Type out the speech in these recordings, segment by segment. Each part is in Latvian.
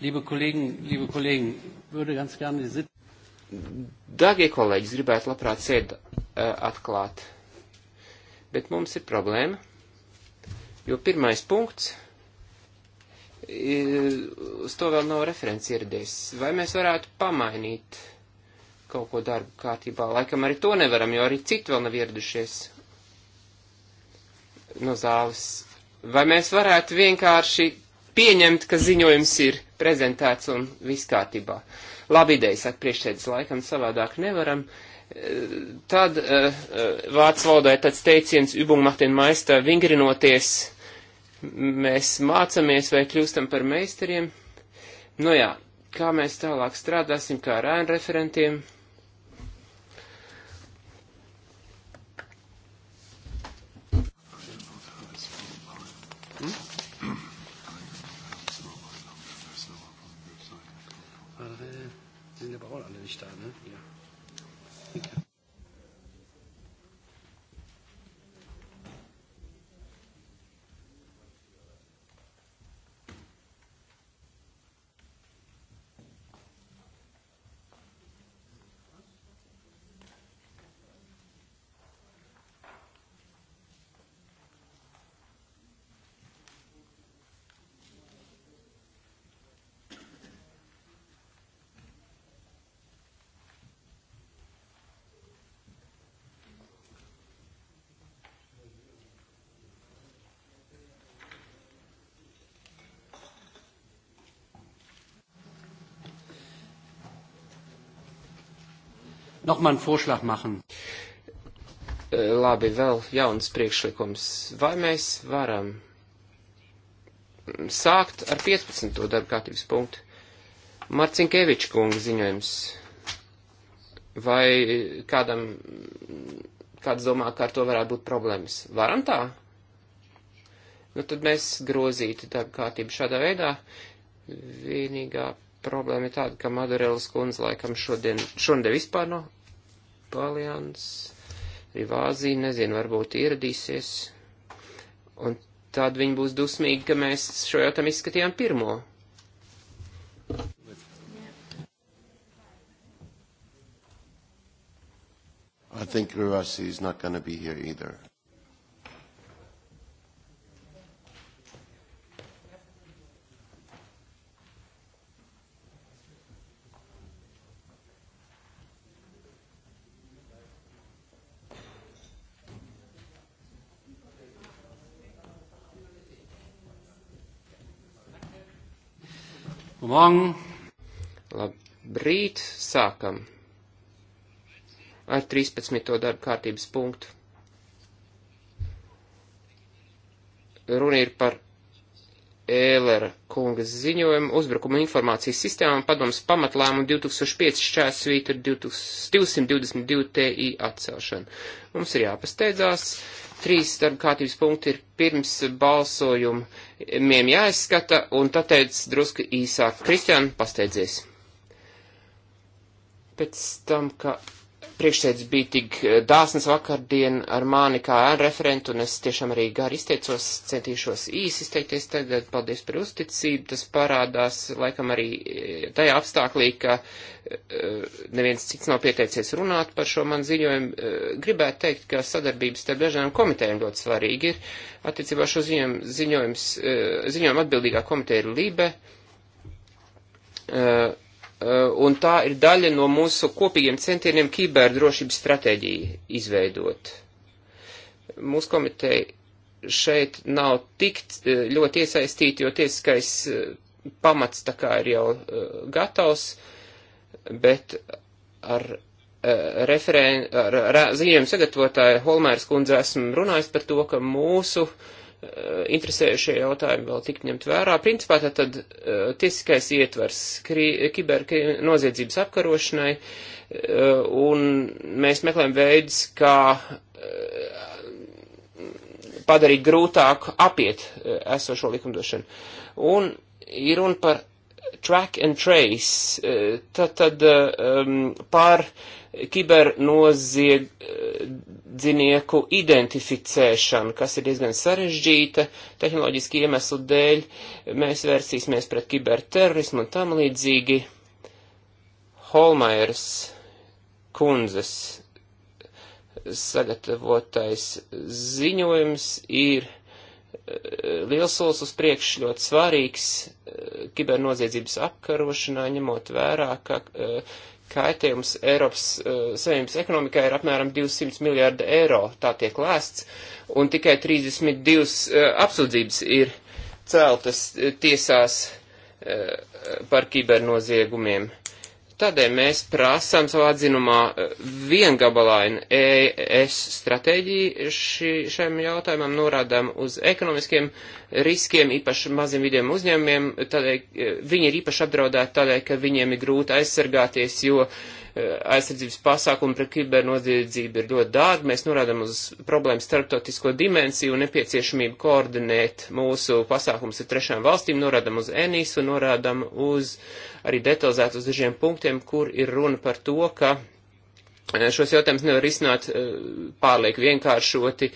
Liebe Kollegen, liebe Kollegen, würde ganz gerne die Sitzung. Dārgie kolēģi, es gribētu labprāt sēdi uh, atklāt, bet mums ir problēma, jo pirmais punkts, uz to vēl nav referents ieradies. Vai mēs varētu pamainīt kaut ko darbu kārtībā? Laikam arī to nevaram, jo arī citi vēl nav ieradušies no zāles. Vai mēs varētu vienkārši pieņemt, ka ziņojums ir prezentēts un viss kārtībā. Labi ideja, saka priekšsēdus laikam, savādāk nevaram. E, tad e, e, vācu valodā ir tāds teiciens, Übungmatin maistā vingrinoties, mēs mācamies vai kļūstam par meistariem. Nu jā, kā mēs tālāk strādāsim, kā ar ēnu referentiem nochmal einen Vorschlag machen. Äh, labi, vēl jauns priekšlikums. Vai mēs varam sākt ar 15. darba kārtības punktu? Marcinkeviča kunga ziņojums. Vai kādam, kāds domā, ka ar to varētu būt problēmas? Varam tā? Nu, tad mēs grozītu darba kārtību šādā veidā. Vienīgā problēma ir tāda, ka Madurelas kundze laikam šodien, šodien vispār nav Palians, Rivāzija, nezinu, varbūt ieradīsies, un tad viņi būs dusmīgi, ka mēs šo jautājumu izskatījām pirmo. I think Rivasi is not going to be here either. Morgen. Labrīt, sākam ar 13. darba kārtības punktu. Runa ir par Ēlera kungas ziņojumu uzbrukuma informācijas sistēmām padoms pamatlēmumu 2005 šķērs svītu 222 TI atcelšanu. Mums ir jāpasteidzās. Trīs darba kārtības punkti ir pirms balsojumiem jāizskata, un tāpēc drusku īsāk. Kristiāna, pasteidzies! Pēc tam, ka priekšsēdz bija tik eh, dāsnas vakardien ar mani kā ar referentu, un es tiešām arī gari izteicos, centīšos īsi izteikties tagad. Paldies par uzticību. Tas parādās laikam arī eh, tajā apstāklī, ka eh, neviens cits nav pieteicies runāt par šo man ziņojumu. Gribētu teikt, ka sadarbības starp dažādām komitējām ļoti svarīgi ir. Attiecībā šo ziņojumu, ziņojumu atbildīgā komiteja ir Lībe. Uh, Eh, un tā ir daļa no mūsu kopīgiem centieniem kiberdrošības stratēģiju izveidot. Mūsu komiteja šeit nav tik eh, ļoti iesaistīta, jo tiesiskais eh, pamats tā kā ir jau gatavs, bet ar referēn, ar ziņojumu sagatavotāju Holmēras kundze esmu runājis par to, ka mūsu uh, Eh, interesējušie jautājumi vēl tik ņemt vērā. Principā tā tad eh, tiesiskais ietvers kibernoziedzības apkarošanai, eh, un mēs meklējam veids, kā padarīt grūtāk apiet esošo likumdošanu. Un ir runa par track and trace, tad, tad um, par uh, kibernoziedznieku identificēšanu, kas ir diezgan sarežģīta tehnoloģiski iemeslu dēļ. Mēs vērsīsimies pret kiberterorismu un tam līdzīgi. Holmairas kundzes sagatavotais ziņojums ir eh, liels solis uz priekšu, ļoti svarīgs eh, kibernoziedzības apkarošanā, ņemot vērā, ka eh, kaitējums Eiropas uh, Savienības ekonomikai ir apmēram 200 miljārdi eiro, tā tiek lēsts, un tikai 32 uh, eh, apsūdzības ir celtas eh, tiesās uh, par kibernoziegumiem. Tādēļ mēs prasām savā atzinumā eh, viengabalainu ES e stratēģiju ši, šiem jautājumam, norādām uz ekonomiskiem riskiem, īpaši maziem vidiem uzņēmumiem. Tādēļ eh, viņi ir īpaši apdraudēti tādēļ, ka viņiem ir grūti aizsargāties, jo uh, Eh, aizsardzības pasākumi pret kibernoziedzību ir ļoti dārgi. Mēs norādām uz problēmu starptautisko dimensiju un nepieciešamību koordinēt mūsu pasākumus ar trešām valstīm, norādām uz ENIS un norādām uz arī detalizēt uz dažiem punktiem, kur ir runa par to, ka eh, šos jautājumus nevar risināt eh, pārliek vienkāršoti,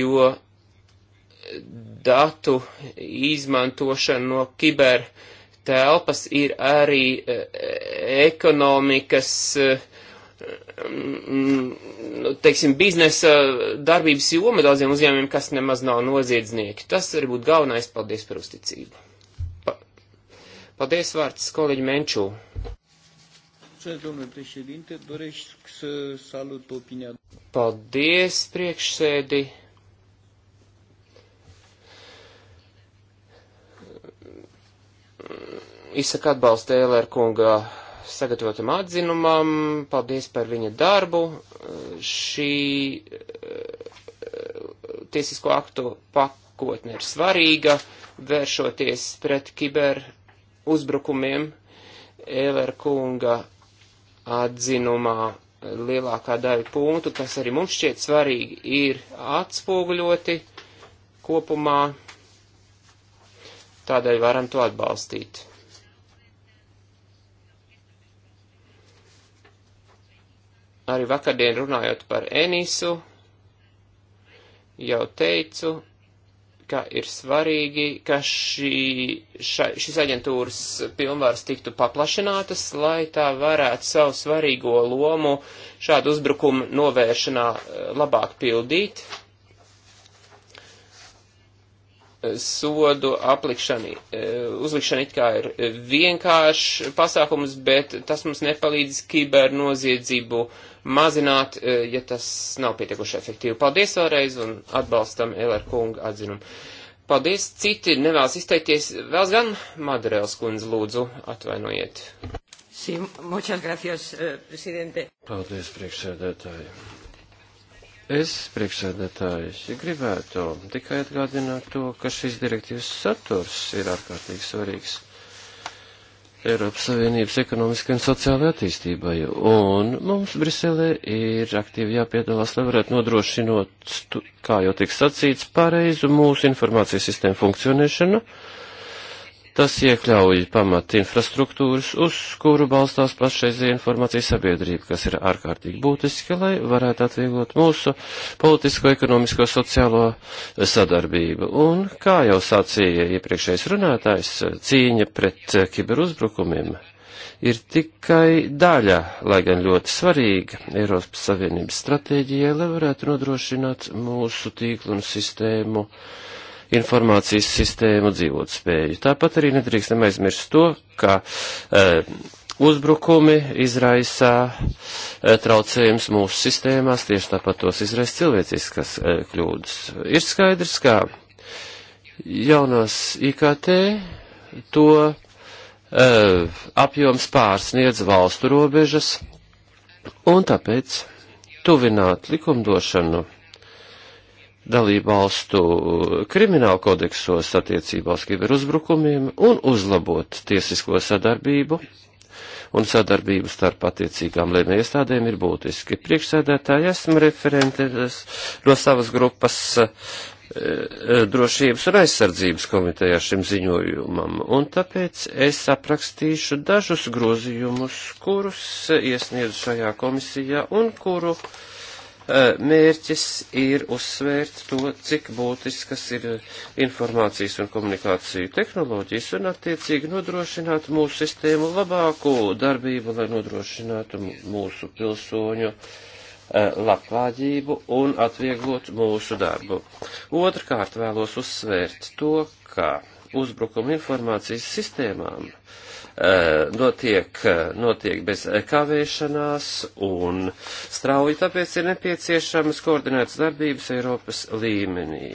jo datu izmantošana no kiber telpas ir arī e, e, ekonomikas, e, mm, nu, teiksim, biznesa darbības joma daudziem uzņēmumiem, kas nemaz nav noziedznieki. Tas var būt galvenais. Paldies par uzticību. Pa Paldies vārds kolēģi Menčū. Paldies, priekšsēdi. izsaka atbalstu Ēlēra kunga sagatavotam atzinumam, paldies par viņa darbu. Šī eh, tiesisko aktu pakotne ir svarīga, vēršoties pret kiber uzbrukumiem. Ēlēra kunga atzinumā lielākā daļa punktu, kas arī mums šķiet svarīgi, ir atspoguļoti kopumā. Tādēļ varam to atbalstīt. Arī vakardien runājot par Enisu, jau teicu, ka ir svarīgi, ka šī, ša, šis aģentūras pilnvars tiktu paplašinātas, lai tā varētu savu svarīgo lomu šādu uzbrukumu novēršanā eh, labāk pildīt. Sodu aplikšana, eh, uzlikšana it kā ir eh, vienkāršs pasākums, bet tas mums nepalīdz kibernoziedzību uh, mazināt, e, ja tas nav pietiekuši efektīvi. Paldies vēlreiz un atbalstam Elere kunga atzinumu. Paldies, citi nevēlas izteikties, vēl gan Madarēls kundze lūdzu atvainojiet. Sí, muchas gracias, eh, presidente. Paldies, priekšsēdētāji. Es, priekšsēdētājs, gribētu tikai atgādināt to, ka šis direktīvas saturs ir ārkārtīgi svarīgs Eiropas Savienības ekonomiskai un sociālai attīstībai, un mums Briselē ir aktīvi jāpiedalās, lai varētu nodrošinot, kā jau tiks sacīts, pareizu mūsu informācijas sistēmu funkcionēšanu. Uh, Tas iekļauj pamat infrastruktūras, uz kuru balstās pašreizē informācijas sabiedrība, kas ir ārkārtīgi būtiski, lai varētu atvieglot mūsu politisko, ekonomisko, sociālo sadarbību. Un, kā jau sacīja iepriekšējais runātājs, cīņa pret kiberuzbrukumiem ir tikai daļa, lai gan ļoti svarīga, Eiropas Savienības stratēģijai, lai varētu nodrošināt mūsu tīklu un sistēmu uh, informācijas sistēmu dzīvot spēju. Tāpat arī nedrīkstam aizmirst to, ka e, uzbrukumi izraisā e, traucējums mūsu sistēmās, tieši tāpat tos izraisa cilvēciskas e, kļūdas. Ir skaidrs, ka jaunās IKT to e, apjoms pārsniedz valstu robežas, un tāpēc tuvināt likumdošanu dalībvalstu uh, kriminālu kodeksos attiecībā uz kiberuzbrukumiem un uzlabot tiesisko sadarbību un sadarbību starp attiecīgām lēmējiestādēm ir būtiski. Priekšsēdētāji esmu referente no savas grupas uh, uh, drošības un aizsardzības komitejā šim ziņojumam, un tāpēc es aprakstīšu dažus grozījumus, kurus iesniedzu šajā komisijā un kuru uh, mērķis ir uzsvērt to, cik būtiskas ir informācijas un komunikāciju tehnoloģijas un attiecīgi nodrošināt mūsu sistēmu labāku darbību, lai nodrošinātu mūsu pilsoņu labklājību un atvieglot mūsu darbu. Otrkārt vēlos uzsvērt to, ka uzbrukuma informācijas sistēmām uh, Eh, notiek, eh, notiek bez kavēšanās un strauji, tāpēc ir nepieciešamas koordinētas darbības Eiropas līmenī.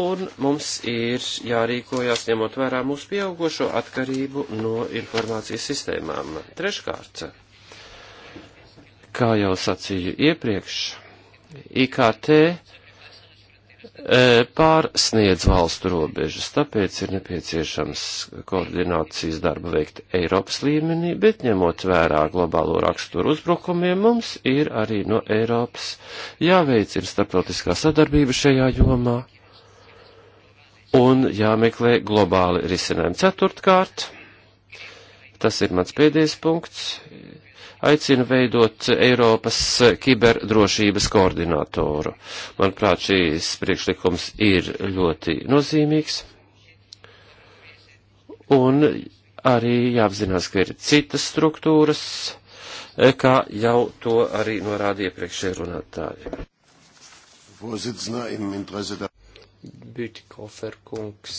Un mums ir jārīkojās ņemot vērā mūsu pieaugušo atkarību no informācijas sistēmām. Treškārt, kā jau sacīju iepriekš, IKT E, pārsniedz valstu robežas, tāpēc ir nepieciešams koordinācijas darbu veikt Eiropas līmenī, bet ņemot vērā globālo raksturu uzbrukumiem, mums ir arī no Eiropas jāveicina starptautiskā sadarbība šajā jomā un jāmeklē globāli risinājumi. Ceturtkārt, tas ir mans pēdējais punkts, aicina veidot Eiropas kiberdrošības koordinatoru. Manuprāt, šīs priekšlikums ir ļoti nozīmīgs. Un arī jāapzinās, ka ir citas struktūras, kā jau to arī norādīja priekšējā runātāja. Vorsitzender im Interesse der Bütikofer kungs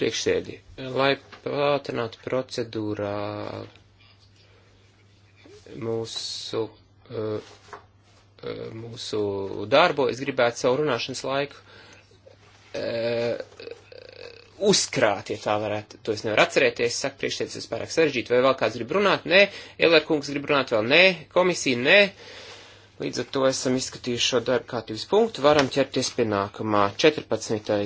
priekšsēdi, lai pātrinātu procedūrā mūsu, eh, eh, mūsu darbu, es gribētu savu runāšanas laiku eh, uzkrāt, ja tā varētu, to es nevaru atcerēties, saka priekšsēdus, es pārāk sarežģītu, vai vēl kāds grib runāt, nē, Elēr kungs grib runāt vēl, nē, komisija, nē. Līdz ar to esam izskatījuši šo darbu kārtības punktu, varam ķerties pie nākamā, 14.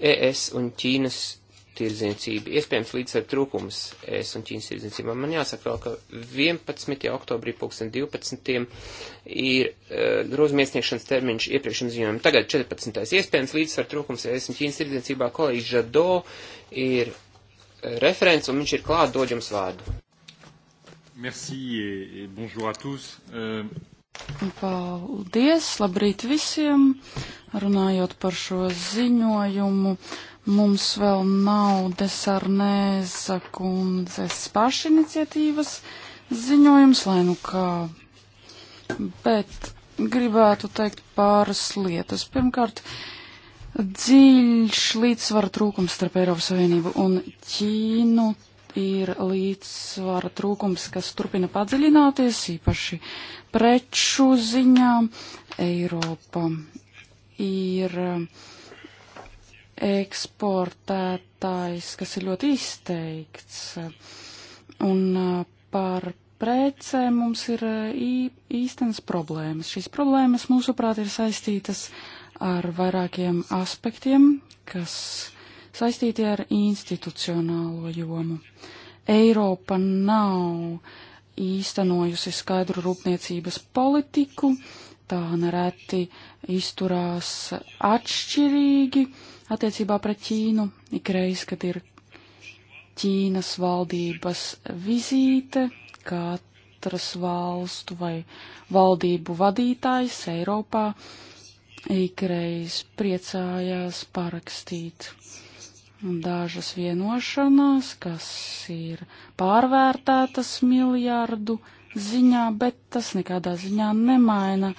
ES un Ķīnas tirdzniecību, iespējams līdzsver trūkums es un Ķīnas tirdzniecībā. Man jāsaka vēl, ka 11. oktobrī 2012. ir uh, grozuma iesniegšanas termiņš iepriekšim ziņojumam. Tagad 14. iespējams līdzsver trūkums es un Ķīnas tirdzniecībā. Kolēģis Žado ir e, referents un viņš ir klāt, dod jums vārdu. Merci et, et bonjour à tous. Uh... Paldies, labrīt visiem! Runājot par šo ziņojumu, Mums vēl nav desarnēza kundzes pašiniciatīvas ziņojums, lai nu kā. Bet gribētu teikt pāris lietas. Pirmkārt, dziļš līdzsvara trūkums starp Eiropas Savienību un Ķīnu ir līdzsvara trūkums, kas turpina padziļināties, īpaši preču ziņā. Eiropa ir. Uh, eksportētājs, kas ir ļoti izteikts. Un uh, par precēm mums ir uh, īstenas problēmas. Šīs problēmas, mūsuprāt, ir saistītas ar vairākiem aspektiem, kas saistīti ar institucionālo jomu. Eiropa nav īstenojusi skaidru rūpniecības politiku, tā nereti izturās atšķirīgi, uh, attiecībā pret Ķīnu. Ikreiz, kad ir Ķīnas valdības vizīte, katras valstu vai valdību vadītājs Eiropā ikreiz priecājās parakstīt dažas vienošanās, kas ir pārvērtētas miljārdu ziņā, bet tas nekādā ziņā nemaina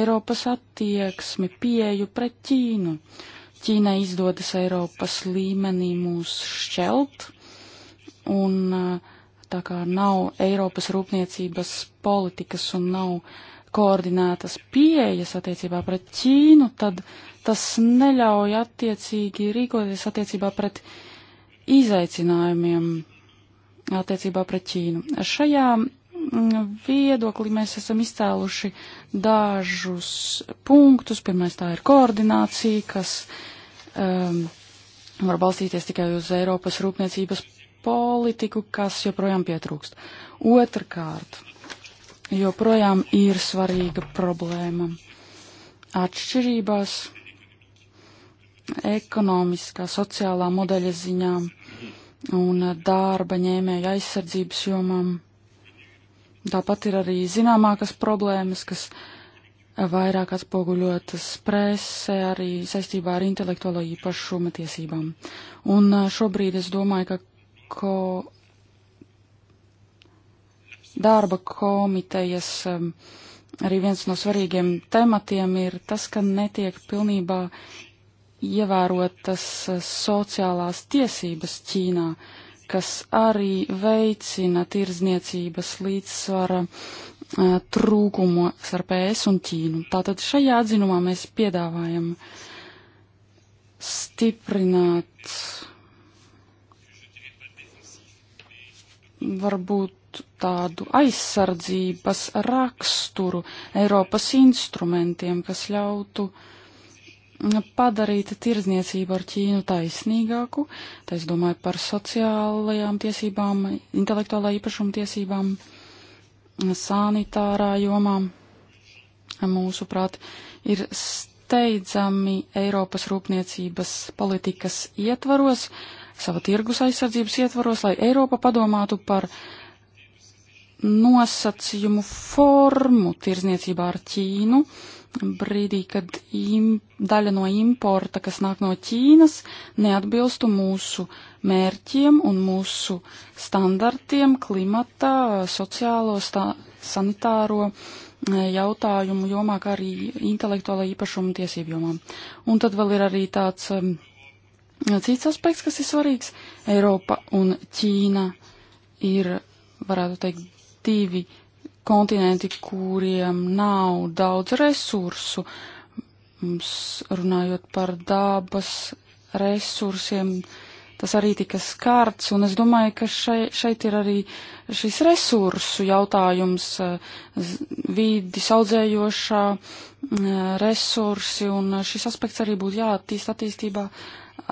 Eiropas attieksmi, pieju pret Ķīnu. Ķīnai izdodas Eiropas līmenī mūs šķelt, un uh, tā kā nav Eiropas rūpniecības politikas un nav koordinētas pieejas attiecībā pret Ķīnu, tad tas neļauj attiecīgi rīkoties attiecībā pret izaicinājumiem attiecībā pret Ķīnu. Šajā mm, viedoklī mēs esam izcēluši dažus punktus. Pirmais tā ir koordinācija, kas uh, um, var balstīties tikai uz Eiropas rūpniecības politiku, kas joprojām pietrūkst. Otrkārt, joprojām ir svarīga problēma atšķirībās ekonomiskā, sociālā modeļa ziņā un darba ņēmēja aizsardzības jomām. Tāpat ir arī zināmākas problēmas, kas uh, vairāk atspoguļotas presē arī saistībā ar intelektuālo īpašuma tiesībām. Un šobrīd es domāju, ka ko darba komitejas arī viens no svarīgiem tematiem ir tas, ka netiek pilnībā ievērotas sociālās tiesības Ķīnā, kas arī veicina tirzniecības līdzsvara trūkumu starp ES un Ķīnu. Tātad šajā atzinumā mēs piedāvājam stiprināt varbūt tādu aizsardzības raksturu Eiropas instrumentiem, kas ļautu padarīt tirdzniecību ar Ķīnu taisnīgāku. Tā es domāju par sociālajām tiesībām, intelektuālā īpašuma tiesībām. Uh, sanitārā jomā, mūsuprāt, ir steidzami Eiropas rūpniecības politikas ietvaros, sava tirgus aizsardzības ietvaros, lai Eiropa padomātu par nosacījumu formu tirzniecībā ar Ķīnu, brīdī, kad im, daļa no importa, kas nāk no Ķīnas, neatbilstu mūsu mērķiem un mūsu standartiem klimata, sociālo, stā, sanitāro e, jautājumu jomā, kā arī intelektuālā īpašuma tiesību jomā. Un tad vēl ir arī tāds um, cits aspekts, kas ir svarīgs. Eiropa un Ķīna ir, varētu teikt, divi uh, kontinenti, kuriem nav daudz resursu, mums runājot par dabas resursiem, tas arī tika skarts, un es domāju, ka šeit, šeit ir arī šis resursu jautājums, eh, vīdi saudzējošā mm, eh, resursi, un eh, šis aspekts arī būtu jāattīst attīstībā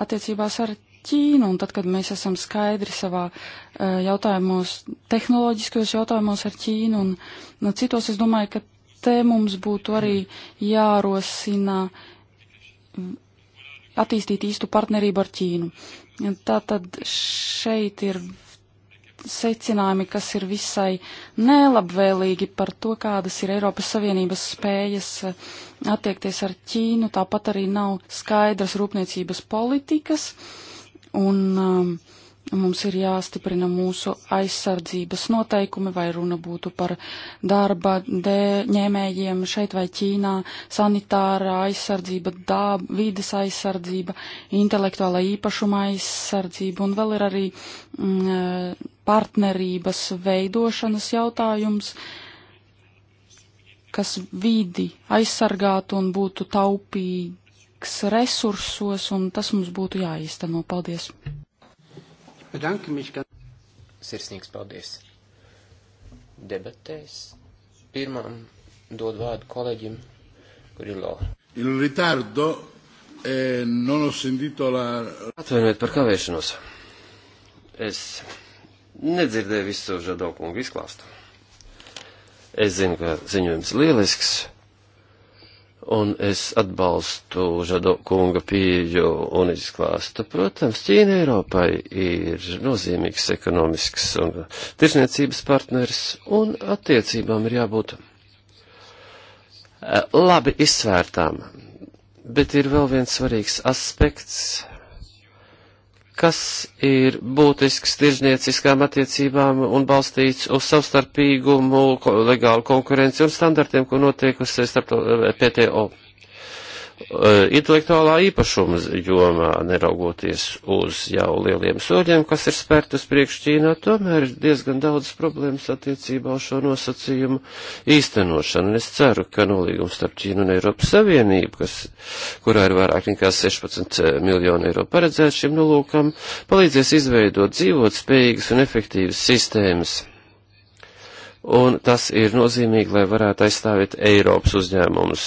attiecībās ar Ķīnu, un tad, kad mēs esam skaidri savā eh, jautājumos, tehnoloģiskajos jautājumos ar Ķīnu un no nu, citos, es domāju, ka te mums būtu arī jārosina attīstīt īstu partnerību ar Ķīnu. Tātad šeit ir secinājumi, kas ir visai nelabvēlīgi par to, kādas ir Eiropas Savienības spējas eh, attiekties ar Ķīnu, tāpat arī nav skaidras rūpniecības politikas. Uh, un um, mums ir jāstiprina mūsu aizsardzības noteikumi, vai runa būtu par darba ņēmējiem šeit vai Ķīnā, sanitārā aizsardzība, dāb, vides aizsardzība, intelektuālā īpašuma aizsardzība, un vēl ir arī mm, partnerības veidošanas jautājums, kas vidi aizsargātu un būtu taupīgi liks resursos, un tas mums būtu jāīsteno. Paldies! Sirsnīgs paldies! Debatēs pirmam dod vārdu kolēģim Grillo. Il ritardo, eh, non ho sentito la... Atvainojiet par kavēšanos. Es nedzirdēju visu žadokungu izklāstu. Es zinu, ka ziņojums lielisks, un es atbalstu Žado kunga pieju un izklāstu. Protams, Ķīna Eiropai ir nozīmīgs ekonomisks un tirsniecības partners, un attiecībām ir jābūt eh, labi izsvērtām. Bet ir vēl viens svarīgs aspekts, kas ir būtisks tirzniecīskām attiecībām un balstīts uz savstarpīgumu, legālu konkurenci un standartiem, ko notiekusi starp eh, PTO. Eh, intelektuālā īpašuma jomā, neraugoties uz jau lieliem soļiem, kas ir spērti uz priekšu Ķīnā, tomēr ir diezgan daudz problēmas attiecībā uz šo nosacījumu īstenošanu. Un es ceru, ka nolīgums starp Ķīnu un Eiropas Savienību, kas, kurā ir vairāk nekā 16 eh, miljonu eiro paredzēts šim nolūkam, palīdzēs izveidot dzīvot spējīgas un efektīvas sistēmas. Un tas ir nozīmīgi, lai varētu aizstāvēt Eiropas uzņēmumus,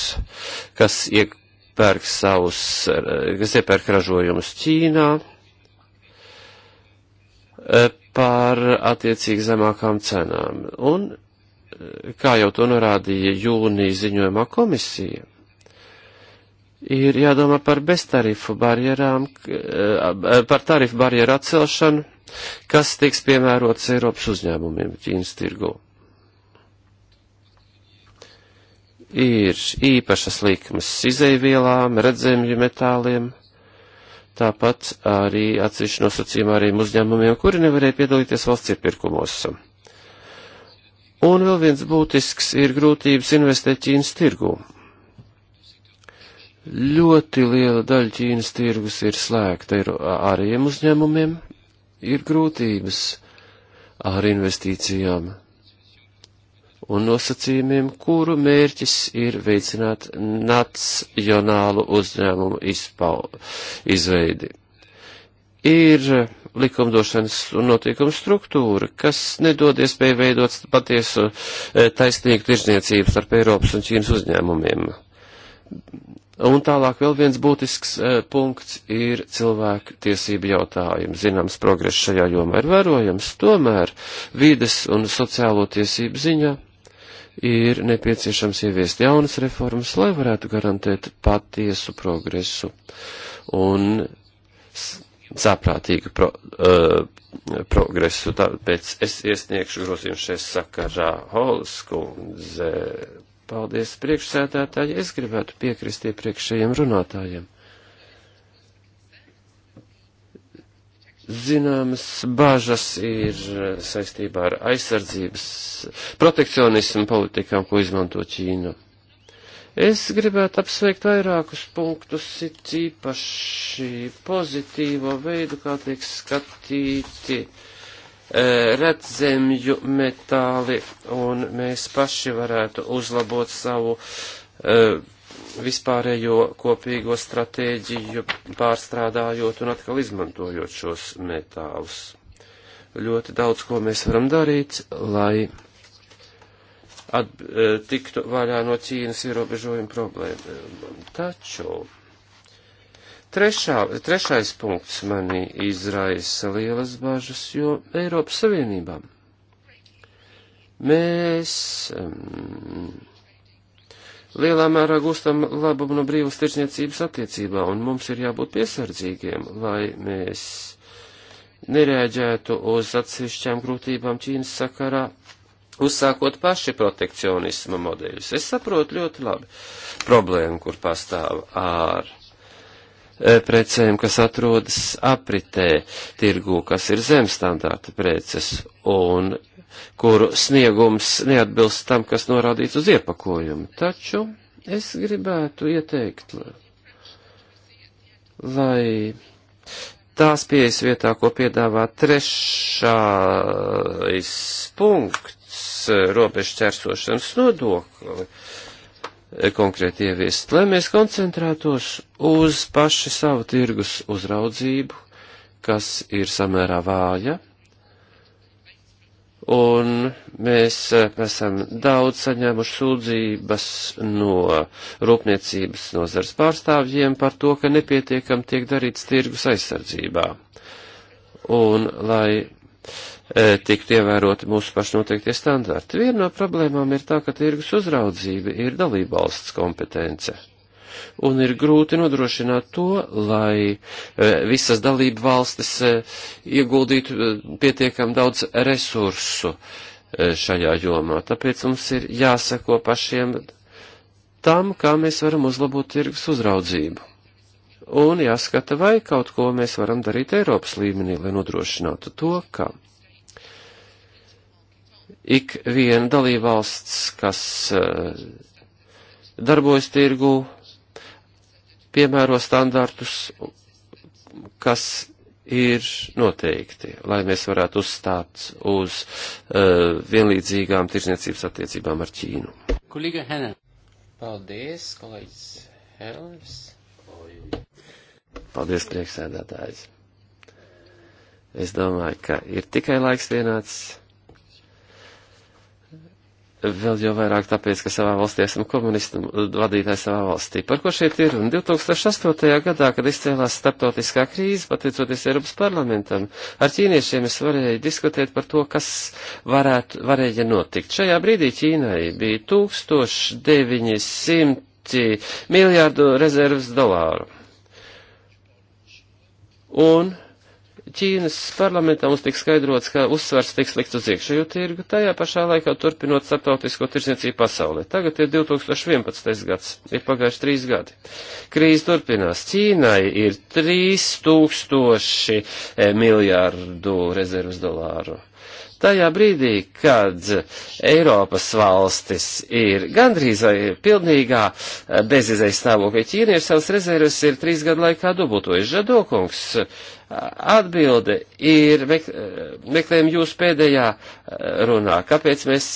kas iek iepērk savus, kas iepērk ražojumus Ķīnā e, par attiecīgi zemākām cenām. Un, e, kā jau to norādīja jūnija ziņojumā komisija, ir jādomā par beztarifu barjerām, e, par tarifu barjeru atcelšanu, kas tiks piemērots Eiropas uzņēmumiem Ķīnas tirgū. ir īpašas likmes izeivielām, redzēmju metāliem, tāpat arī atsevišķi nosacījumā arī uzņēmumiem, kuri nevarēja piedalīties valsts iepirkumos. Un vēl viens būtisks ir grūtības investēt Ķīnas tirgū. Ļoti liela daļa Ķīnas tirgus ir slēgta ar ārējiem uzņēmumiem, ir grūtības ar investīcijām un nosacījumiem, kuru mērķis ir veicināt nacionālu uzņēmumu izpau, izveidi. Ir likumdošanas un notiekuma struktūra, kas nedod iespēju veidot patiesu e, taisnīgu tirzniecību starp Eiropas un Ķīnas uzņēmumiem. Un tālāk vēl viens būtisks e, punkts ir cilvēku tiesību jautājums. Zināms, progress šajā jomā ir vērojams, tomēr vides un sociālo tiesību ziņā ir nepieciešams ieviest jaunas reformas, lai varētu garantēt patiesu progresu un saprātīgu pro, uh, progresu. Tāpēc es iesniegšu grozījumu šajā sakarā Holas kundze. Paldies priekšsēdētāji, es gribētu piekrist iepriekšējiem runātājiem. Zināmas bažas ir eh, saistībā ar aizsardzības protekcionismu politikām, ko izmanto Ķīna. Es gribētu apsveikt vairākus punktus, it īpaši pozitīvo veidu, kā tiek skatīti e, redzemju metāli, un mēs paši varētu uzlabot savu e, vispārējo kopīgo stratēģiju pārstrādājot un atkal izmantojot šos metālus. Ļoti daudz, ko mēs varam darīt, lai at, e, tiktu vaļā no Ķīnas ierobežojuma problēmām. Taču trešā, trešais punkts manī izraisa lielas bažas, jo Eiropas Savienībām mēs. Um, lielā mērā gūstam labumu no brīvas tirsniecības attiecībā, un mums ir jābūt piesardzīgiem, lai mēs nereaģētu uz atsevišķām grūtībām Ķīnas sakarā, uzsākot paši protekcionisma modeļus. Es saprotu ļoti labi problēmu, kur pastāv ar e, precēm, kas atrodas apritē tirgū, kas ir zemstandarta preces, un kuru sniegums neatbilst tam, kas norādīts uz iepakojumu. Taču es gribētu ieteikt, lai tās pieejas vietā, ko piedāvā trešais punkts robežu ķersošanas nodokli, eh, konkrēti ieviest, lai mēs koncentrētos uz paši savu tirgus uzraudzību, kas ir samērā vāja, un mēs eh, esam daudz saņēmuši sūdzības no rūpniecības nozars pārstāvjiem par to, ka nepietiekam tiek darīts tirgus aizsardzībā. Un lai e, tiktu ievēroti mūsu paši noteiktie standarti. Viena no problēmām ir tā, ka tirgus uzraudzība ir dalībvalsts kompetence un ir grūti nodrošināt to, lai eh, visas dalību valstis eh, ieguldītu eh, pietiekam daudz resursu šajā jomā. Tāpēc mums ir jāsako pašiem tam, kā mēs varam uzlabot tirgus uzraudzību. Un jāskata, vai kaut ko mēs varam darīt Eiropas līmenī, lai nodrošinātu to, ka ik viena dalībvalsts, kas darbojas tirgu, piemēro standartus, kas ir noteikti, lai mēs varētu uzstāt uz uh, vienlīdzīgām tirzniecības attiecībām ar Ķīnu. Kolīga Hena. Paldies, kolēģis Helers. Paldies, priekšsēdētājs. Es domāju, ka ir tikai laiks vienāds vēl jau vairāk tāpēc, ka savā valstī esam komunistu vadītāji savā valstī. Par ko šeit ir? Un 2008. gadā, kad izcēlās starptautiskā krīze, pateicoties Eiropas parlamentam, ar ķīniešiem es varēju diskutēt par to, kas varētu, varēja notikt. Šajā brīdī Ķīnai bija 1900 miljārdu rezervas dolāru. Un Ķīnas parlamentā mums tiek skaidrots, ka uzsvars tiks likt uz iekšējo tirgu, tajā pašā laikā turpinot starptautisko tirsniecību pasaulē. Tagad ir 2011. gads, ir pagājuši trīs gadi. Krīze turpinās. Ķīnai ir 3000 eh, miljārdu rezervas dolāru tajā brīdī, kad Eiropas valstis ir gandrīz vai pilnīgā bezizejas stāvokļa, Ķīna ir savas rezerves ir trīs gadu laikā dubultojuši. Žadokungs, atbilde ir, mek, meklējam jūs pēdējā runā, kāpēc mēs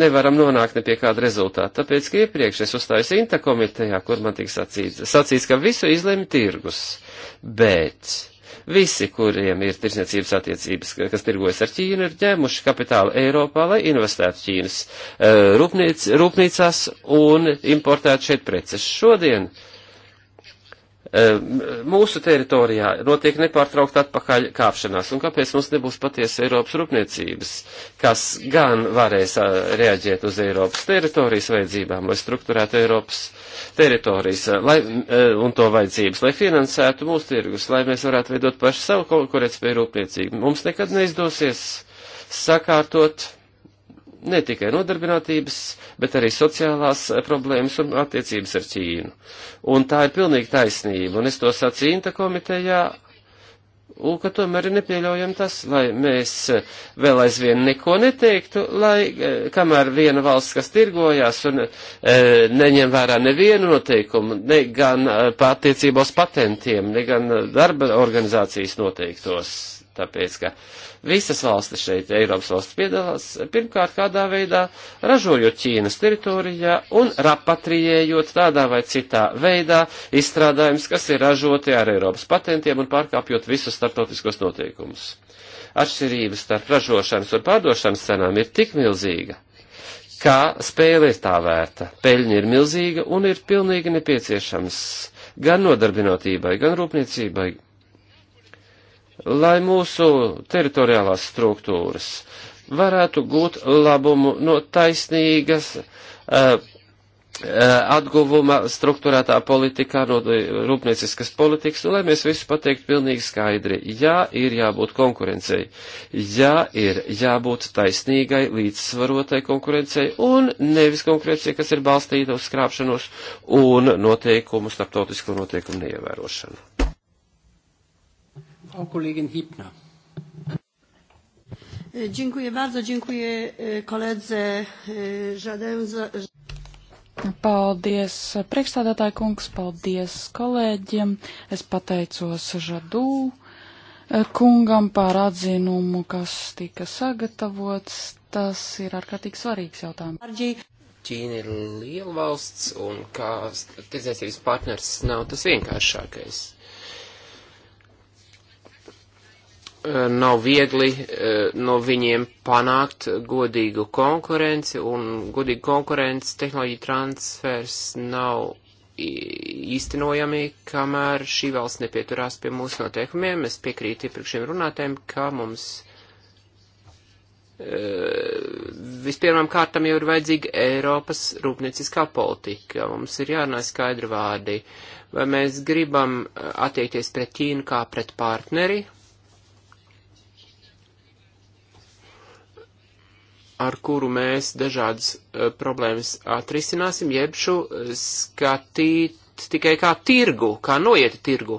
nevaram nonākt ne pie kāda rezultāta. Tāpēc, ka iepriekš es uzstājos Inta komitejā, kur man tika sacīts, sacīts ka visu izlemj tirgus, bet Visi, kuriem ir tirsniecības attiecības, kas tirgojas ar Ķīnu, ir ņēmuši kapitālu Eiropā, lai investētu Ķīnas eh, rūpnīc, rūpnīcās un importētu šeit preces. Šodien uh, mūsu teritorijā notiek nepārtraukt atpakaļ kāpšanās, un kāpēc mums nebūs patiesa Eiropas rūpniecības, kas gan varēs reaģēt uz Eiropas teritorijas vajadzībām, lai strukturētu Eiropas teritorijas lai, e, un to vajadzības, lai finansētu mūsu tirgus, lai mēs varētu veidot pašu savu konkurētspēju rūpniecību. Mums nekad neizdosies sakārtot ne tikai nodarbinātības, bet arī sociālās problēmas un attiecības ar Ķīnu. Un tā ir pilnīgi taisnība, un es to sacīju Inta komitejā, un ka tomēr ir nepieļaujam tas, lai mēs vēl aizvien neko neteiktu, lai eh, kamēr viena valsts, kas tirgojās un e, neņem vērā nevienu noteikumu, ne gan eh, pārtiecībos patentiem, ne gan darba organizācijas noteiktos tāpēc, ka visas valstis šeit, Eiropas valstis piedalās, pirmkārt kādā veidā ražojot Ķīnas teritorijā un rapatriējot tādā vai citā veidā izstrādājums, kas ir ražoti ar Eiropas patentiem un pārkāpjot visus startautiskos noteikumus. Atšķirības starp ražošanas un pārdošanas cenām ir tik milzīga, ka spēle ir tā vērta, peļņa ir milzīga un ir pilnīgi nepieciešams gan nodarbinotībai, gan rūpniecībai, lai mūsu teritoriālās struktūras varētu gūt labumu no taisnīgas uh, atguvuma struktūrētā politikā, no rūpnieciskas politikas, un lai mēs visu pateiktu pilnīgi skaidri. Jā, ir jābūt konkurencei, jā, ir jābūt taisnīgai, līdzsvarotai konkurencei, un nevis konkurencei, kas ir balstīta uz skrāpšanos un noteikumu, starptautisko noteikumu neievērošanu. Frau Kollegin Hibner. E, dziękuję bardzo, dziękuję e, koledze e, Żadem za. Paldies, priekšstādātāji kungs, paldies kolēģiem. Es pateicos Žadū kungam par atzinumu, kas tika sagatavots. Tas ir ārkārtīgi svarīgs jautājums. Ķīna ir liela valsts un kā tirdzniecības partners nav tas vienkāršākais. Eh, nav viegli eh, no viņiem panākt godīgu konkurenci, un godīga konkurence tehnoloģija transfers nav īstenojami, kamēr šī valsts nepieturās pie mūsu noteikumiem. Es piekrītu iepriekšiem runātēm, ka mums eh, vispirmām kārtam jau ir vajadzīga Eiropas rūpnieciskā politika. Mums ir jārunā skaidri vārdi. Vai mēs gribam attiekties pret Ķīnu kā pret partneri, ar kuru mēs dažādas uh, problēmas atrisināsim, jeb šo eh, skatīt tikai kā tirgu, kā noiet tirgu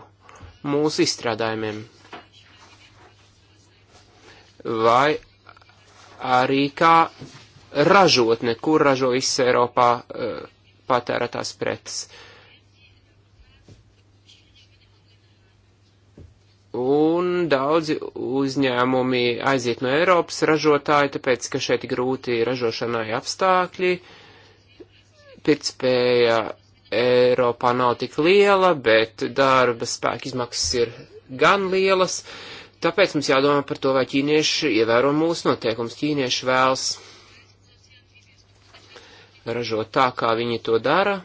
mūsu izstrādājumiem. Vai arī kā ražotne, kur ražo viss Eiropā uh, patērētās pretas. Uh, un daudzi uzņēmumi aiziet no Eiropas ražotāji, tāpēc, ka šeit grūti ražošanai apstākļi, pirtspēja Eiropā nav tik liela, bet darba spēka izmaksas ir gan lielas, tāpēc mums jādomā par to, vai ķīnieši ievēro mūsu noteikums. Ķīnieši vēlas ražot tā, kā viņi to dara,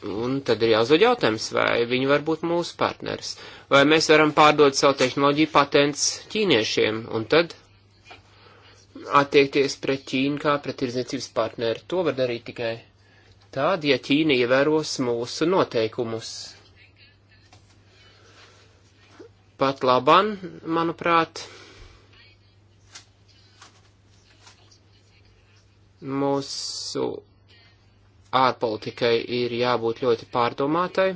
Un tad ir jāuzdod jautājums, vai viņi var būt mūsu partners, vai mēs varam pārdot savu tehnoloģiju patents ķīniešiem, un tad attiekties pret Ķīnu kā pret tirzniecības partneri. To var darīt tikai tad, ja Ķīna ievēros mūsu noteikumus. Pat laban, manuprāt, mūsu ārpolitikai ir jābūt ļoti pārdomātai,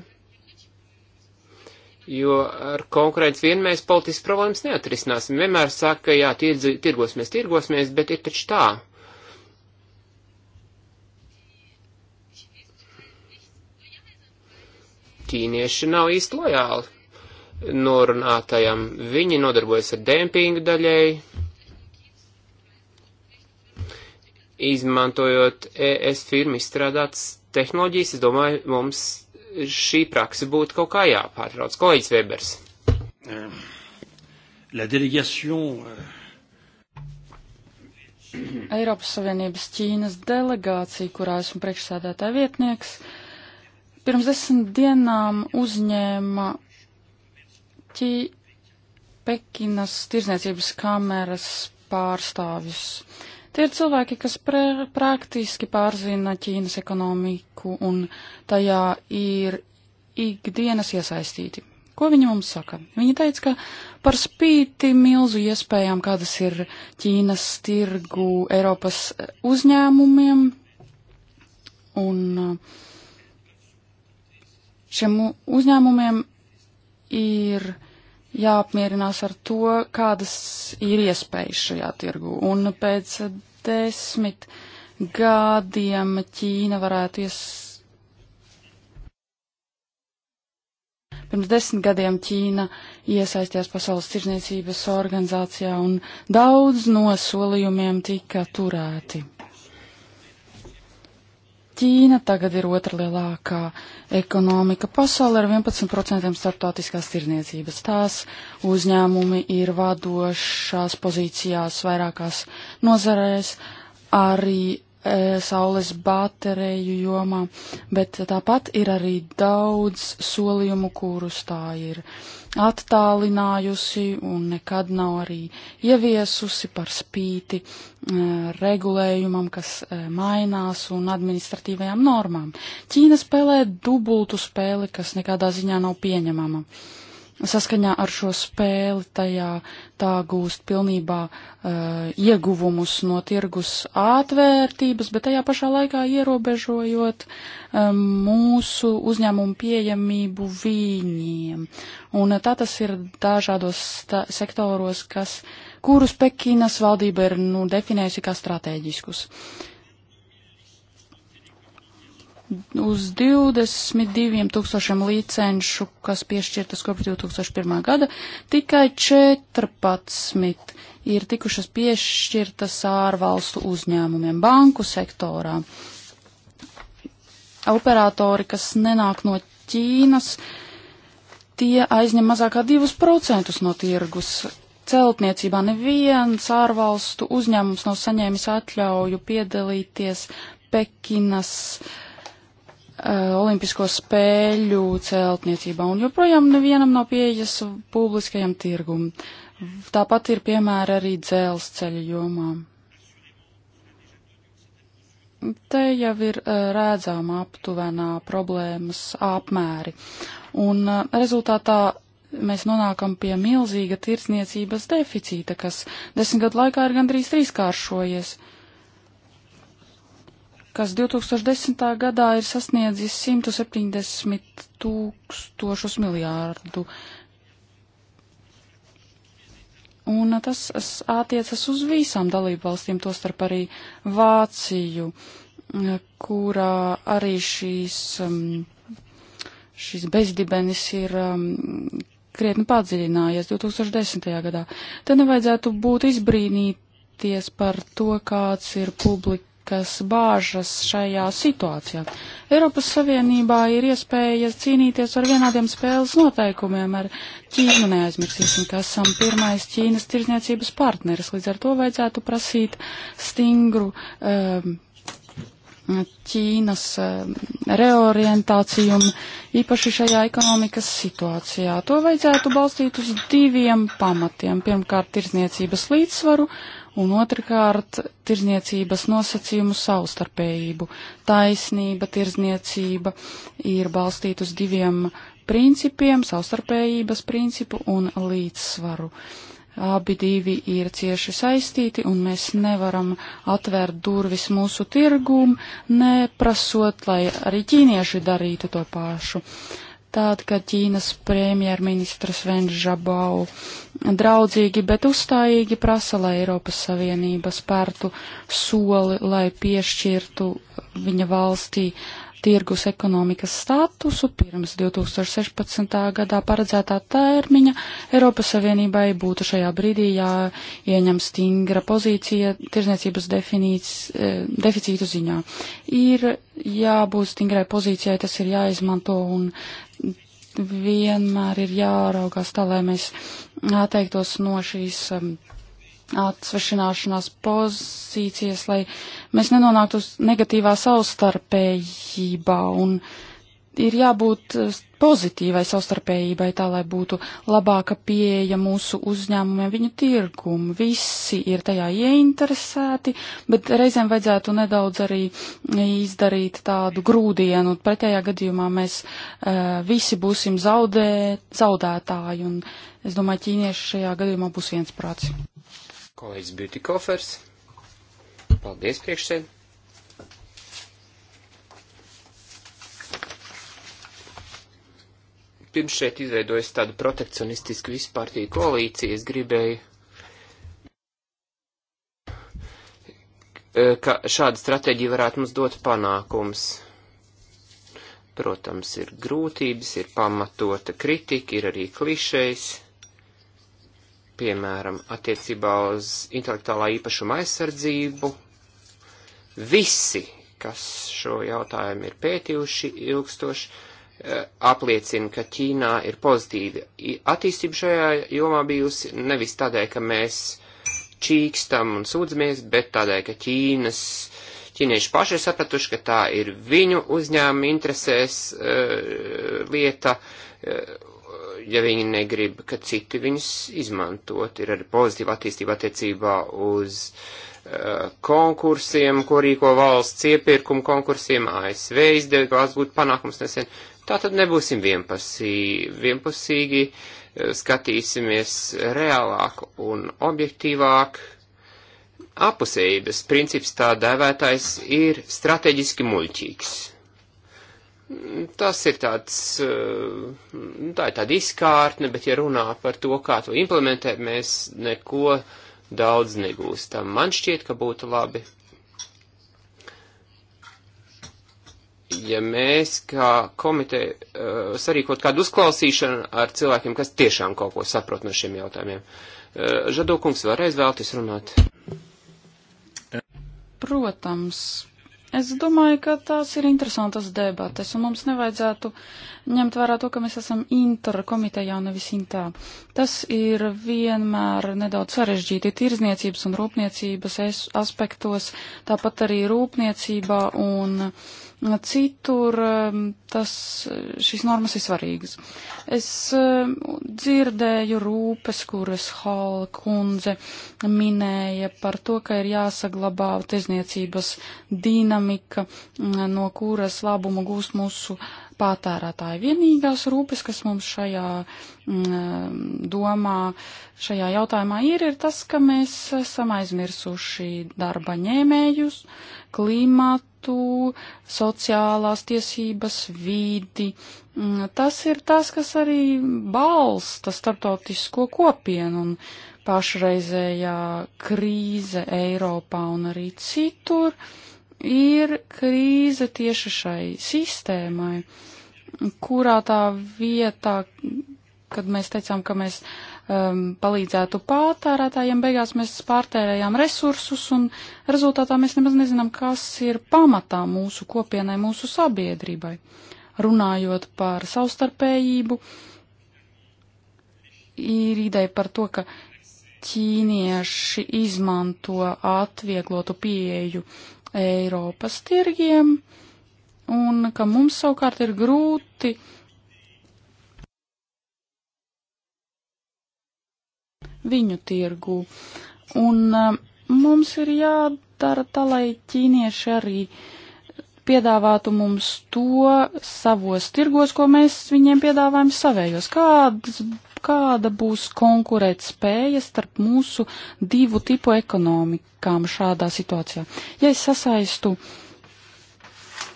jo ar konkurenci vien mēs politiskas problēmas neatrisināsim. Vienmēr saka, ka jā, tirdzi, tirgosimies, tirgosimies, bet ir taču tā. Ķīnieši nav īsti lojāli norunātajam. Viņi nodarbojas ar dempingu daļēji, izmantojot ES firmu izstrādātas tehnoloģijas, es domāju, mums šī praksa būtu kaut kā jāpārtrauc. Kolēģis Webers. Um, la delegation. Euh, Eiropas Savienības Ķīnas delegācija, kurā esmu priekšsēdētāja vietnieks, pirms desmit dienām uzņēma Ķī Pekinas tirzniecības kameras pārstāvjus. Uh, Tie ir cilvēki, kas pre, praktiski pārzina Ķīnas ekonomiku un tajā ir ikdienas iesaistīti. Ko viņi mums saka? Viņi teica, ka par spīti milzu iespējām, kādas ir Ķīnas tirgu Eiropas uzņēmumiem un eh, šiem uzņēmumiem ir jāapmierinās ar to, kādas ir iespējas šajā tirgu. Un pēc desmit gadiem Ķīna varētu ies. Pirms desmit gadiem Ķīna iesaistījās Pasaules tirzniecības organizācijā un daudz no solījumiem tika turēti. Ķīna tagad ir otra lielākā ekonomika pasaulē ar 11% starptautiskās tirniecības. Tās uzņēmumi ir vadošās pozīcijās vairākās nozarēs, arī E, saules bateriju jomā, bet tāpat ir arī daudz solījumu, kurus tā ir attālinājusi un nekad nav arī ieviesusi par spīti uh, regulējumam, kas uh, mainās un administratīvajām normām. Ķīna spēlē dubultu spēli, kas nekādā ziņā nav pieņemama. Uh, saskaņā ar šo spēli tajā tā gūst pilnībā uh, ieguvumus no tirgus atvērtības, bet tajā pašā laikā ierobežojot um, mūsu uzņēmumu pieejamību viņiem. Un eh, tā tas ir dažādos sektoros, kas, kurus Pekinas valdība ir nu, definējusi kā strateģiskus. Uh, uz 22 tūkstošiem licenšu, kas piešķirtas kopš 2001. gada, tikai 14 ir tikušas piešķirtas ārvalstu uzņēmumiem banku sektorā. Operatori, kas nenāk no Ķīnas, tie aizņem mazākā 2% no tirgus. Celtniecībā neviens ārvalstu uzņēmums nav saņēmis atļauju piedalīties Pekinas uh, Uh, Olimpisko spēļu celtniecībā, un joprojām nevienam nav pieejas publiskajam tirgum. Tāpat ir piemēra arī dzelzceļa jomā. Te jau ir uh, redzama aptuvenā problēmas apmēri, un uh, rezultātā mēs nonākam pie milzīga tirsniecības deficīta, kas desmit gadu laikā ir gandrīz trīskāršojies. Uh, kas 2010. gadā ir sasniedzis 170 tūkstošus miljārdu. Un tas attiecas uz visām dalībvalstīm, tostarp arī Vāciju, kurā arī šīs, um, šīs bezdibenis ir um, krietni padziļinājies 2010. gadā. Te nevajadzētu būt izbrīnīties par to, kāds ir publika lielākas bāžas šajā situācijā. Eiropas Savienībā ir iespēja cīnīties ar vienādiem spēles noteikumiem ar Ķīnu. Neaizmirsīsim, ka esam pirmais Ķīnas tirzniecības partneris. Līdz ar to vajadzētu prasīt stingru. Um, Ķīnas ehm, reorientāciju, īpaši šajā ekonomikas situācijā. To vajadzētu balstīt uz diviem pamatiem. Pirmkārt, tirsniecības līdzsvaru un otrkārt tirzniecības nosacījumu savstarpējību. Taisnība tirzniecība ir balstīta uz diviem principiem - savstarpējības principu un līdzsvaru. Abi divi ir cieši saistīti, un mēs nevaram atvērt durvis mūsu tirgūm, neprasot, lai arī ķīnieši darītu to pašu. Uh, tāda, ka Ķīnas premjerministrs Venž Žabau draudzīgi, bet uzstājīgi prasa, lai Eiropas Savienība spērtu soli, lai piešķirtu viņa valstī tirgus ekonomikas statusu pirms 2016. gadā paredzētā termiņa. Eiropas Savienībai būtu šajā brīdī jāieņem stingra pozīcija tirzniecības e, deficītu ziņā. Ir jābūt stingrai pozīcijai, tas ir jāizmanto un vienmēr ir jāraugās tā, lai mēs atteiktos no šīs um, atsvešināšanās pozīcijas, lai mēs nenonāktu uz negatīvā savstarpējībā un uh, ir jābūt eh, pozitīvai savstarpējībai, tā lai būtu labāka pieeja mūsu uzņēmumiem, viņu tirgumu. Visi ir tajā ieinteresēti, bet reizēm vajadzētu nedaudz arī izdarīt tādu grūdienu, un pretējā gadījumā mēs uh, visi būsim zaudē, zaudētāji, un es domāju, ķīnieši šajā gadījumā būs viensprāts. Kolēģis Beauty Coffers. Paldies priekšsēdētājiem. pirms šeit izveidojas tāda protekcionistiska vispārtīga koalīcija, es gribēju, eh, ka šāda stratēģija varētu mums dot panākums. Protams, ir grūtības, ir pamatota kritika, ir arī klišejas, piemēram, attiecībā uz intelektuālā īpašuma aizsardzību. Visi, kas šo jautājumu ir pētījuši ilgstoši, Eh, apliecina, ka Ķīnā ir pozitīva attīstība šajā jomā bijusi, nevis tādēļ, ka mēs čīkstam un sūdzamies, bet tādēļ, ka Ķīnas, ķīnieši paši ir sapratuši, ka tā ir viņu uzņēmuma interesēs uh, lieta, uh, ja viņi negrib, ka citi viņus izmantot. Ir arī pozitīva attīstība attiecībā uz uh, konkursiem, ko rīko valsts iepirkuma konkursiem, ASV izdevi, kas būtu panākums nesen. Uh, Tā tad nebūsim vienpasīgi, vienpasīgi eh, skatīsimies reālāk un objektīvāk. Apusējības princips tā dēvētais ir strateģiski muļķīgs. Tas ir tāds, eh, tā ir tāda izkārtne, bet ja runā par to, kā to implementēt, mēs neko daudz negūstam. Man šķiet, ka būtu labi ja mēs kā komiteja uh, eh, sarīkot kādu uzklausīšanu ar cilvēkiem, kas tiešām kaut ko saprot no šiem jautājumiem. Uh, eh, Žadokungs vēlreiz vēlties runāt. Protams. Es domāju, ka tās ir interesantas debates, un mums nevajadzētu ņemt vērā to, ka mēs esam intra komitejā un nevis intā. Tas ir vienmēr nedaudz sarežģīti tirzniecības un rūpniecības aspektos, tāpat arī rūpniecībā un uh, Citur um, tas, šīs normas ir svarīgas. Es um, dzirdēju rūpes, kuras Hall kundze minēja par to, ka ir jāsaglabā tirzniecības dinamika, mm, no kuras labumu gūst mūsu patērētāji. Vienīgās rūpes, kas mums šajā mm, domā, šajā jautājumā ir, ir tas, ka mēs esam aizmirsuši darba ņēmējus, klimatu, klimatu, sociālās tiesības, vīdi. Mm, tas ir tas, kas arī balsta starptautisko kopienu un pašreizējā krīze Eiropā un arī citur ir krīze tieši šai sistēmai, kurā tā vietā, kad mēs teicām, ka mēs uh, um, palīdzētu pārtērētājiem. Beigās mēs pārtērējām resursus un rezultātā mēs nemaz nezinām, kas ir pamatā mūsu kopienai, mūsu sabiedrībai. Runājot par savstarpējību, ir ideja par to, ka ķīnieši izmanto atvieglotu pieeju Eiropas tirgiem un ka mums savukārt ir grūti uh, viņu tirgu. Un um, mums ir jādara tā, lai ķīnieši arī piedāvātu mums to savos tirgos, ko mēs viņiem piedāvājam savējos. Kāds, kāda būs konkurēt spēja starp mūsu divu tipu ekonomikām šādā situācijā? Ja es sasaistu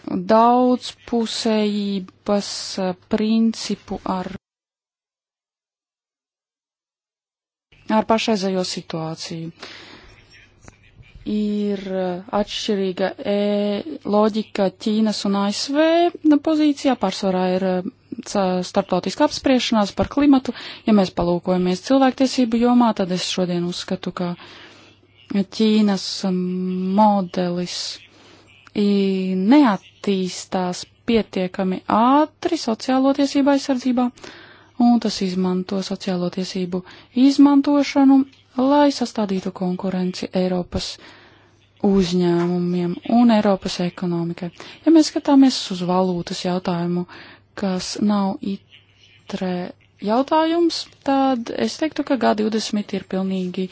daudzpusējības uh, principu ar ar pašreizējo situāciju. Ir e, atšķirīga e loģika Ķīnas un ASV pozīcijā, pārsvarā ir e, starptautiska apspriešanās par klimatu. Ja mēs palūkojamies cilvēktiesību jomā, tad es šodien uzskatu, ka Ķīnas modelis neattīstās pietiekami ātri sociālo tiesību aizsardzībā. Uh, un tas izmanto sociālo tiesību izmantošanu, lai sastādītu konkurenci Eiropas uzņēmumiem un Eiropas ekonomikai. Ja mēs skatāmies uz valūtas jautājumu, kas nav itre jautājums, tad es teiktu, ka G20 ir pilnīgi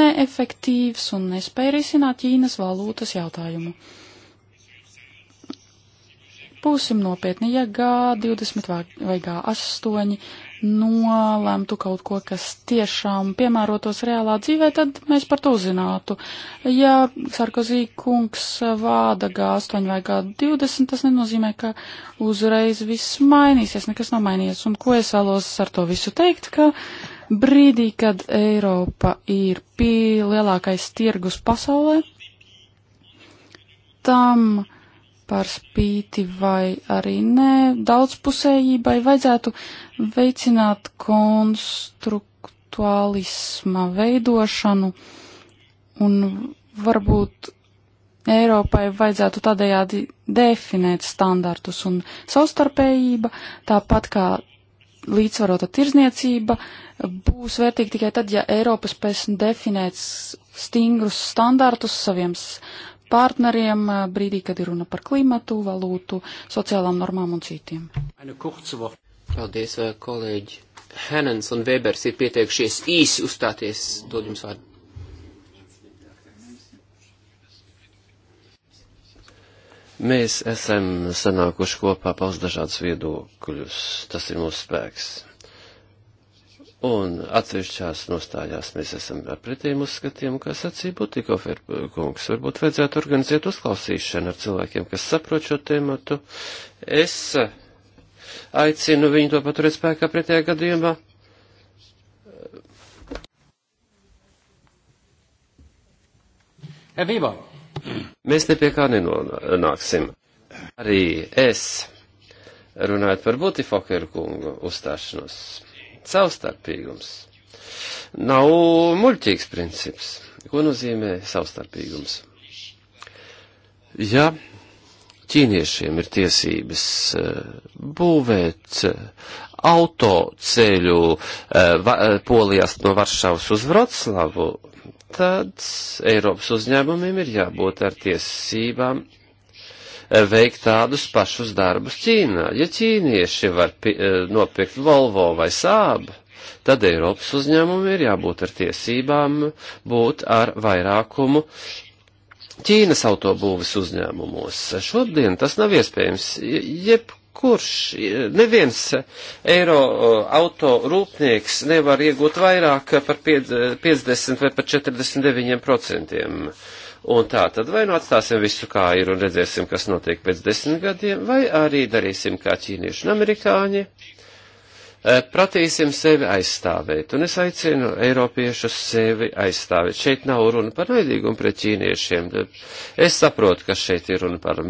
neefektīvs un nespēja risināt Ķīnas valūtas jautājumu. Būsim nopietni, ja G20 vai G8 nolemtu kaut ko, kas tiešām piemērotos reālā dzīvē, tad mēs par to uzzinātu. Ja Sarkozī kungs vāda G8 vai G20, tas nenozīmē, ka uzreiz viss mainīsies, nekas nav mainījies. Un ko es vēlos ar to visu teikt, ka brīdī, kad Eiropa ir lielākais tirgus pasaulē, tam par spīti vai arī nē, daudzpusējībai vajadzētu veicināt konstruktuālisma veidošanu un varbūt Eiropai vajadzētu tādējādi definēt standartus un savstarpējība, tāpat kā līdzsvarota tirzniecība, būs vērtīga tikai tad, ja Eiropa spēs definēt stingrus standartus saviem partneriem eh, brīdī, kad ir runa par klimatu, valūtu, sociālām normām un citiem. Paldies, eh, kolēģi. Henens un Webers ir pieteikušies īsi uzstāties. Dod jums vārdu. Mēs esam sanākuši kopā paust dažādus viedokļus. Tas ir mūsu spēks. Un atsevišķās nostājās mēs esam ar pretējiem uzskatiem, kā sacīja Butikofer eh, kungs. Varbūt vajadzētu organizēt uzklausīšanu ar cilvēkiem, kas saprot šo tēmatu. Es eh, aicinu viņu to paturēt spēkā pretējā gadījumā. Evībā. Mēs ne pie kā nenonāksim. Arī es runāju par Butikoferu kungu uzstāšanos. Savstarpīgums nav muļķīgs princips. Ko nozīmē savstarpīgums? Ja ķīniešiem ir tiesības eh, būvēt eh, autoceļu eh, polijās no Varšavas uz Vroclavu, tad Eiropas uzņēmumiem ir jābūt ar tiesībām veikt tādus pašus darbus Ķīnā. Ja ķīnieši var e, nopirkt Volvo vai Sābu, tad Eiropas uzņēmumi ir jābūt ar tiesībām būt ar vairākumu Ķīnas autobūves uzņēmumos. Šodien tas nav iespējams. Jeb kurš, neviens eiro e, auto rūpnieks nevar iegūt vairāk par 50 vai par 49 procentiem. Uh, Un tā tad vai nu atstāsim visu kā ir un redzēsim, kas notiek pēc desmit gadiem, vai arī darīsim kā ķīnieši un amerikāņi, eh, pratīsim sevi aizstāvēt. Un es aicinu eiropiešus sevi aizstāvēt. Šeit nav runa par naidīgumu pret ķīniešiem. Es saprotu, ka šeit ir runa par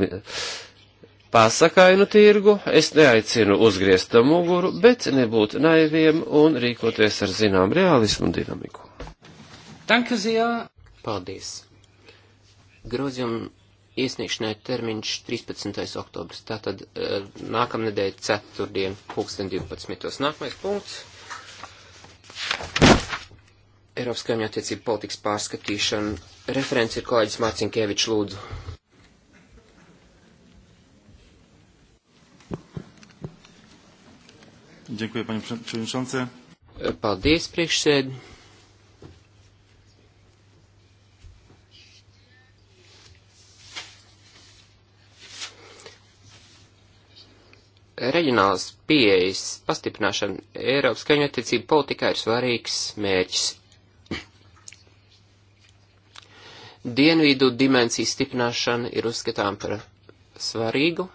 pasakainu tirgu, es neaicinu uzgriezt tam muguru, bet nebūt naiviem un rīkoties ar zinām realismu un dinamiku. Danke sehr! Paldies! Grozījuma iesniegšanai termiņš 13. oktobrs, tātad e, nākamnedēļ ceturtdien, pulksten 12. Nākamais punkts. Eiropas kaimiņu attiecību politikas pārskatīšana. Referents ir kolēģis Mārcinkievičs lūdzu. Dziękuję, panie przewodniczący. Paldies, priekšsēd. Reģionālas pieejas pastiprināšana Eiropas kaimiņattiecību politikā ir svarīgs mērķis. Dienvidu dimensijas stiprināšana ir uzskatām par svarīgu.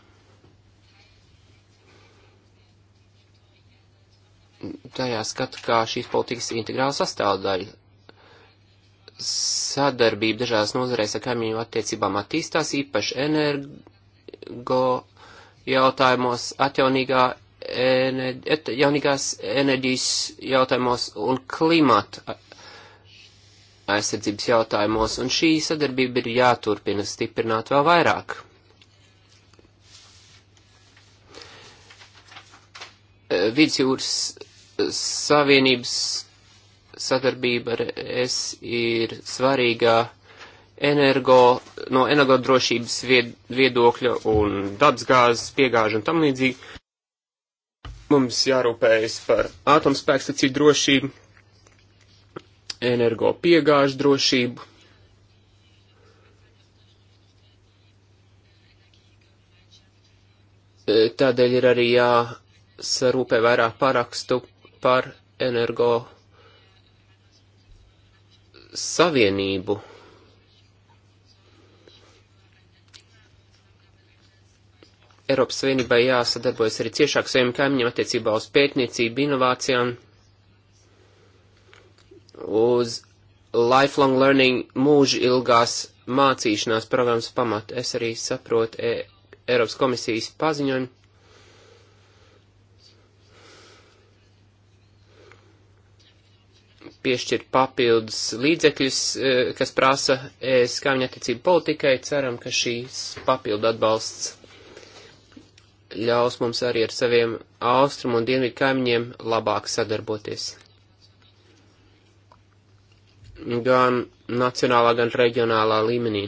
Tajā skat, kā šīs politikas integrāla sastāvdaļa. Sadarbība dažās nozarēs ar kaimiņu attiecībām attīstās, īpaši energo jautājumos, atjaunīgā enerģi, atjaunīgās enerģijas jautājumos un klimata aizsardzības jautājumos, un šī sadarbība ir jāturpina stiprināt vēl vairāk. Vidusjūras Savienības sadarbība ar es ir svarīgā energo, no energodrošības viedokļa un dabasgāzes piegāžu un tam līdzīgi. Mums jārūpējas par atomspēkstaciju drošību, energo piegāžu drošību. E, tādēļ ir arī jāsarūpē vairāk parakstu par energo savienību. Eiropas Savienībai jāsadarbojas arī ciešāk saviem kaimiņiem attiecībā uz pētniecību, inovācijām, uz lifelong learning mūža ilgās mācīšanās programmas pamatu. Es arī saprotu e Eiropas komisijas paziņojumu. piešķirt papildus līdzekļus, e, kas prasa es kaimiņu attiecību politikai. Ceram, ka šīs papildu atbalsts ļaus mums arī ar saviem austrumu un dienvidu kaimiņiem labāk sadarboties. Gan nacionālā, gan reģionālā līmenī.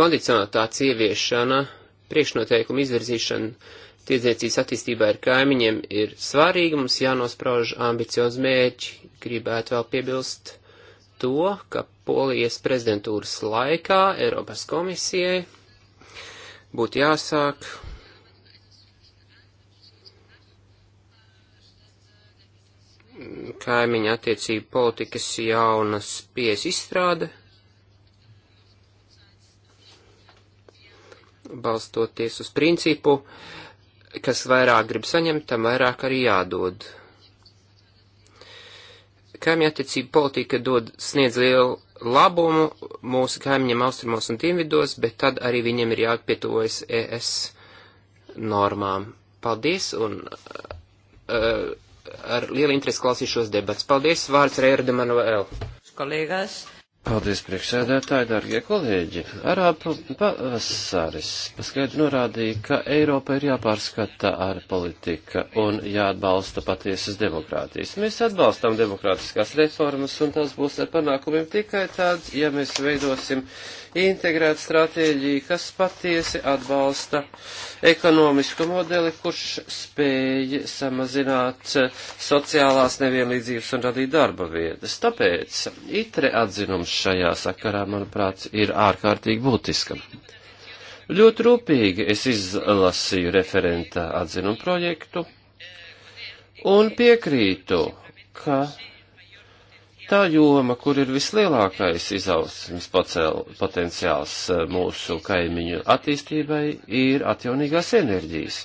Kondicionalitātes ieviešana, priekšnoteikuma izvirzīšana tirdzniecības attīstībā ar kaimiņiem ir svarīga, mums jānosprauž ambiciozi mērķi, gribētu vēl piebilst to, ka Polijas prezidentūras laikā Eiropas komisijai būtu jāsāk kaimiņa attiecību politikas jaunas pies izstrāde, balstoties uz principu, kas vairāk grib saņemt, tam vairāk arī jādod. Kaimiņu attiecību politika dod sniedz lielu labumu mūsu kaimiņiem austrumos un dienvidos, bet tad arī viņiem ir jāpietuvojas ES normām. Paldies un uh, uh, ar lielu interesi klausīšos debats. Paldies, vārds Rērda Manuēl. Kolēgas. Paldies, priekšsēdētāji, dārgie kolēģi. Arābu pavasaris paskaidri norādīja, ka Eiropa ir jāpārskata ar politika un jāatbalsta patiesas demokrātijas. Mēs atbalstam demokrātiskās reformas, un tās būs ar panākumiem tikai tāds, ja mēs veidosim uh, integrēta stratēģija, kas patiesi atbalsta ekonomisku modeli, kurš spēj samazināt sociālās nevienlīdzības un radīt darba vietas. Tāpēc itre atzinums šajā sakarā, manuprāt, ir ārkārtīgi būtiska. Ļoti rūpīgi es izlasīju referenta atzinumu projektu un piekrītu, ka tā joma, kur ir vislielākais izaugsmes potenciāls eh, mūsu kaimiņu attīstībai, ir atjaunīgās enerģijas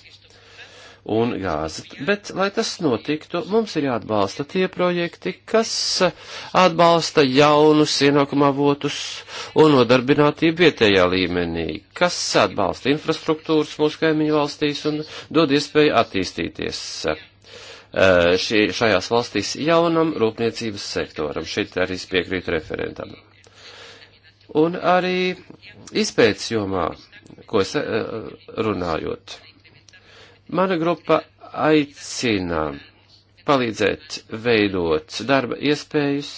un gāzi. Bet, lai tas notiktu, mums ir jāatbalsta tie projekti, kas eh, atbalsta jaunus ienākuma avotus un nodarbinātību vietējā līmenī, kas atbalsta infrastruktūras mūsu kaimiņu valstīs un dod iespēju attīstīties. Eh, šī, šajās valstīs jaunam rūpniecības sektoram. Šeit arī es piekrītu referentam. Un arī izpētes jomā, ko es eh, runājot. Mana grupa aicina palīdzēt veidot darba iespējas,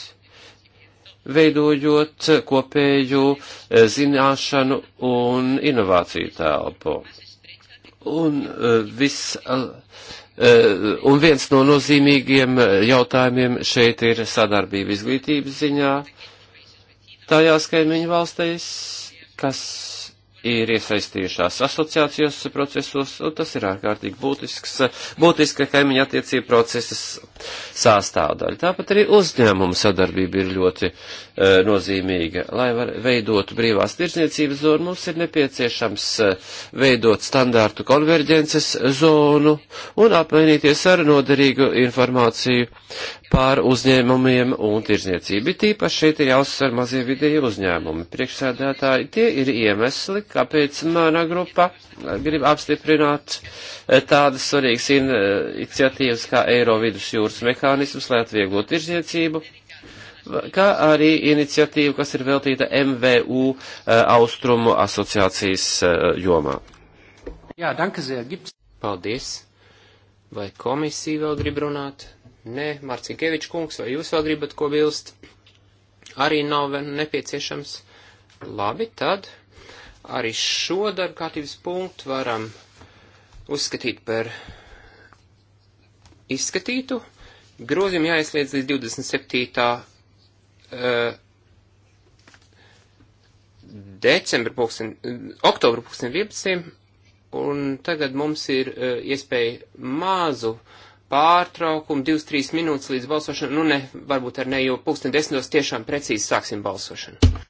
veidojot kopēju eh, zināšanu un inovāciju telpu. Un viss Eh, un viens no nozīmīgiem eh, jautājumiem šeit ir sadarbība izglītības ziņā tajās kaimiņu valstīs, kas ir iesaistījušās asociācijos procesos, un tas ir ārkārtīgi būtisks, būtiska kaimiņa attiecība procesas sāstāvdaļa. Tāpat arī uzņēmumu sadarbība ir ļoti E, nozīmīga. Lai var veidot brīvās tirsniecības zonu, mums ir nepieciešams e, veidot standārtu konverģences zonu un apmainīties ar noderīgu informāciju pār uzņēmumiem un tirsniecību. Tīpaši šeit ir jāuzsver mazie vidēji uzņēmumi. Priekšsēdētāji, tie ir iemesli, kāpēc manā grupā grib apstiprināt e, tādas svarīgas iniciatīvas kā Eiro vidusjūras mehānisms, lai atvieglotu tirsniecību kā arī iniciatīvu, kas ir veltīta MVU eh, Austrumu asociācijas eh, jomā. Jā, danke sehr, gibts. Paldies. Vai komisija vēl grib runāt? Nē, Marcinkevičs kungs, vai jūs vēl gribat ko bilst? Arī nav nepieciešams. Labi, tad arī šo darbu kārtības punktu varam uzskatīt par izskatītu. Grozījumi jāiesliedz līdz 27. Eh, decembra pulksten, eh, oktobra pulksten 11. Un tagad mums ir uh, iespēja mazu pārtraukumu, 2-3 minūtes līdz balsošanai, nu ne, varbūt ar ne, jo pulksten desmitos tiešām precīzi sāksim balsošanu.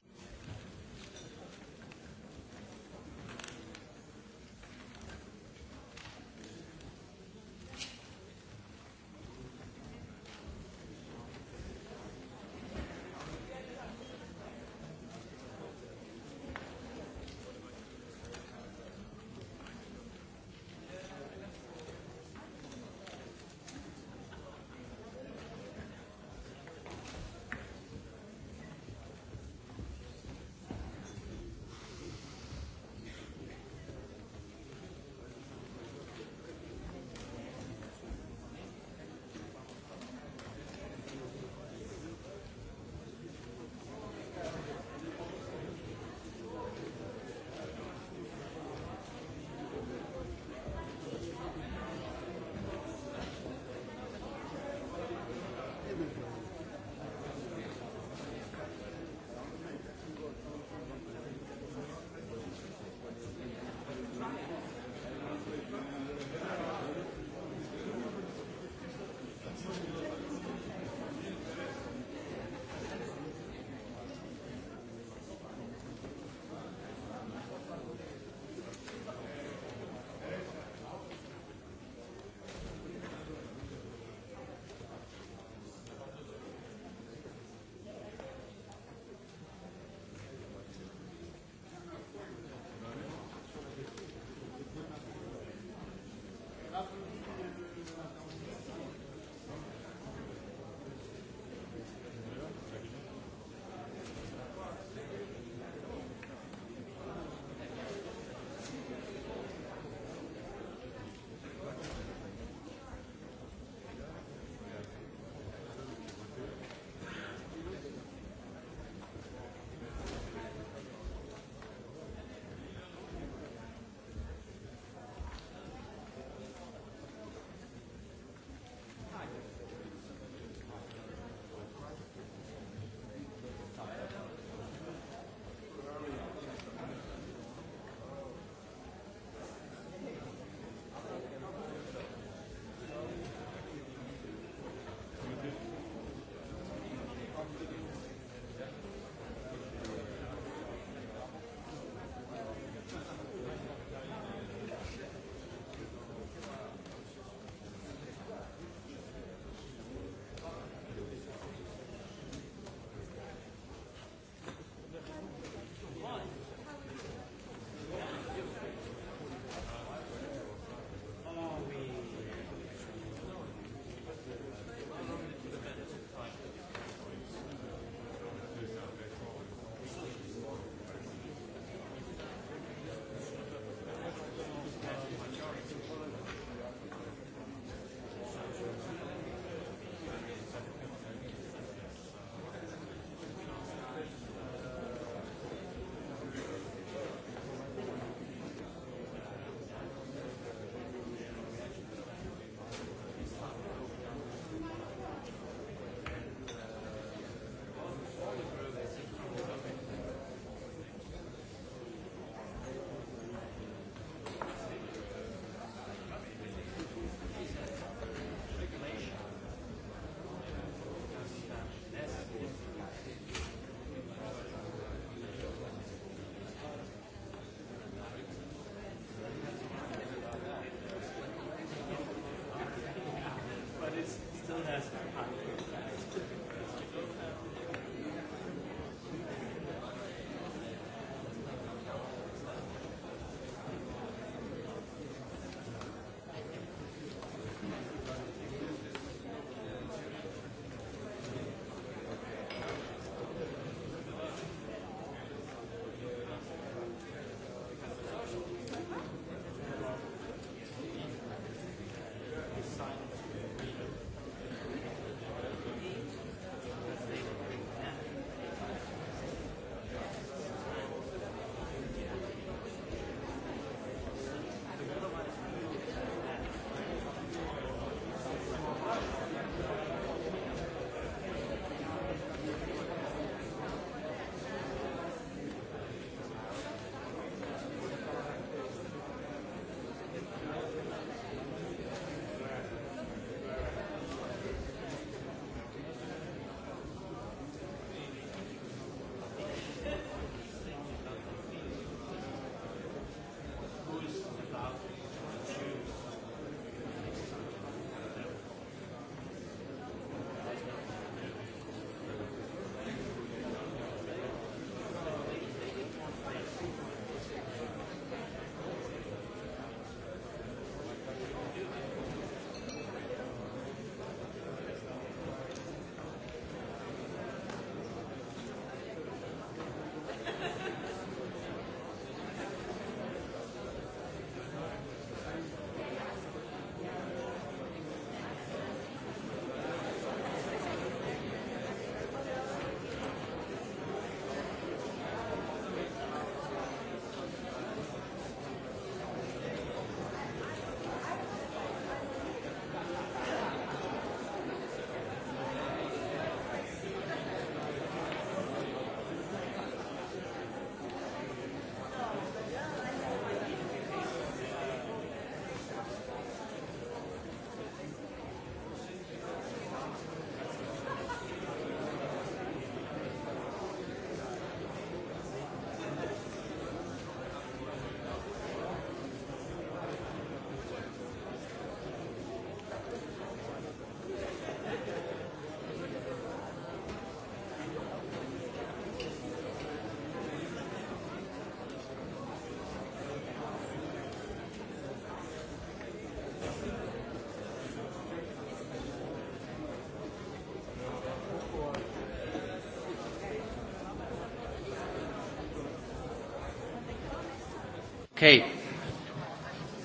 Okay.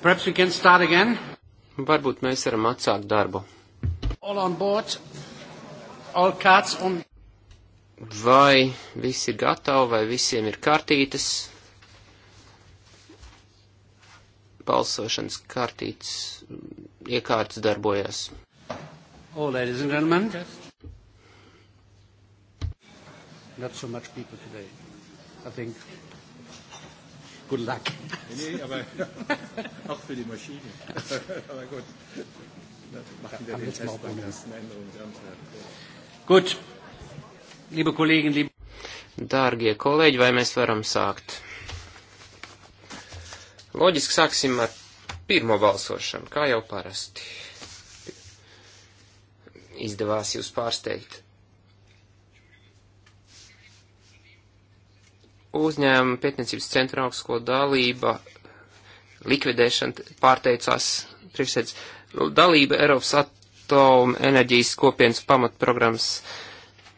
Perhaps we can start again. Varbūt mēs varam atsākt darbu. All on board. All cards on. Vai visi ir gatavi, vai visiem ir kartītes? Balsošanas kartītes iekārtas darbojas. Oh, ladies and gentlemen. Not so much people today. I think. Good luck. Nee, aber auch für die Maschine. aber gut, dann machen wir den Test beim ersten Änderungsantrag. Gut, liebe Kollegen, liebe. Dārgie kolēģi, vai mēs varam sākt? Loģiski sāksim ar pirmo balsošanu, kā jau parasti. Izdevās jūs pārsteigt. uzņēmuma pētniecības centra augstsko dalība likvidēšana pārteicās priekšsēdz dalība Eiropas atoma enerģijas kopienas pamatprogrammas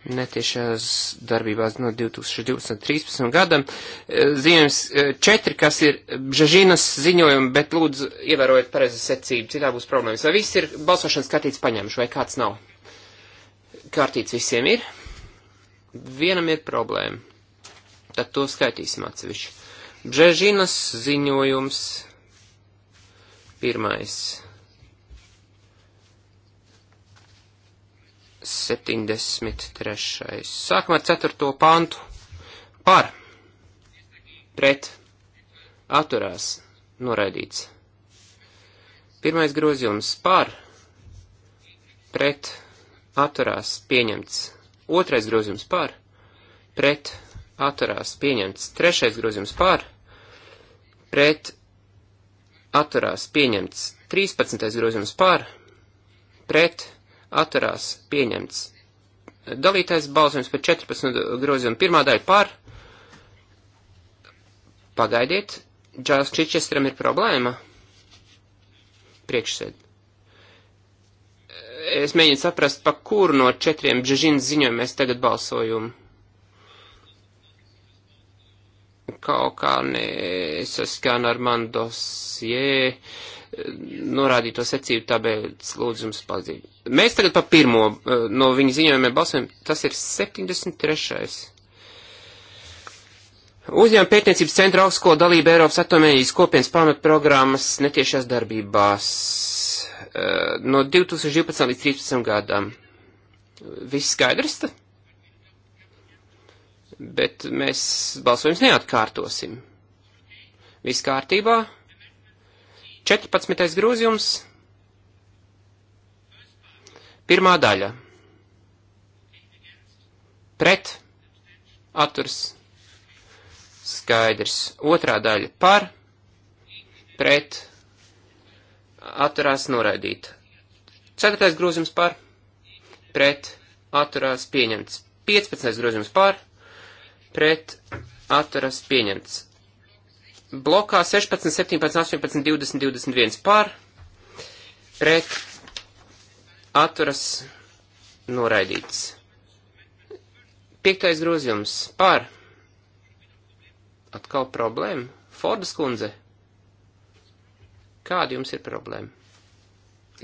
netiešās darbībās no 2013. gadam. E, Ziņojums e, četri, kas ir Bžažinas ziņojumi, bet lūdzu ievērojiet pareizi secību, citā būs problēmas. Vai viss ir balsošanas skatīts paņemšu, vai kāds nav? Kārtīts visiem ir? Vienam ir problēma tad to skaitīsim atsevišķi. Bžežinas ziņojums pirmais. 73. Sākam ar 4. pantu. Par. Pret. Atturās. Noraidīts. Pirmais grozījums. Par. Pret. Atturās. Pieņemts. Otrais grozījums. Par. Pret atturās pieņemts. Trešais grozījums par, pret, atturās pieņemts. 13. grozījums par, pret, atturās pieņemts. Dalītais balsojums par 14 grozījumu pirmā daļa par. Pagaidiet, Džāls Čičestram ir problēma. Priekšsēd. Es mēģinu saprast, pa kuru no četriem džežins ziņojumiem mēs tagad balsojumu. kaut kā nesaskan ar man dosie norādīto secību, tāpēc lūdzu jums palīdzību. Mēs tagad pa pirmo eh, no viņa ziņojumiem balsojam, tas ir 73. Uzņēmuma pētniecības centra augstskola dalība Eiropas atomēģijas kopienas pamatprogrammas netiešās darbībās eh, no 2012 līdz 2013 gadam. Viss skaidrs? Tad? bet mēs balsojums neatkārtosim. Viss kārtībā. 14. grozījums. Pirmā daļa. Pret. Atturs. Skaidrs. Otrā daļa. Par. Pret. Atturās noraidīt. Ceturtais grozījums par. Pret. Atturās pieņemts. 15. grozījums par pret atturas pieņemts. Blokā 16, 17, 18, 20, 21 pār pret atturas noraidīts. Piektais grozījums pār. Atkal problēma. Fordas kundze. Kāda jums ir problēma?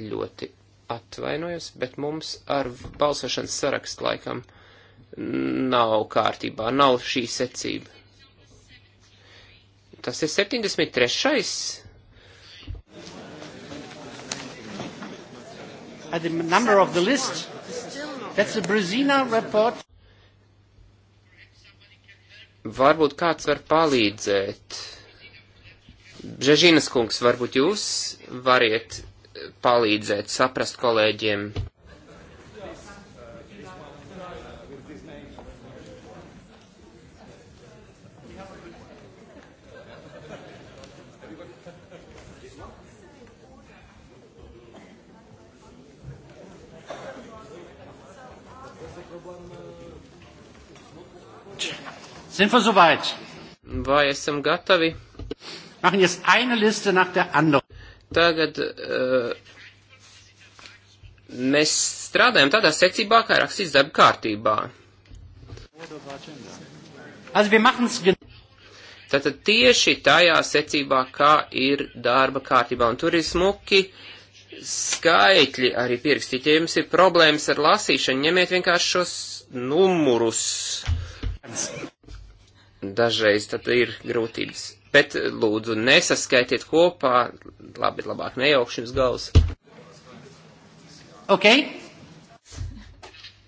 Ļoti atvainojos, bet mums ar balsošanas sarakstu laikam nav kārtībā, nav šī secība. Tas ir 73. At the number of the list, that's the Brezina report. Varbūt kāds var palīdzēt. Žežinas kungs, varbūt jūs variet palīdzēt saprast kolēģiem. Sind wir soweit? Vai esam gatavi? Machen jetzt eine Liste nach der anderen. Tagad uh, mēs strādājam tādā secībā, kā rakstīts darba kārtībā. Also wir machen's Tātad tieši tajā secībā, kā ir darba kārtībā, un tur ir smuki skaitļi arī pierakstīti. Ja jums ir problēmas ar lasīšanu, ņemiet vienkārši šos numurus dažreiz tad ir grūtības. Bet lūdzu, nesaskaitiet kopā, labi, labāk nejaukšu jums galvas. Ok.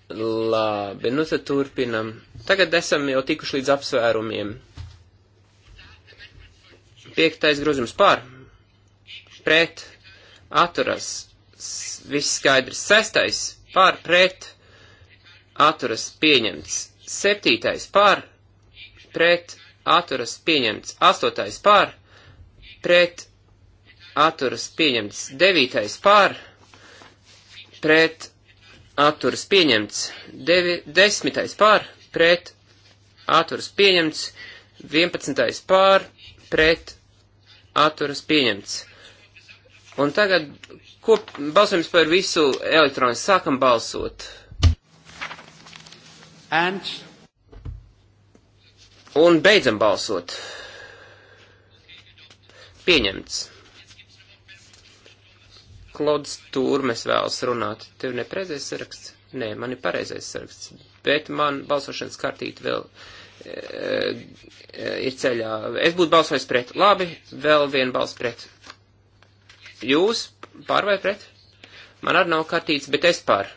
Labi, nu tad turpinam. Tagad esam jau tikuši līdz apsvērumiem. Piektais grozījums pār, pret, atturas, viss skaidrs. Sestais pār, pret, atturas, pieņemts. Septītais pār, pret atturas pieņemts. 8. par pret atturas pieņemts. 9. par pret atturas pieņemts. 10. par pret atturas pieņemts. 11. par pret atturas pieņemts. Un tagad kop, balsojums par visu elektronu. Sākam balsot. And Un beidzam balsot. Pieņemts. Klods Tūrmes vēlas runāt. Tev nepreizais saraksts? Nē, man ir pareizais saraksts. Bet man balsošanas kartīte vēl e, e, ir ceļā. Es būtu balsojis pret. Labi, vēl viena balss pret. Jūs pār vai pret? Man arī nav kartīts, bet es pār.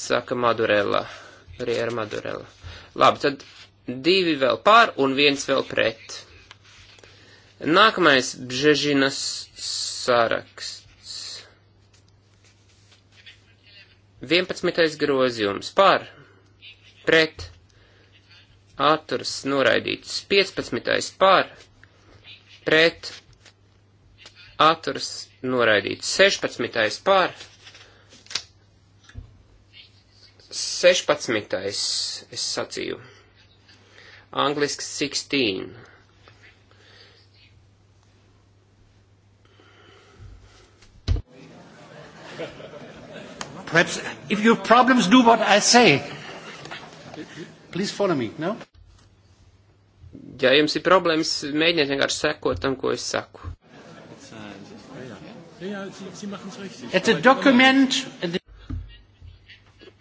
Saka Madurella. Riera Madurella. Labi, tad divi vēl pār un viens vēl pret. Nākamais Bžežinas saraksts. 11. grozījums par, pret, atturs noraidīts. 15. par, pret, atturs noraidīts. 16. par, 16. es sacīju angliski 16. Perhaps if you have problems, do what I say. Please follow me, no? Ja jums ir problēmas, mēģiniet vienkārši sekot tam, ko es saku.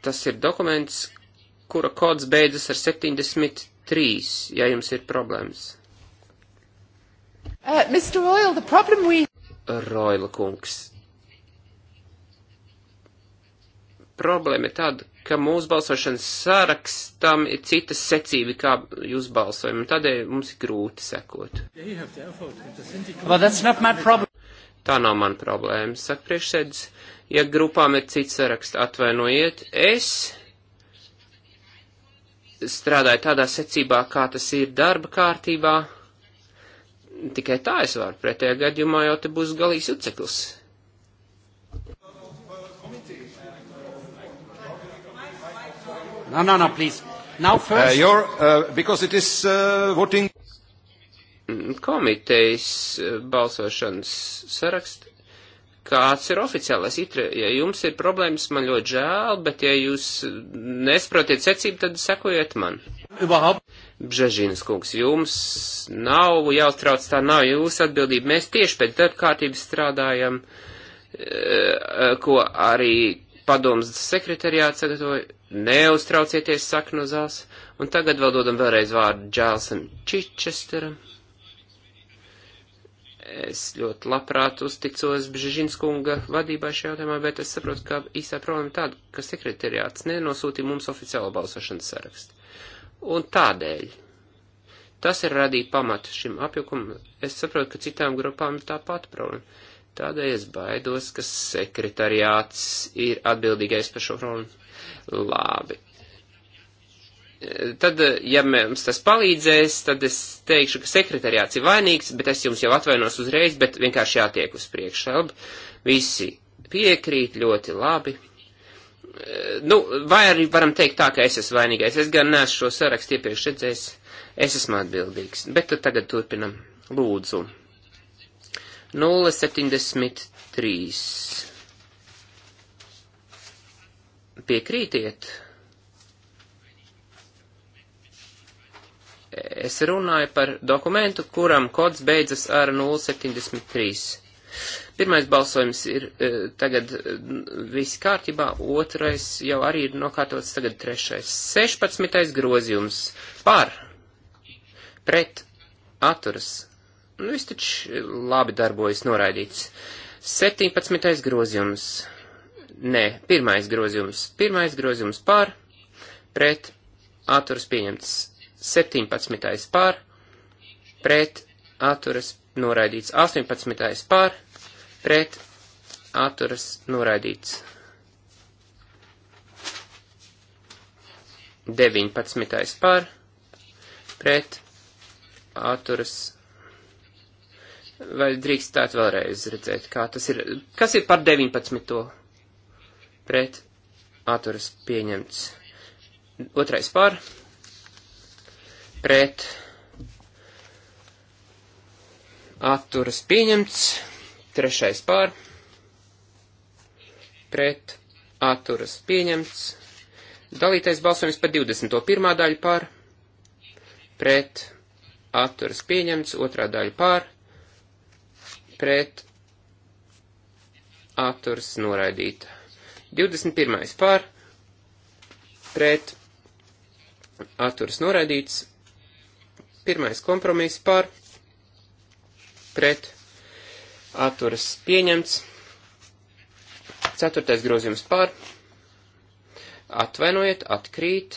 Tas ir dokuments, kura kods beidzas ar 70 trīs, ja jums ir problēmas. Uh, Mr. Royal, the problem we... Royal kungs. Problēma ir tāda, ka mūsu balsošanas sārakstam ir citas secība, kā jūs balsojam, un tādēļ mums ir grūti sekot. Well, Tā nav mana problēma, saka priekšsēdis. Ja grupām ir cits saraksts, atvainojiet, es strādāju tādā secībā, kā tas ir darba kārtībā, tikai tā es varu, pretējā gadījumā jau te būs galīgs uceklis. No, no, no, please. Now uh, first. Uh, your, uh, because it is uh, voting. Komitejas uh, balsošanas saraksts kāds ir oficiālais itre. Ja jums ir problēmas, man ļoti žēl, bet ja jūs nesprotiet secību, tad sekojiet man. Bžežīnas kungs, jums nav jāuztrauc, tā nav jūsu atbildība. Mēs tieši pēc darba kārtības strādājam, eh, eh, ko arī padomas sekretariāts sagatavoja. Neuztraucieties saknozās. Un tagad vēl dodam vēlreiz vārdu Džēlsam Čičesteram. Es ļoti labprāt uzticos Bžižinskunga vadībā šajā jautājumā, bet es saprotu, ka īstā problēma tāda, ka sekretariāts nenosūtīja mums oficiālo balsošanas sarakstu. Un tādēļ Tas ir radīt pamatu šim apjukumam. Es saprotu, ka citām grupām ir tā pati problēma. Tādēļ es baidos, ka sekretariāts ir atbildīgais par šo problēmu. Labi tad, eh, ja mums tas palīdzēs, tad es teikšu, ka sekretariāts ir vainīgs, bet es jums jau atvainos uzreiz, bet vienkārši jātiek uz priekšu. Labi, visi piekrīt ļoti labi. Eh, nu, vai arī varam teikt tā, ka es esmu vainīgais. Es gan neesmu šo sarakstu iepriekš redzējis. Es esmu atbildīgs. Bet tad tagad turpinam. Lūdzu. 073. Piekrītiet. Es runāju par dokumentu, kuram kods beidzas ar 073. Pirmais balsojums ir e, tagad e, viss kārtībā, otrais jau arī ir nokārtots, tagad trešais. 16. grozījums par, pret, atturas. Nu, viss taču e, labi darbojas noraidīts. 17. grozījums. Nē, pirmais grozījums. Pirmais grozījums par, pret, atturas pieņemts. 17. pār, pret atturas noraidīts. 18. pār, pret atturas noraidīts. 19. pār, pret atturas. Vai drīkst tāt vēlreiz redzēt, kā tas ir? Kas ir par 19. pret atturas pieņemts? Otrais pār pret atturas pieņemts, trešais pār, pret atturas pieņemts, dalītais balsojums par 21. daļu pār, pret atturas pieņemts, otrā daļa pār, pret atturas noraidīta. 21. pār, pret atturas noraidīts, Pirmais kompromiss par pret atturas pieņemts. Ceturtais grozījums par atvainojiet, atkrīt.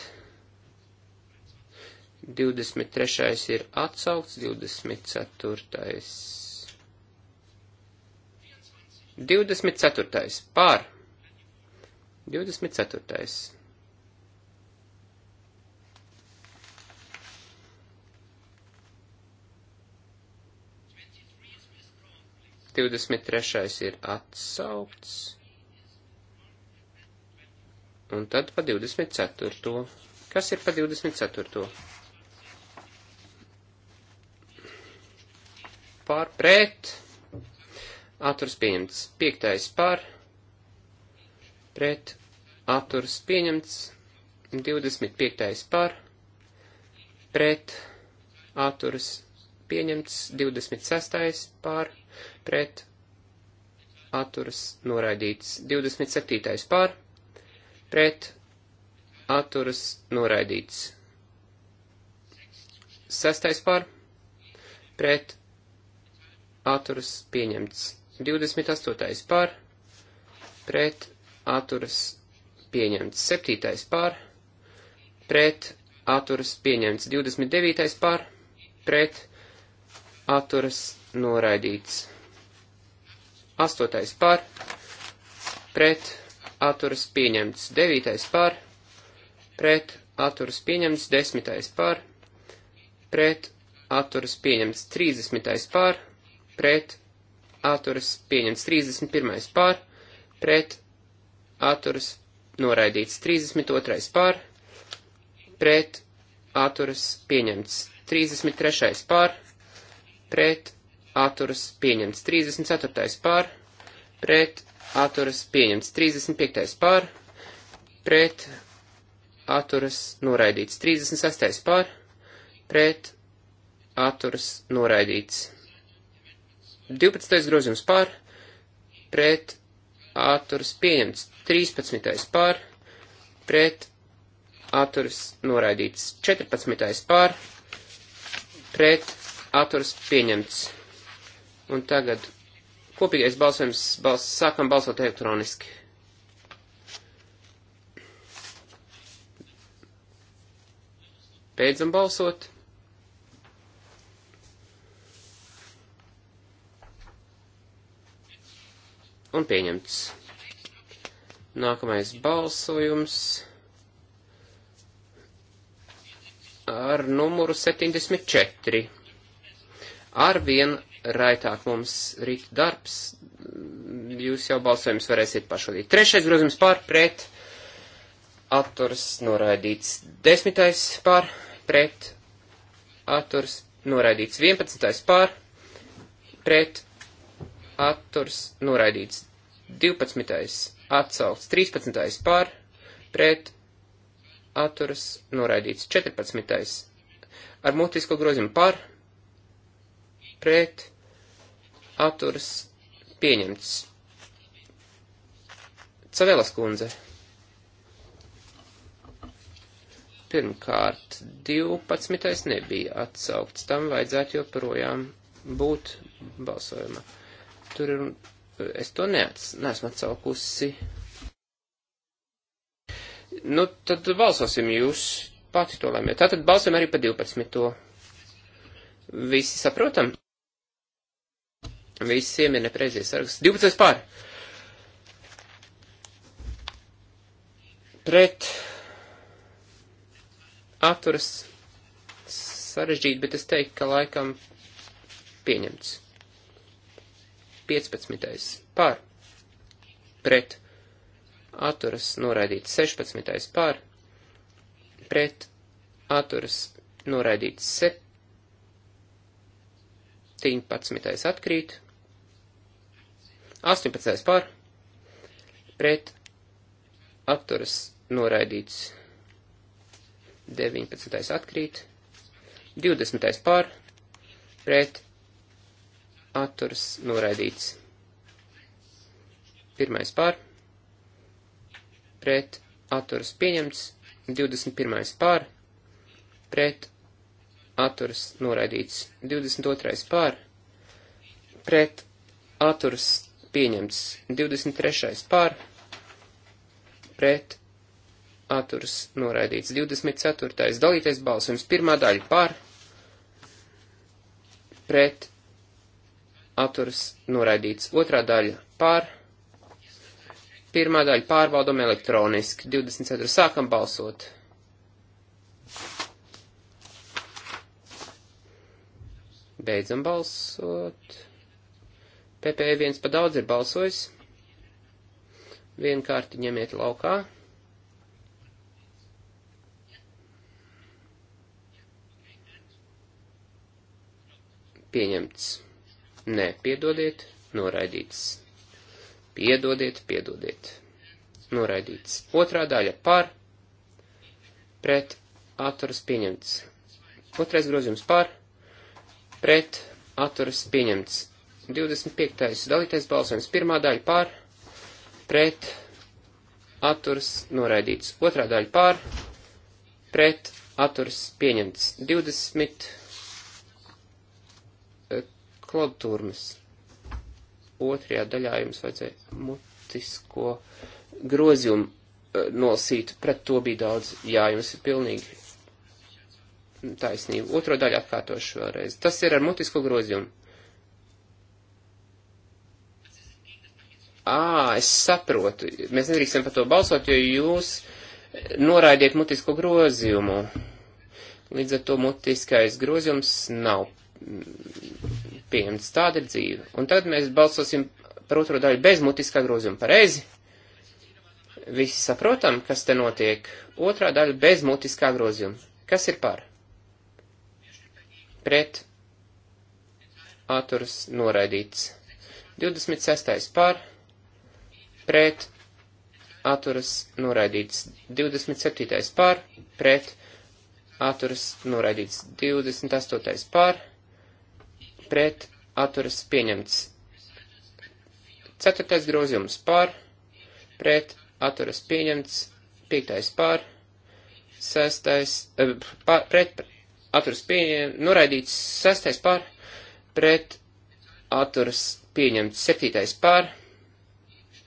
23. ir atsaukts, 24. 24. par 24. 23. ir atsaukts. Un tad pa 24. Kas ir pa 24. Pār pret. Atturs pieņemts. 5. pār. Pret. Atturs pieņemts. 25. pār. Pret. Atturs pieņemts. 26. pār pret atturas noraidīts. 27. pār pret atturas noraidīts. 6. pār pret atturas pieņemts. 28. pār pret atturas pieņemts. 7. pār pret atturas pieņemts. 29. pār pret atturas pieņemts atturas noraidīts. Astotais par, pret, atturas pieņemts. Devītais par, pret, atturas pieņemts. Desmitais par, pret, atturas pieņemts. Trīsdesmitais par, pret, atturas pieņemts. Trīsdesmit pirmais par, pret, atturas noraidīts. Trīsdesmit otrais par, pret, atturas pieņemts. Trīsdesmit trešais par, pret, atturas pieņemts 34. pār, pret, atturas pieņemts 35. pār, pret, atturas noraidīts 36. pār, pret, atturas noraidīts 12. grozījums pār, pret, atturas pieņemts 13. pār, pret, atturas noraidīts 14. pār, pret, atturs pieņemts. Un tagad kopīgais balsojums, bals, sākam balsot elektroniski. Beidzam balsot. Un pieņemts. Nākamais balsojums ar numuru 74. Arvien raitāk mums rīt darbs, jūs jau balsojums varēsiet pašvadīt. Trešais grozījums pār pret, atturs noraidīts. Desmitais pār pret, atturs noraidīts. Vienpadsmitais pār pret, atturs noraidīts. 12. atsaukts, 13. pār, pret, atturas, noraidīts, 14. ar mutisko grozījumu pār, pret atturas pieņemts. Cavēlas kundze. Pirmkārt, 12. nebija atsaukts, tam vajadzētu joprojām būt balsojumā. Tur ir, es to neats, neesmu atsaukusi. Nu, tad balsosim jūs pati to lēmiet. Tātad balsojam arī pa 12. Visi saprotam? Visiem ir nepreizējais saraksts. 12 pār. Pret atturas sarežģīti, bet es teiktu, ka laikam pieņemts. 15. pār. Pret atturas noraidīts 16. pār. Pret atturas noraidīts 17. atkrīt 18. pār pret atturas noraidīts. 19. atkrīt. 20. pār pret atturas noraidīts. 1. pār pret atturas pieņemts. 21. pār pret atturas noraidīts. 22. pār pret atturas pieņemts. 23. pār, pret, atturs noraidīts. 24. dalītais balsojums, pirmā daļa pār, pret, atturs noraidīts. Otrā daļa pār, pirmā daļa pārbaudam elektroniski. 24. sākam balsot. Beidzam balsot. PPE viens pa daudz ir balsojis. Vienkārti ņemiet laukā. Pieņemts. Nē, piedodiet, noraidīts. Piedodiet, piedodiet. Noraidīts. Otrā daļa par, pret, atturas pieņemts. Otrais grozījums par, pret, atturas pieņemts. 25. dalītais balsojums. Pirmā daļa pār, pret, atturs, noraidīts. Otrā daļa pār, pret, atturs, pieņemts. 20. Eh, Klodturmas. Otrajā daļā jums vajadzēja mutisko grozījumu eh, nolasīt, pret to bija daudz, jā, jums ir pilnīgi taisnība. Otro daļu atkārtošu vēlreiz. Tas ir ar mutisko grozījumu ā, es saprotu, mēs nedrīkstam par to balsot, jo jūs noraidiet mutisko grozījumu. Līdz ar to mutiskais grozījums nav pieņemts tāda dzīve. Un tad mēs balsosim par otro daļu bez mutiskā grozījuma. Pareizi? Visi saprotam, kas te notiek. Otrā daļa bez mutiskā grozījuma. Kas ir par? Pret. Atturs noraidīts. 26. par pret, atturas noraidīts 27. pār, pret, atturas noraidīts 28. pār, pret, atturas pieņemts 4. grozījums pār, pret, atturas pieņemts 5. pār, 6. Pār, pret, atturas pieņemts, noraidīts 6. pār, pret, atturas pieņemts 7. pār,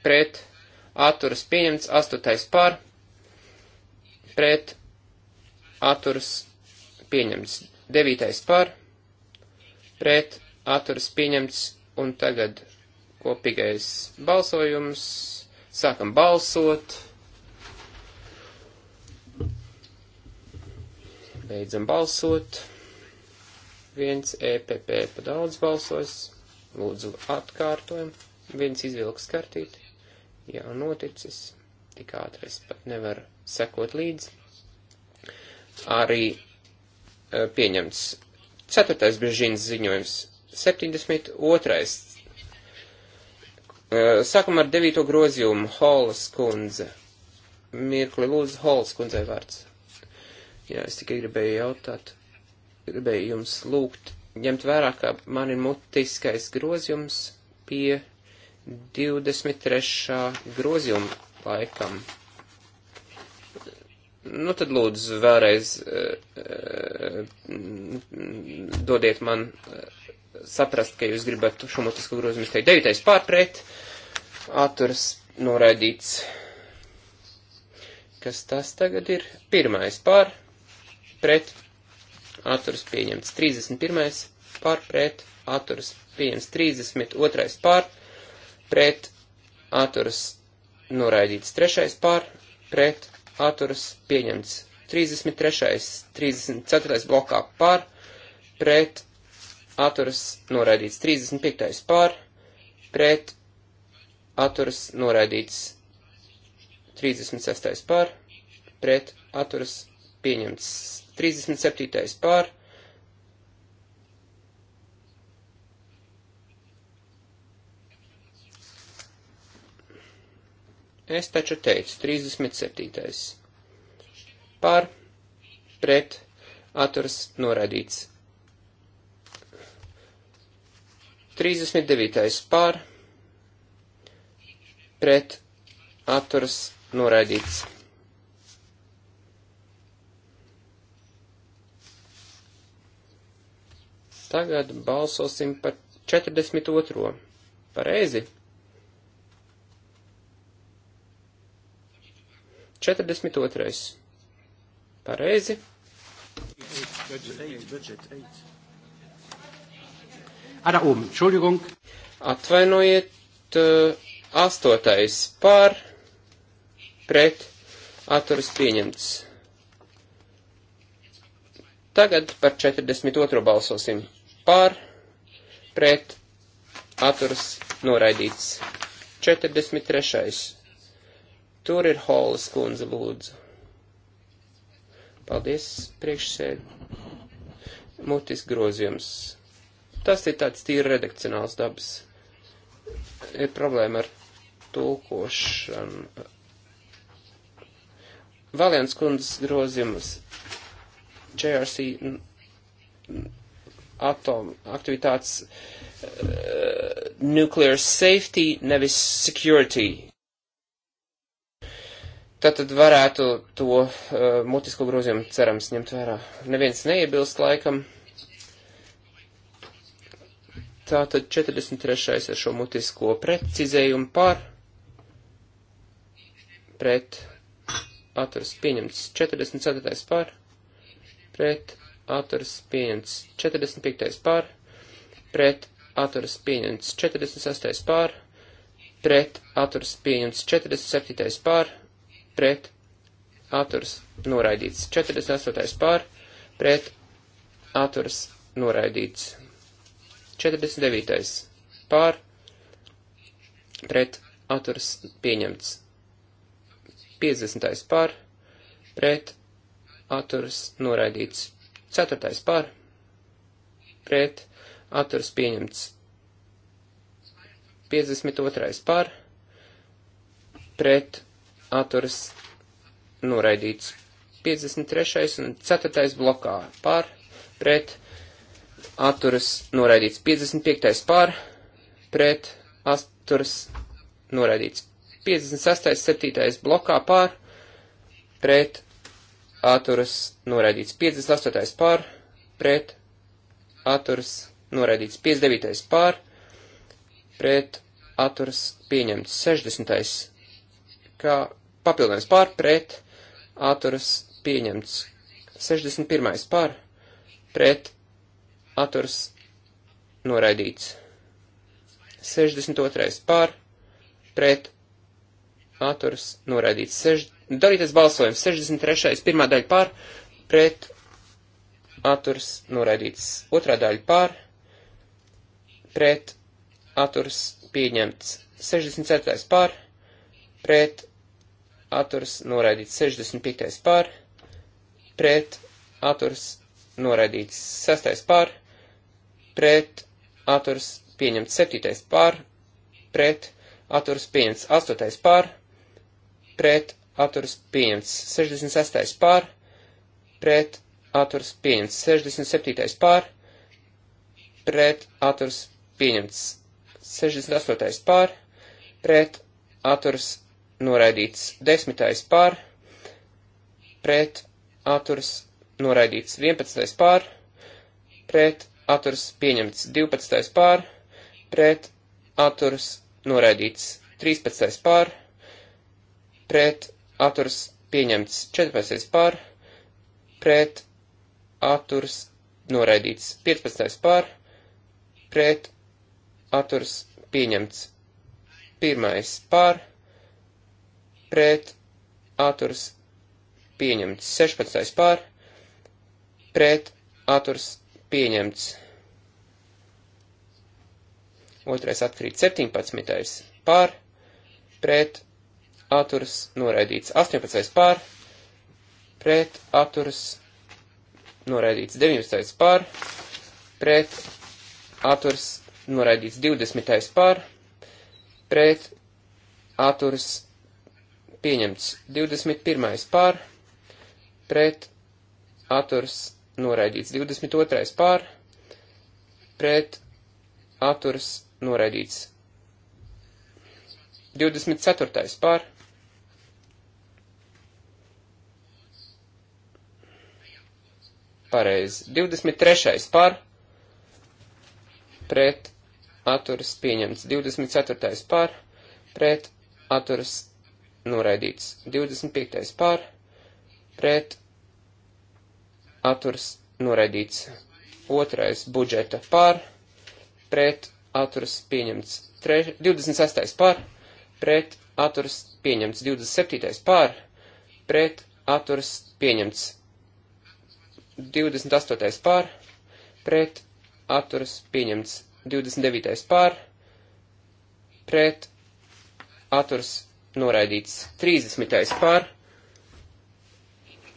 pret, atturas pieņemts, 8. par, pret, atturas pieņemts, 9. par, pret, atturas pieņemts, un tagad kopīgais balsojums, sākam balsot. Beidzam balsot. Viens EPP pa daudz balsos. Lūdzu, atkārtojam. Viens izvilks kartīti jau noticis, tik ātri es pat nevaru sekot līdzi. Arī e, pieņemts ceturtais brīžīnas ziņojums, 72. E, sākam ar devīto grozījumu, Holas kundze. Mirkli lūdzu, Holas kundzei vārds. Jā, es tikai gribēju jautāt, gribēju jums lūgt, ņemt vērā, ka man ir mutiskais grozījums pie 23. grozījuma laikam. Nu tad lūdzu vēlreiz uh, dodiet man eh, saprast, ka jūs gribat šo mutisko grozījumu izteikt. 9. pārpret, atturs noraidīts. Kas tas tagad ir? Pirmais pār, pret, atturs pieņemts. 31. pār, pret, atturs pieņemts. 32. pār, pret atturas noraidīts. Trešais par pret atturas pieņemts. 33. 34. blokā par pret atturas noraidīts. 35. par pret atturas noraidīts. 36. par pret atturas pieņemts. 37. par Es taču teicu, 37. Par, pret, atturas noraidīts. 39. par, pret, atturas noraidīts. Tagad balsosim par 42. Pareizi. 42. Pareizi. Ara um, Entschuldigung. Atvainojiet, uh, astotais par, pret, atturas pieņemts. Tagad par 42. balsosim. Par, pret, atturas noraidīts. 43. Tur ir Holas kundze lūdzu. Paldies, priekšsēd. Mutis grozījums. Tas ir tāds tīri redakcionāls dabas. Ir problēma ar tulkošanu. Valiens kundzes grozījums. JRC atom aktivitātes uh, nuclear safety, nevis security Tātad varētu to uh, mutisko grozījumu cerams ņemt vērā. Neviens neiebilst laikam. Tātad 43. ar šo mutisko precizējumu par pret atturas pieņemts 44. par pret atturas pieņemts 45. par pret atturas pieņemts 46. par pret atturas pieņemts 47. par pret atturs noraidīts. 48. pār pret atturs noraidīts. 49. pār pret atturs pieņemts. 50. pār pret atturs noraidīts. 4. pār pret atturs pieņemts. 52. pār pret atturas noraidīts. 53. un 4. blokā par, pret, atturas noraidīts. 55. par, pret, atturas noraidīts. 56. 7. blokā par, pret, atturas noraidīts. 58. par, pret, atturas noraidīts. 59. par, pret, atturas pieņemts. 60. kā papildinājums pār, pret, atturas pieņemts. 61. pār, pret, atturas noraidīts. 62. pār, pret, atturas noraidīts. Sež... Darīties balsojums. 63. pirmā daļa pār, pret, atturas noraidīts. Otrā daļa pār, pret, atturas pieņemts. 64. pār, pret, atturs noraidīts 65. pār, pret atturs noraidīts 6. pār, pret atturs pieņemts 7. pār, pret atturs pieņemts 8. pār, pret atturs pieņemts 66. pār, pret atturs pieņemts 67. pār, pret atturs pieņemts 68. pār, pret atturs pieņemts noraidīts. Desmitais pār, pret, atturas, noraidīts. Vienpadsmitais pār, pret, atturas, pieņemts. Divpadsmitais pār, pret, atturas, noraidīts. Trīspadsmitais pār, pret, atturas, pieņemts. Četrpadsmitais pār, pret, atturas, noraidīts. Piecpadsmitais pār, pret, atturas, pieņemts. Pirmais pār, pret atturs pieņemts. 16. pār pret atturs pieņemts. Otrais atkrīt 17. pār pret atturs noraidīts. 18. pār pret atturs noraidīts. 19. pār pret atturs noraidīts. 20. pār pret atturs noraidīts pieņemts 21. pār, pret atturs noraidīts 22. pār, pret atturs noraidīts 24. pār. Pareizi. 23. pār. Pret atturas pieņemts. 24. pār. Pret atturas noraidīts. 25. pār, pret, atturas, noraidīts. Otrais budžeta pār, pret, atturas, pieņemts. Tre, 26. pār, pret, atturas, pieņemts. 27. pār, pret, atturas, pieņemts. 28. pār, pret, atturas, pieņemts. 29. pār, pret, atturas, pieņemts noraidīts. 30. par,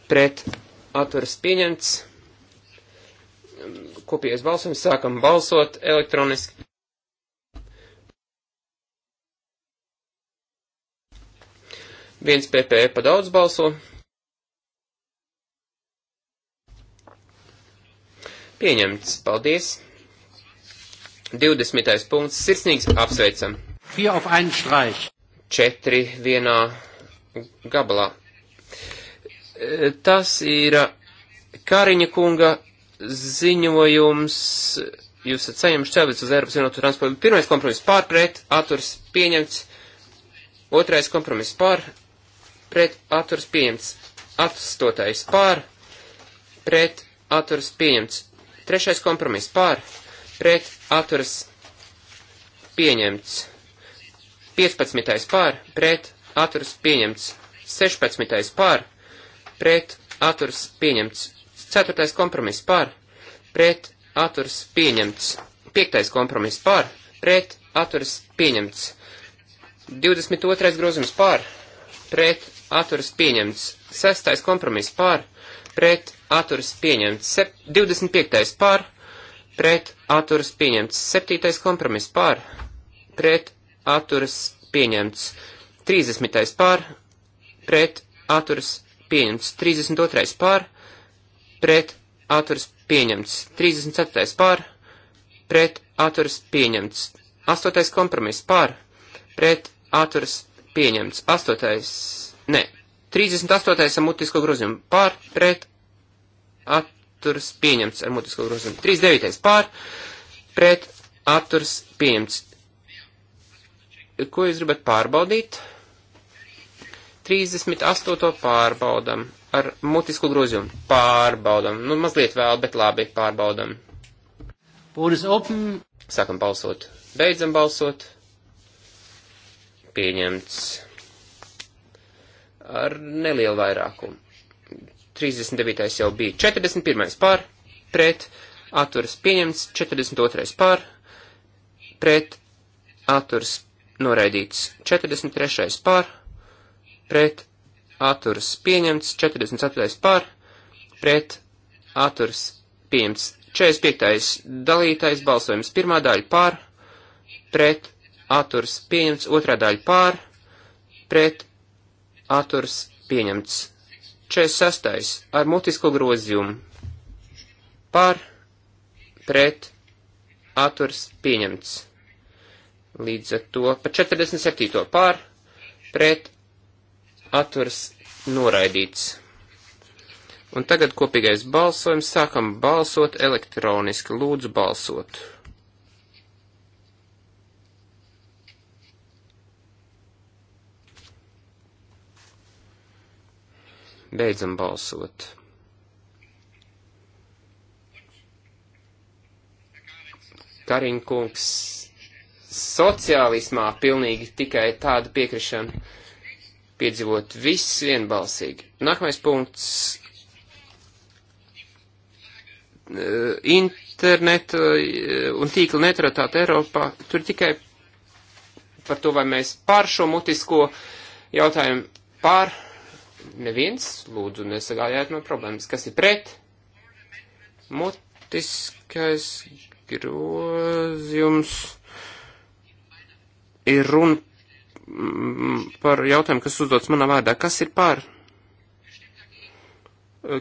pret, atturas pieņemts. Kopējais balsojums, sākam balsot elektroniski. Viens PP e pa daudz balso. Pieņemts, paldies. 20. punkts, sirsnīgs apsveicam. 4 auf einen Streich četri vienā gabalā. E, tas ir Kariņa kunga ziņojums. Jūs esat saņemts čevits uz Eiropas vienotu transportu. Pirmais kompromiss pār pret, atturs pieņemts. Otrais kompromiss pār pret, atturs pieņemts. Atstotais pār pret, atturs pieņemts. Trešais kompromiss pār pret, atturs pieņemts. 15. pār, pret, atturas pieņemts. 16. pār, pret, atturas pieņemts. 4. kompromiss pār, pret, atturas pieņemts. 5. kompromiss pār, pret, atturas pieņemts. 22. grozījums pār, pret, atturas pieņemts. 6. kompromiss pār, pret, atturas pieņemts. 25. pār, pret, atturas pieņemts. 7. kompromiss pār, pret, atturas pieņemts. 30. pār, pret atturas pieņemts. 32. pār, pret atturas pieņemts. 34. pār, pret atturas pieņemts. 8. kompromiss pār, pret atturas pieņemts. 8. ne, 38. ar mutisko grozījumu pār, pret atturas pieņemts ar mutisko grozījumu. 39. pār, pret atturas pieņemts ko jūs gribat pārbaudīt? 38. pārbaudam ar mutisku grozījumu. Pārbaudam. Nu, mazliet vēl, bet labi, pārbaudam. Būtis open. Sākam balsot. Beidzam balsot. Pieņemts. Ar nelielu vairākumu. 39. jau bija 41. pār, pret, atturas pieņemts, 42. pār, pret, atturas pieņemts noraidīts 43. pār, pret atturas pieņemts 44. pār, pret atturas pieņemts 45. dalītais balsojums pirmā daļa pār, pret atturas pieņemts otrā daļa pār, pret atturas pieņemts 46. ar mutisko grozījumu pār, pret atturas pieņemts. Līdz ar to pa 47. pār pret atveras noraidīts. Un tagad kopīgais balsojums. Sākam balsot elektroniski. Lūdzu balsot. Beidzam balsot. Kariņkungs sociālismā pilnīgi tikai tādu piekrišanu piedzīvot viss vienbalsīgi. Nākamais punkts. Eh, internet eh, un tīkla neutralitāte Eiropā. Tur tikai par to, vai mēs pār šo mutisko jautājumu pār. Neviens, lūdzu, nesagājāt no problēmas. Kas ir pret? Mutiskais grozījums ir runa mm, par jautājumu, kas uzdots manā vārdā. Kas ir pār?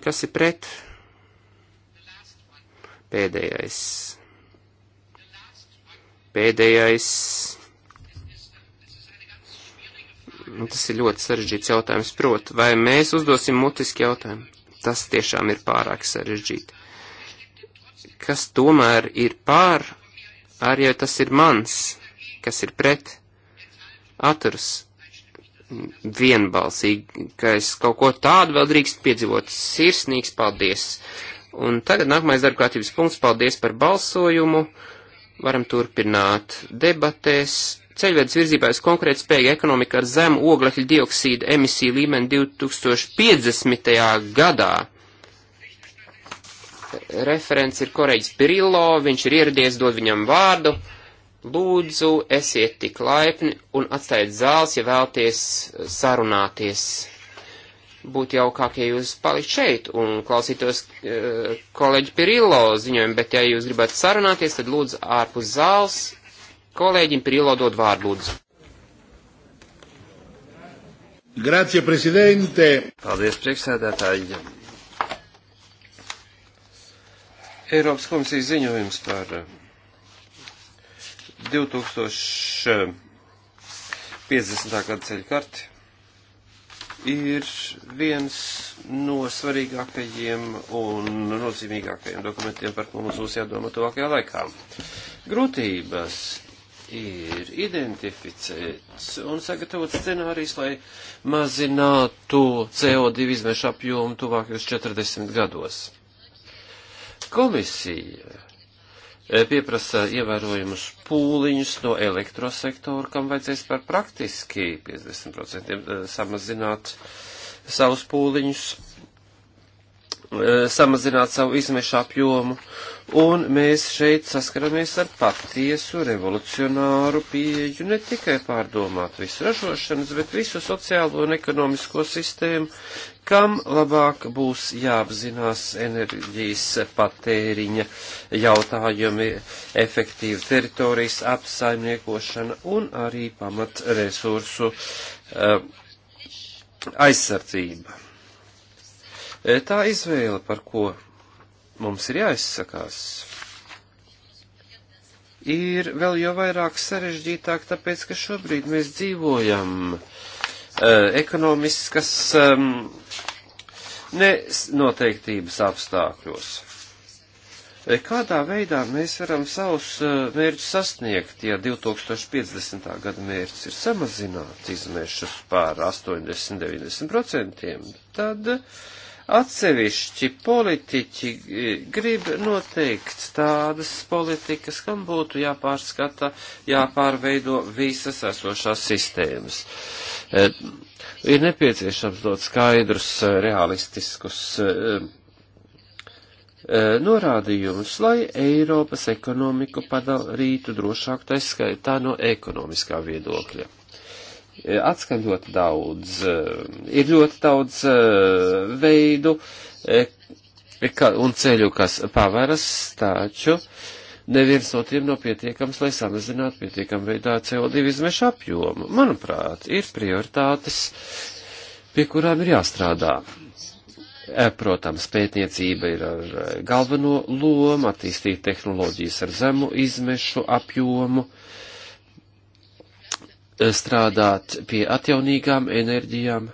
Kas ir pret? Pēdējais. Pēdējais. Tas ir ļoti sarežģīts jautājums, prot, vai mēs uzdosim mutiski jautājumu. Tas tiešām ir pārāk sarežģīti. Kas tomēr ir pār, arī ja tas ir mans kas ir pret, atturas vienbalsīgi, ka es kaut ko tādu vēl drīkst piedzīvot. Sirsnīgs paldies! Un tagad nākamais darbkārtības punkts. Paldies par balsojumu. Varam turpināt debatēs. Ceļvedes virzībā uz konkrēt spēju ekonomika ar zemu oglekļa dioksīda emisiju līmeni 2050. gadā. Referents ir Koreģis Pirillo, viņš ir ieradies, dod viņam vārdu. Lūdzu, esiet tik laipni un atstājiet zāles, ja vēlties sarunāties. Būtu jaukāk, ja jūs palikt šeit un klausītos e, kolēģi Pirillo ziņojumu, bet ja jūs gribat sarunāties, tad lūdzu ārpus zāles. Kolēģim Pirillo dod vārdu, lūdzu. Grazie, prezidente! Paldies, priekšsēdētāji! Eiropas komisijas ziņojums par eh, 2050. gada ceļu karti ir viens no svarīgākajiem un nozīmīgākajiem dokumentiem, par ko mums būs jādomā tuvākajā laikā. Grūtības ir identificēts un sagatavots scenārijs, lai mazinātu CO2 izmešu apjomu tuvākajos 40 gados. Komisija E, pieprasa ievērojumus pūliņus no elektrosektora, kam vajadzēs par praktiski 50% e, samazināt savus pūliņus Eh, samazināt savu izmešu apjomu, un mēs šeit saskaramies ar patiesu revolucionāru pieeju ne tikai pārdomāt visu ražošanas, bet visu sociālo un ekonomisko sistēmu, kam labāk būs jāapzinās enerģijas patēriņa jautājumi, efektīva teritorijas apsaimniekošana un arī pamat resursu uh, eh, aizsardzība. E, tā izvēle, par ko mums ir jāizsakās, ir vēl jau vairāk sarežģītāk, tāpēc, ka šobrīd mēs dzīvojam e, ekonomiskas nenoteiktības apstākļos. E, kādā veidā mēs varam savus mērķus sasniegt, ja 2050. gada mērķis ir samazināt izmešus pār 80-90%, tad uh, Atsevišķi politiķi e, grib noteikt tādas politikas, kam būtu jāpārskata, jāpārveido visas esošās sistēmas. E, ir nepieciešams dot skaidrus, e, realistiskus norādījumus, lai Eiropas ekonomiku padarītu drošāku, tā skaitā no ekonomiskā viedokļa atskaņ ļoti daudz, eh, ir ļoti daudz eh, veidu eh, un ceļu, kas pavaras, taču neviens no tiem nav pietiekams, lai samazinātu pietiekam veidā CO2 izmešu apjomu. Manuprāt, ir prioritātes, pie kurām ir jāstrādā. Protams, pētniecība ir ar galveno lomu, attīstīt tehnoloģijas ar zemu izmešu apjomu, strādāt pie atjaunīgām enerģijām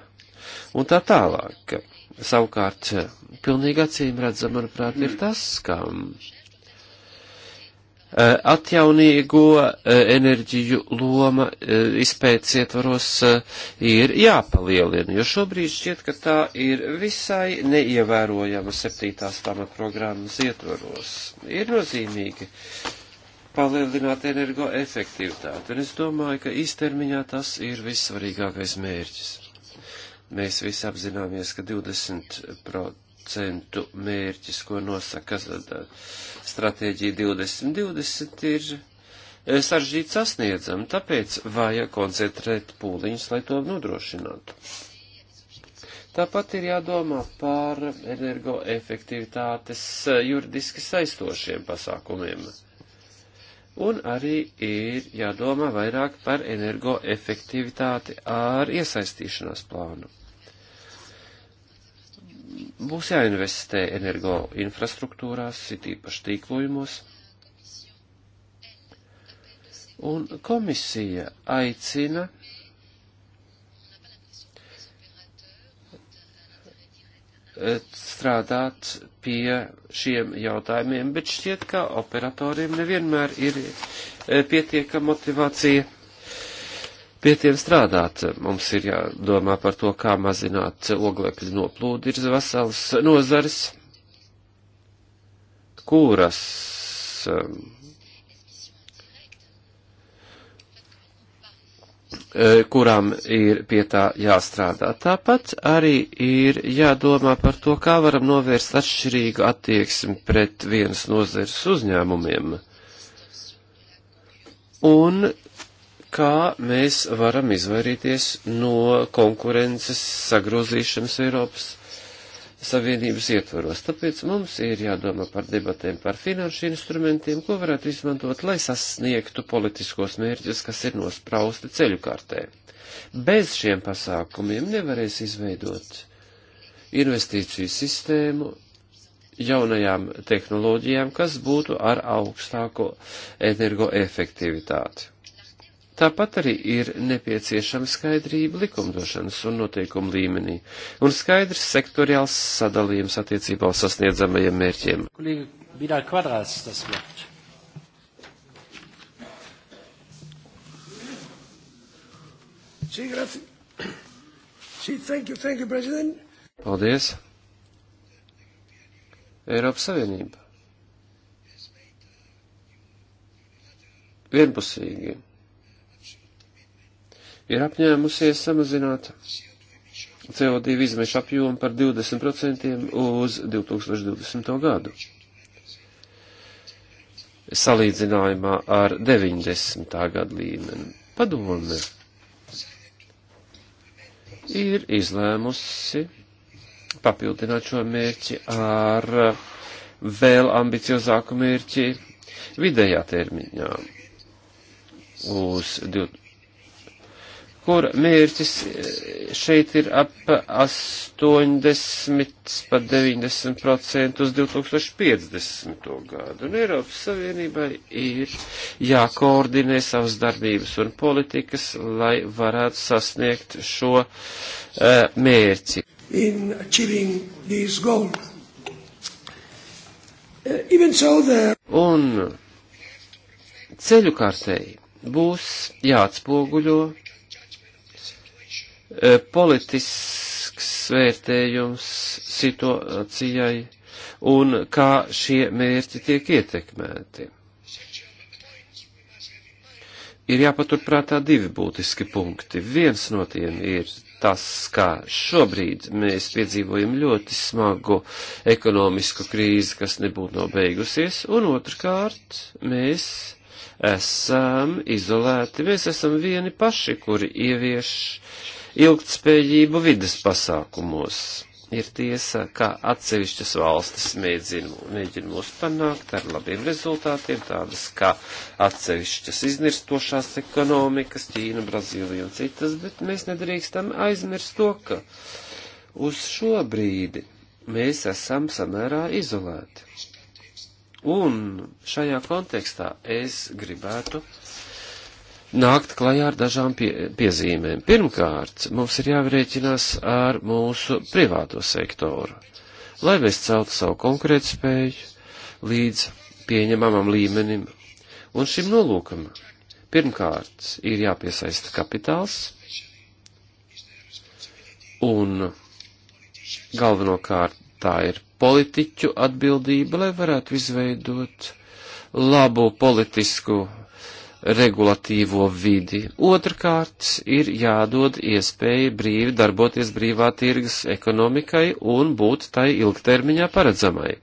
un tā tālāk. Savukārt, pilnīgi acīm redzam, manuprāt, ir tas, ka e, atjaunīgo e, enerģiju loma e, izpētes ietvaros ir jāpalielina, jo šobrīd šķiet, ka tā ir visai neievērojama septītās pamatprogrammas ietvaros. Ir nozīmīgi palielināt energoefektivitāti, un es domāju, ka īstermiņā tas ir vissvarīgākais mērķis. Mēs visi apzināmies, ka 20% mērķis, ko nosaka eh, stratēģija 2020, ir eh, saržģīti sasniedzam, tāpēc vajag koncentrēt pūliņus, lai to nodrošinātu. Tāpat ir jādomā par energoefektivitātes eh, juridiski saistošiem pasākumiem Un arī ir jādomā vairāk par energoefektivitāti ar iesaistīšanās plānu. Būs jāinvestē energo infrastruktūrās, it īpaši tīklojumos. Un komisija aicina Eh, strādāt pie šiem jautājumiem, bet šķiet, ka operatoriem nevienmēr ir eh, pietiekama motivācija pie tiem strādāt. Mums ir jādomā par to, kā mazināt oglekļa noplūdu. Ir vesels nozares, kuras um, Eh, kurām ir pie tā jāstrādā. Tāpat arī ir jādomā par to, kā varam novērst atšķirīgu attieksmi pret vienas nozares uzņēmumiem un kā mēs varam izvairīties no konkurences sagrozīšanas Eiropas Savienības ietvaros. Tāpēc mums ir jādomā par debatēm par finanšu instrumentiem, ko varētu izmantot, lai sasniegtu politiskos mērķus, kas ir nosprausti ceļu kartē. Bez šiem pasākumiem nevarēs izveidot investīciju sistēmu jaunajām tehnoloģijām, kas būtu ar augstāko energoefektivitāti. Tāpat arī ir nepieciešama skaidrība likumdošanas un noteikumu līmenī un skaidrs sektoriāls sadalījums attiecībā uz sasniedzamajiem mērķiem. Paldies. Eiropas Savienība. Vienpusīgi ir apņēmusies samazināt CO2 izmešu apjomu par 20% uz 2020. gadu. Salīdzinājumā ar 90. gadu līmeni. Padome ir izlēmusi papildināt šo mērķi ar vēl ambiciozāku mērķi vidējā termiņā uz 20 kur mērķis eh, šeit ir ap 80, pat 90% uz 2050. gadu. Un Eiropas Savienībai ir jākoordinē savas darbības un politikas, lai varētu sasniegt šo uh, mērķi. Eh, so the... Un ceļu kārtēji būs jāatspoguļo E, politisks vērtējums situācijai un kā šie mērķi tiek ietekmēti. Ir jāpaturprātā divi būtiski punkti. Viens no tiem ir tas, ka šobrīd mēs piedzīvojam ļoti smagu ekonomisku krīzi, kas nebūtu nav beigusies, un otrkārt mēs esam izolēti, mēs esam vieni paši, kuri ievieš uh, ilgtspējību vidas pasākumos. Ir tiesa, ka atsevišķas valstis mēģina, mēģina mūs panākt ar labiem rezultātiem, tādas kā atsevišķas iznirstošās ekonomikas, Ķīna, Brazīlija un citas, bet mēs nedrīkstam aizmirst to, ka uz šo brīdi mēs esam samērā izolēti. Un šajā kontekstā es gribētu nākt klajā ar dažām pie, piezīmēm. Pirmkārt, mums ir jāvrēķinās ar mūsu privāto sektoru, lai mēs celtu savu konkrētu spēju līdz pieņemamam līmenim. Un šim nolūkam pirmkārt ir jāpiesaista kapitāls un galvenokārt tā ir politiķu atbildība, lai varētu izveidot labu politisku regulatīvo vidi. Otrkārt, ir jādod iespēja brīvi darboties brīvā tirgas ekonomikai un būt tai ilgtermiņā paredzamai.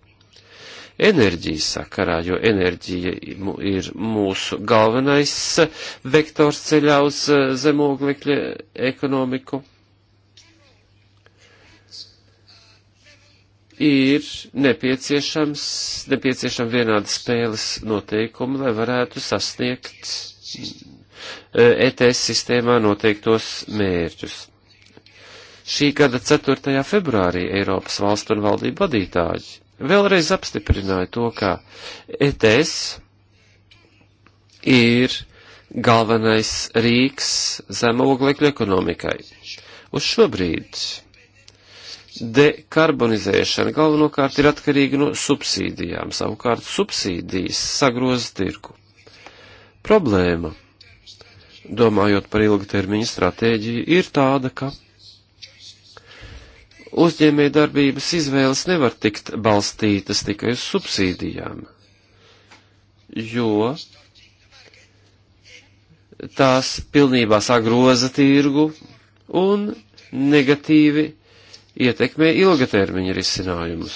Enerģijas sakarā, jo enerģija ir mūsu galvenais vektors ceļā uz eh, zemoglekļa ekonomiku. ir nepieciešams, nepieciešama vienāda spēles noteikuma, lai varētu sasniegt ETS eh, e sistēmā noteiktos mērķus. Šī gada 4. februārī Eiropas valstu un valdību vadītāji vēlreiz apstiprināja to, ka ETS ir galvenais rīks zemoglekļu ekonomikai. Uz šobrīd dekarbonizēšana galvenokārt ir atkarīga no subsīdijām, savukārt subsīdijas sagroz tirku. Problēma, domājot par ilgtermiņa stratēģiju, ir tāda, ka uzņēmē darbības izvēles nevar tikt balstītas tikai uz subsīdijām, jo tās pilnībā sagroza tirgu un negatīvi ietekmē ilgatermiņa risinājumus.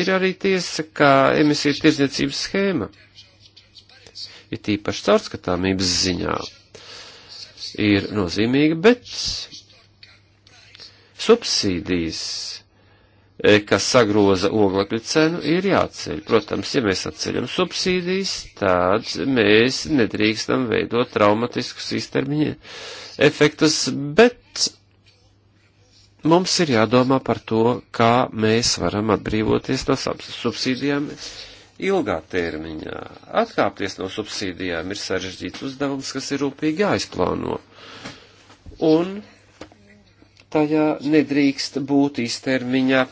Ir arī tiesa, kā emisiju tirdzniecības schēma, ir tīpaši caurskatāmības ziņā, ir nozīmīga, bet subsīdijas, e, kas sagroza oglekļa cenu, ir jāceļ. Protams, ja mēs atceļam subsīdijas, tad mēs nedrīkstam veidot traumatiskus īstermiņa efektus, bet Mums ir jādomā par to, kā mēs varam atbrīvoties no subsīdijām ilgā termiņā. Atkāpties no subsīdijām ir sarežģīts uzdevums, kas ir rūpīgi jāizplāno. Un tajā nedrīkst būt īstermiņa e,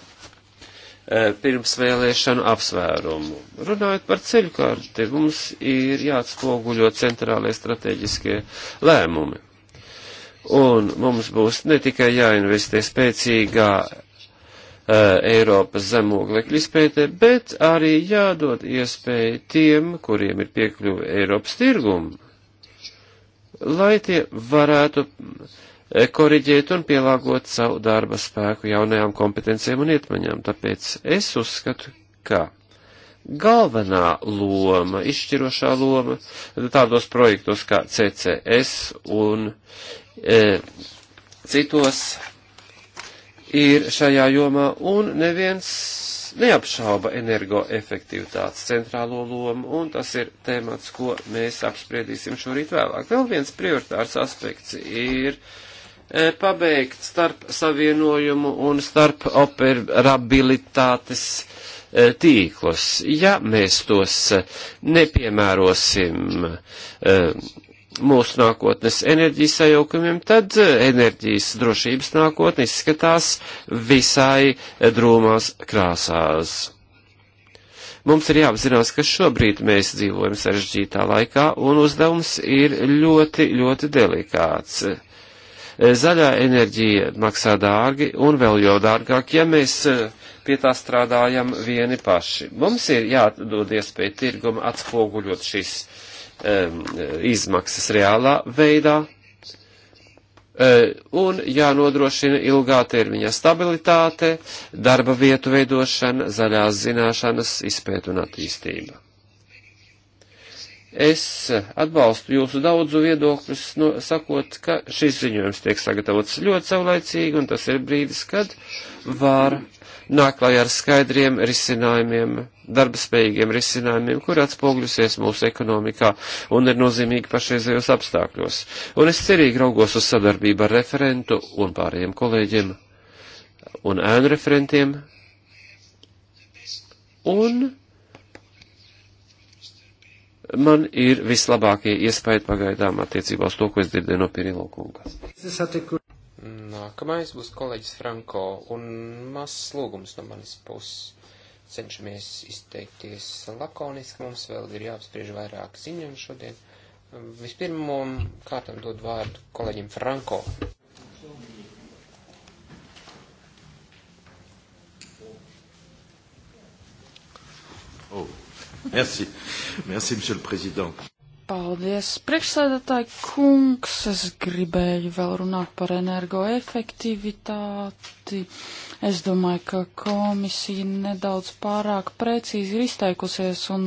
pirms vēlēšanu apsvērumu. Runājot par ceļu kārti, mums ir jāatspoguļo centrālajie strateģiskie lēmumi. Un mums būs ne tikai jāinvestē spēcīgā eh, Eiropas zemoglekļu izpētē, bet arī jādod iespēju tiem, kuriem ir piekļuve Eiropas tirgumu, lai tie varētu eh, koriģēt un pielāgot savu darba spēku jaunajām kompetencijām un ietmaņām. Tāpēc es uzskatu, ka galvenā loma, izšķirošā loma tādos projektos kā CCS un E, citos ir šajā jomā, un neviens neapšauba energoefektivitātes centrālo lomu, un tas ir temats, ko mēs apspriedīsim šorīt vēlāk. Vēl viens prioritārs aspekts ir e, pabeigt starp savienojumu un starp operabilitātes e, tīklus. Ja mēs tos nepiemērosim mūsu nākotnes enerģijas sajaukumiem, tad eh, enerģijas drošības nākotne izskatās visai eh, drūmās krāsās. Mums ir jāapzinās, ka šobrīd mēs dzīvojam sarežģītā laikā un uzdevums ir ļoti, ļoti delikāts. Eh, zaļā enerģija maksā dārgi un vēl jau dārgāk, ja mēs pie tā strādājam vieni paši. Mums ir jādod iespēja tirguma atspoguļot šis uh, izmaksas reālā veidā eh, un jānodrošina ilgā termiņa stabilitāte, darba vietu veidošana, zaļās zināšanas, izpēt un attīstība. Es atbalstu jūsu daudzu viedokļus, no, sakot, ka šis ziņojums tiek sagatavots ļoti saulaicīgi, un tas ir brīdis, kad var nāk klajā ar skaidriem risinājumiem, darbspējīgiem risinājumiem, kur atspogļusies mūsu ekonomikā un ir nozīmīgi pašreizējos apstākļos. Un es cerīgi raugos uz sadarbību ar referentu un pārējiem kolēģiem un ēnu referentiem. Un man ir vislabākie iespēja pagaidām attiecībā uz to, ko es dzirdēju no Pirilo kungas. Nākamais būs kolēģis Franko un mazs lūgums no manas puses. Cenšamies izteikties lakoniski, mums vēl ir jāapspriež vairāk ziņojumu šodien. Vispirmom kārtam dod vārdu kolēģim Franko. Oh. Merci. Merci, monsieur le président. Paldies, priekšsēdētāji kungs. Es gribēju vēl runāt par energoefektivitāti. Es domāju, ka komisija nedaudz pārāk precīzi ir izteikusies un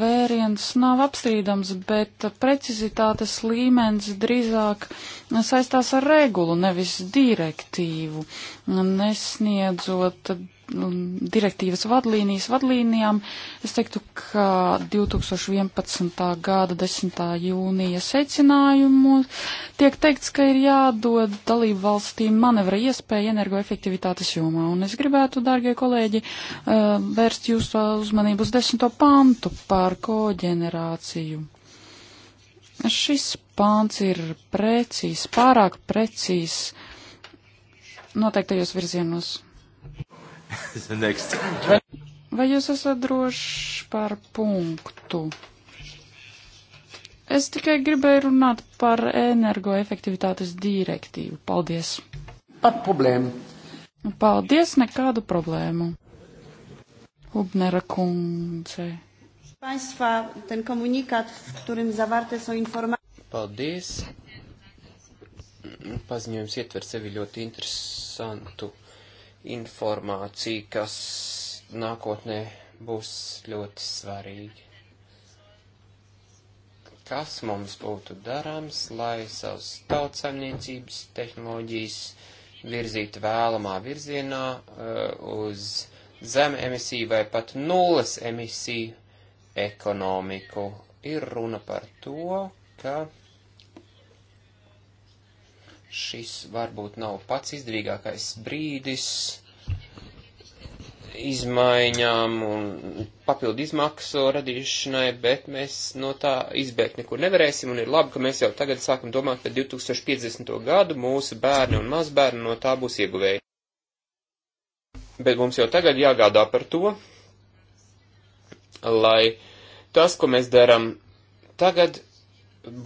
vēriens nav apstrīdams, bet precizitātes līmenis drīzāk saistās ar regulu, nevis direktīvu, nesniedzot Um, direktīvas vadlīnijas vadlīnijām. Es teiktu, ka 2011. gada 10. jūnija secinājumu tiek teikts, ka ir jādod dalību valstīm manevra iespēja energoefektivitātes jomā. Un es gribētu, dārgie kolēģi, um, vērst jūsu uzmanību uz desmito pantu par koģenerāciju. Šis pāns ir precīzs, pārāk precīzs noteiktajos virzienos. Vai jūs esat droši par punktu? Es tikai gribēju runāt par energoefektivitātes direktīvu. Paldies! Pat problēmu. Nu, paldies, nekādu problēmu. Hubnera kundze. Państwa, ten komunikat, w którym zawarte są informacje. Paldies. Paziņojums ietver sevi ļoti interesantu informāciju, kas nākotnē būs ļoti svarīgi. Kas mums būtu darāms, lai savas tautsaimniecības tehnoloģijas virzītu vēlamā virzienā eh, uz zem emisiju vai pat nulles emisiju ekonomiku? Ir runa par to, ka Šis varbūt nav pats izdevīgākais brīdis izmaiņām un papildu izmaksu radīšanai, bet mēs no tā izbēgt nekur nevarēsim, un ir labi, ka mēs jau tagad sākam domāt par 2050. gadu, mūsu bērni un mazbērni no tā būs ieguvēji. Bet mums jau tagad jāgādā par to, lai tas, ko mēs darām tagad,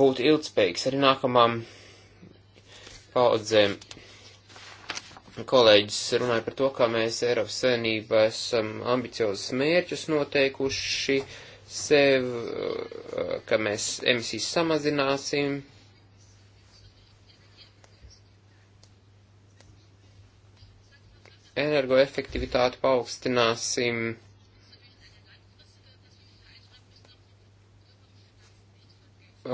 būtu ilgspējīgs arī nākamām paudzēm. Kolēģis runāja par to, kā mēs Eiropas Savienībā esam ambiciozus mērķus noteikuši sev, ka mēs emisijas samazināsim. Energoefektivitāti paaugstināsim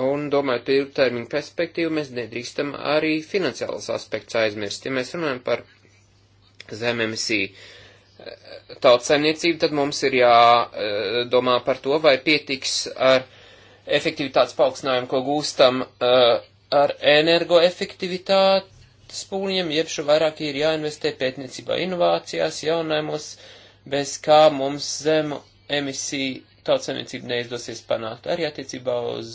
Un domāju, ka ilgtermiņa perspektīvu mēs nedrīkstam arī finansiālas aspekts aizmirst. Ja mēs runājam par zememisiju eh, tautsaimniecību, tad mums ir jādomā par to, vai pietiks ar efektivitātes paaugstinājumu, ko gūstam eh, ar energoefektivitātes pūļiem, jeb šo vairāk ir jāinvestē pētniecībā, inovācijās, jaunājumos, bez kā mums zemu emisiju tautsaimniecību neizdosies panākt arī attiecībā uz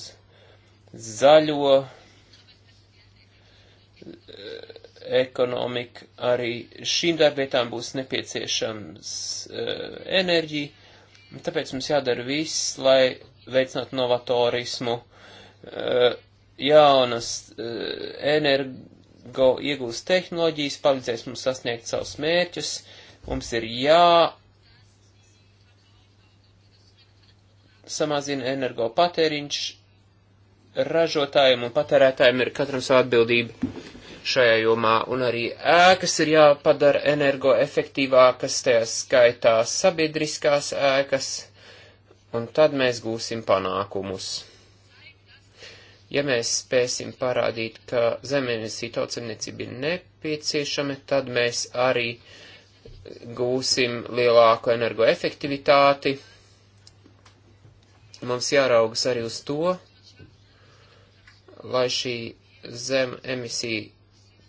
zaļo eh, ekonomiku, arī šīm darbvietām būs nepieciešams eh, enerģija, tāpēc mums jādara viss, lai veicinātu novatorismu, eh, jaunas energo iegūst tehnoloģijas, palīdzēs mums sasniegt savus mērķus, mums ir jā samazina energo patēriņš, ražotājiem un patērētājiem ir katram savu atbildību šajā jomā, un arī ēkas ir jāpadara energoefektīvākas, tajā skaitā sabiedriskās ēkas, un tad mēs gūsim panākumus. Ja mēs spēsim parādīt, ka zemēnesī tautsemniecība ir nepieciešama, tad mēs arī gūsim lielāku energoefektivitāti. Mums jāraugas arī uz to, lai šī zem emisija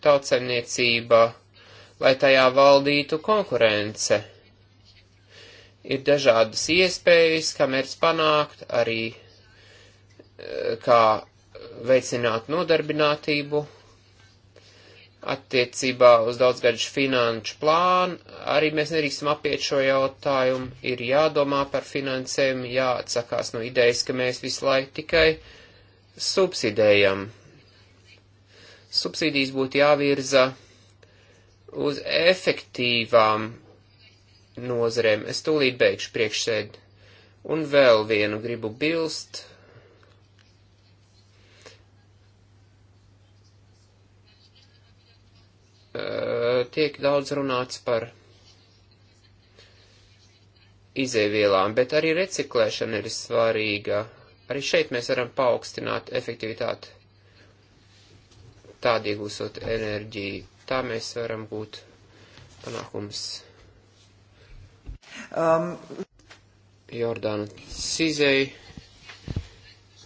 tautsemniecība, lai tajā valdītu konkurence. Ir dažādas iespējas, kā mērķis panākt, arī eh, kā veicināt nodarbinātību attiecībā uz daudzgaļu finanšu plānu. Arī mēs nerīkstam apiet šo jautājumu, ir jādomā par finansējumu, jāatsakās no idejas, ka mēs visu laiku tikai uh, subsidējam. Subsīdijas būtu jāvirza uz efektīvām nozarēm. Es tūlīt beigšu priekšsēdi. Un vēl vienu gribu bilst. Eh, tiek daudz runāts par izēvielām, bet arī reciklēšana ir svarīga Arī šeit mēs varam paaugstināt efektivitāti tādi iegūsot enerģiju. Tā mēs varam būt panākums. Um. Jordāna Cizei,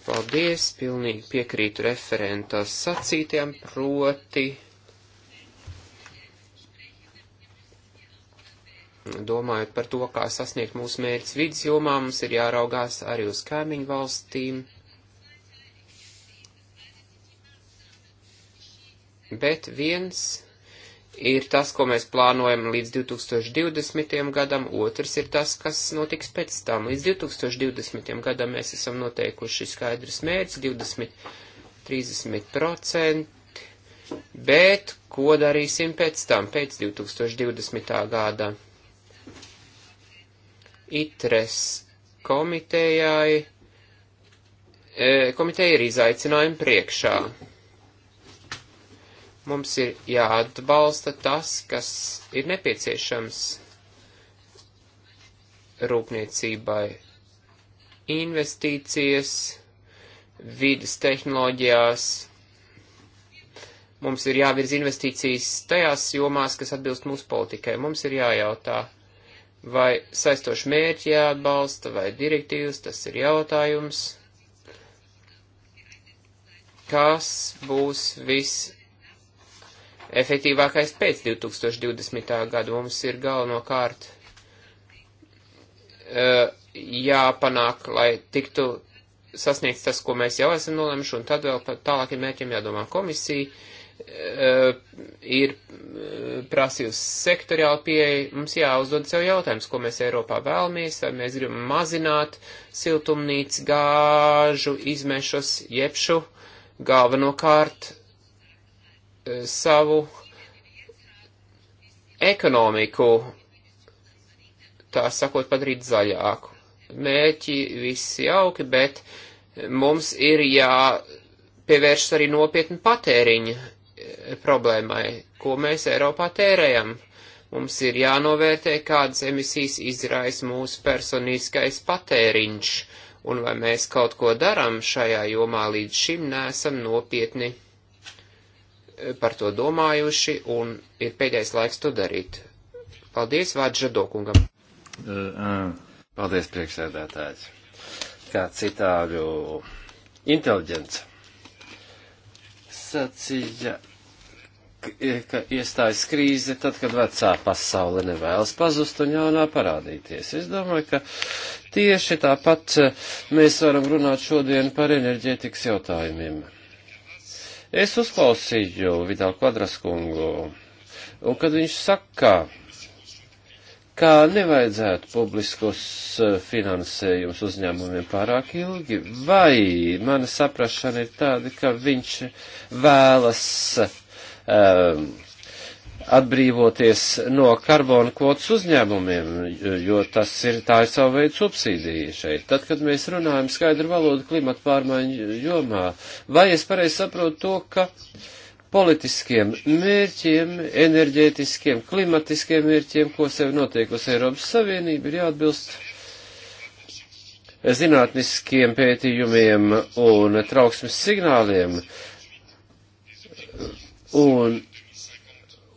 paldies, pilnīgi piekrītu referentas sacītiem proti. domājot par to, kā sasniegt mūsu mērķis vidas jomā, mums ir jāraugās arī uz kaimiņu valstīm. Bet viens ir tas, ko mēs plānojam līdz 2020. gadam, otrs ir tas, kas notiks pēc tam. Līdz 2020. gadam mēs esam noteikuši skaidrs mērķis 20-30%. Bet ko darīsim pēc tam, pēc 2020. gada? ITRES komitejai, e, komiteja ir izaicinājumi priekšā. Mums ir jāatbalsta tas, kas ir nepieciešams rūpniecībai. Investīcijas, vidas tehnoloģijās. Mums ir jāvirz investīcijas tajās jomās, kas atbilst mūsu politikai. Mums ir jājautā. Vai saistoši mērķi jāatbalsta, vai direktīvas, tas ir jautājums. Kas būs viss efektīvākais pēc 2020. gada? Mums ir galvenokārt e, jāpanāk, lai tiktu sasniegts tas, ko mēs jau esam nolēmuši, un tad vēl par tālākiem mērķiem jādomā komisija Eh, ir eh, prasījusi sektoriāli pieeja, mums jāuzdod sev jautājums, ko mēs Eiropā vēlamies, vai mēs gribam mazināt siltumnīcu gāžu izmešus, jebšu galvenokārt eh, savu ekonomiku, tā sakot, padarīt zaļāku. Mēķi visi jauki, bet mums ir jā pievēršas arī nopietni patēriņa problēmai, ko mēs Eiropā tērējam. Mums ir jānovērtē, kādas emisijas izraisa mūsu personiskais patēriņš, un vai mēs kaut ko darām šajā jomā līdz šim nesam nopietni eh, par to domājuši, un ir pēdējais laiks to darīt. Paldies Vārdža Dokungam. Eh, eh, paldies, priekšsēdētājs. Kā citāļu inteliģence sacīja ka iestājas krīze tad, kad vecā pasaule nevēlas pazust un jaunā parādīties. Es domāju, ka tieši tāpat eh, mēs varam runāt šodien par enerģētikas jautājumiem. Es uzklausīju Vidālu Kvadraskungu, un kad viņš saka, kā nevajadzētu publiskos eh, finansējums uzņēmumiem pārāk ilgi, vai mana saprašana ir tāda, ka viņš vēlas Um, atbrīvoties no karbona kvotas uzņēmumiem, jo tas ir tā ir savu veidu subsīdija šeit. Tad, kad mēs runājam skaidru valodu klimata pārmaiņu jomā, vai es pareizi saprotu to, ka politiskiem mērķiem, enerģētiskiem, klimatiskiem mērķiem, ko sev noteikusi Eiropas Savienība, ir jāatbilst zinātniskiem pētījumiem un trauksmes signāliem, uh, Un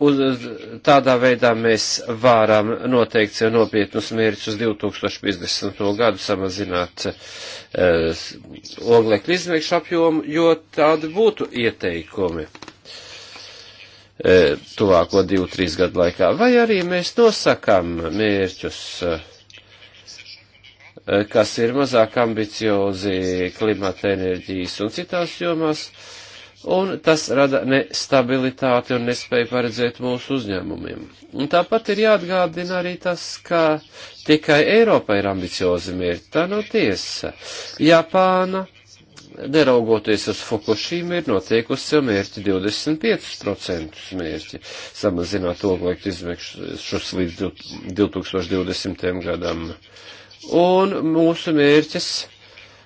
uz, tādā veidā mēs varam noteikt sev nopietnus mērķus uz 2050. gadu samazināt uh, oglekļa izmēkšu apjomu, jo tādi būtu ieteikumi uh, tuvāko 2-3 gadu laikā. Vai arī mēs nosakam mērķus. Uh, kas ir mazāk ambiciozi klimata enerģijas un citās jomās, uh, un tas rada nestabilitāti un nespēju paredzēt mūsu uzņēmumiem. Un tāpat ir jāatgādina arī tas, ka tikai Eiropa ir ambiciozi mērķi. Tā nav tiesa. Japāna, neraugoties uz Fukushīmu, ir noteikusi sev mērķi 25% mērķi samazināt oglekļu izmešus līdz 2020. gadam. Un mūsu mērķis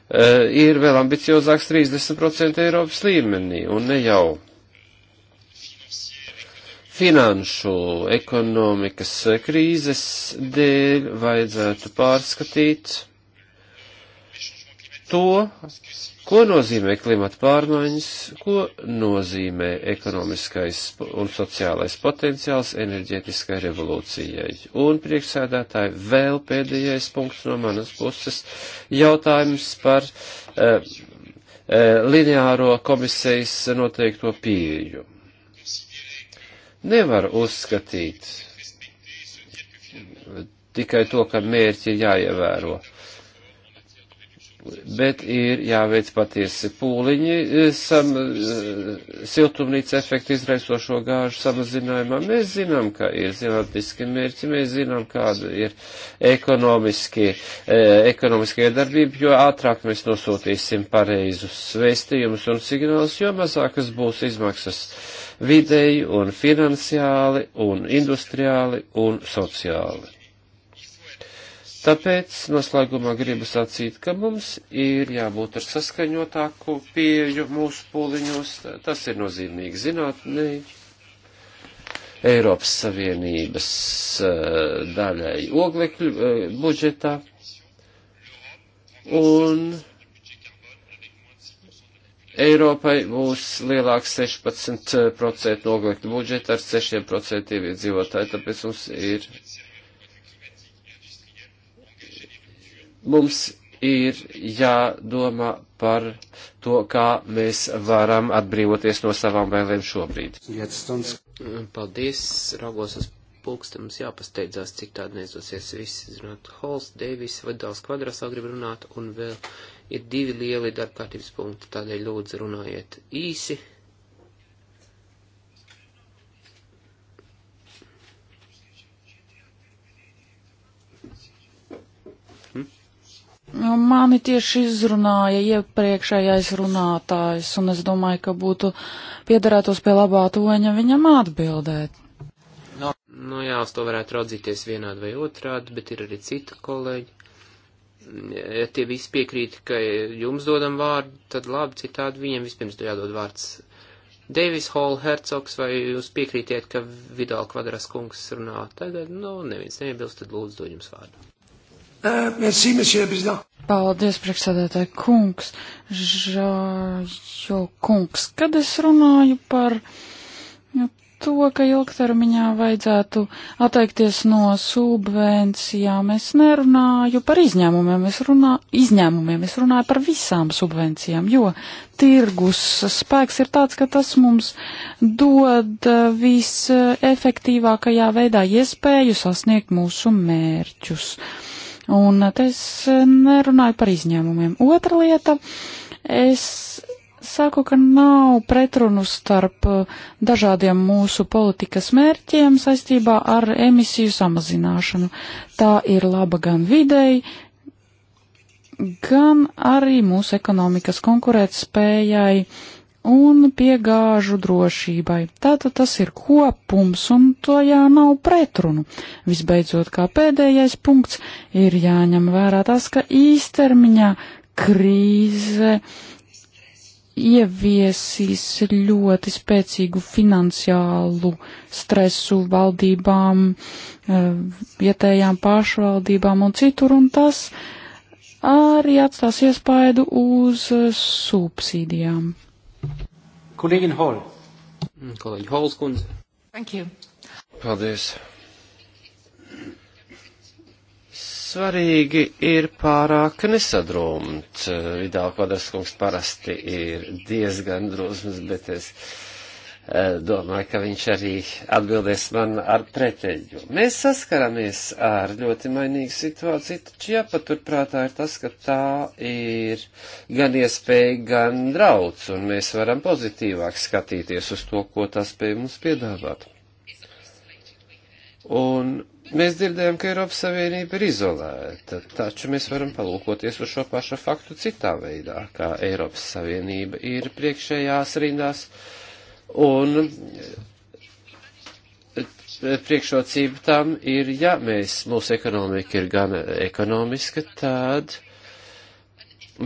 Eh, ir vēl ambiciozāks 30% Eiropas līmenī un ne jau finanšu ekonomikas krīzes dēļ vajadzētu pārskatīt to, Ko nozīmē klimata pārmaiņas, ko nozīmē ekonomiskais un sociālais potenciāls enerģētiskai revolūcijai? Un priekšsēdētāji vēl pēdējais punkts no manas puses - jautājums par uh, uh, lineāro komisijas noteikto pieju. Nevar uzskatīt tikai to, ka mērķi ir jāievēro. Uh, bet ir jāveic patiesi pūliņi eh, sam, eh, siltumnīca efektu izraisošo gāžu samazinājumā. Mēs zinām, ka ir zinātniski mērķi, mēs zinām, kāda ir ekonomiski, eh, ekonomiski iedarbība, jo ātrāk mēs nosūtīsim pareizus svēstījumus un signālus, jo mazākas būs izmaksas vidēji un finansiāli un industriāli un sociāli Tāpēc noslēgumā gribu sacīt, ka mums ir jābūt ar saskaņotāku pieju mūsu pūliņos. Tas ir nozīmīgi zinātnē. Eiropas Savienības eh, daļai oglekļu eh, budžetā. Un Eiropai būs lielāks 16% eh, oglekļu budžeta ar 6% iedzīvotāji, tāpēc mums ir Mums ir jādomā par to, kā mēs varam atbrīvoties no savām vēlēm šobrīd. Paldies, raugos uz pulksti, mums jāpasteidzās, cik tādi neizdosies visi zināt. Hols, Deivis, Vadāls Kvadrās vēl grib runāt, un vēl ir divi lieli darbkārtības punkti, tādēļ lūdzu runājiet īsi. Mani tieši izrunāja iepriekšējais runātājs, un es domāju, ka būtu piederētos pie labā toņa viņam atbildēt. No, nu jā, uz to varētu raudzīties vienādi vai otrādi, bet ir arī citi kolēģi. Ja tie visi piekrīt, ka jums dodam vārdu, tad labi, citādi viņiem vispirms jādod vārds. Deivis Hall, Hercogs, vai jūs piekrītiet, ka Vidal Kvadras kungs runā tagad? Nu, neviens neiebilst, tad lūdzu dod jums vārdu. Uh, merci, monsieur le président. Paldies, priekšsēdētāji kungs. Žājo kungs, kad es runāju par to, ka ilgtermiņā vajadzētu atteikties no subvencijām, es nerunāju par izņēmumiem, es, runā, izņēmumiem, es runāju par visām subvencijām, jo tirgus spēks ir tāds, ka tas mums dod visefektīvākajā veidā iespēju sasniegt mūsu mērķus. Uh, Un te es nerunāju par izņēmumiem. Otra lieta, es saku, ka nav pretrunu starp uh, dažādiem mūsu politikas mērķiem saistībā ar emisiju samazināšanu. Tā ir laba gan videi, gan arī mūsu ekonomikas konkurētspējai un piegāžu drošībai. Tātad tas ir kopums, un to jā nav pretrunu. Visbeidzot, kā pēdējais punkts, ir jāņem vērā tas, ka īstermiņā krīze ieviesīs ļoti spēcīgu finansiālu stresu valdībām, eh, vietējām pašvaldībām un citur, un tas arī atstās iespaidu uz subsīdijām. Kolēģin Hol. Mm, kolēģi Hols kundze. Thank you. Paldies. Svarīgi ir pārāk nesadrūmt. Vidāl Kodraskungs parasti ir diezgan drūzmas, bet es. Uh, Eh, domāju, ka viņš arī atbildēs man ar pretēju. Mēs saskaramies ar ļoti mainīgu situāciju, taču jāpaturprātā ir tas, ka tā ir gan iespēja, gan drauds, un mēs varam pozitīvāk skatīties uz to, ko tas spēj mums piedāvāt. Un mēs dzirdējam, ka Eiropas Savienība ir izolēta, taču mēs varam palūkoties uz šo pašu faktu citā veidā, kā Eiropas Savienība ir priekšējās rindās Un priekšrocība tam ir, ja mēs, mūsu ekonomika ir gan ekonomiska, tad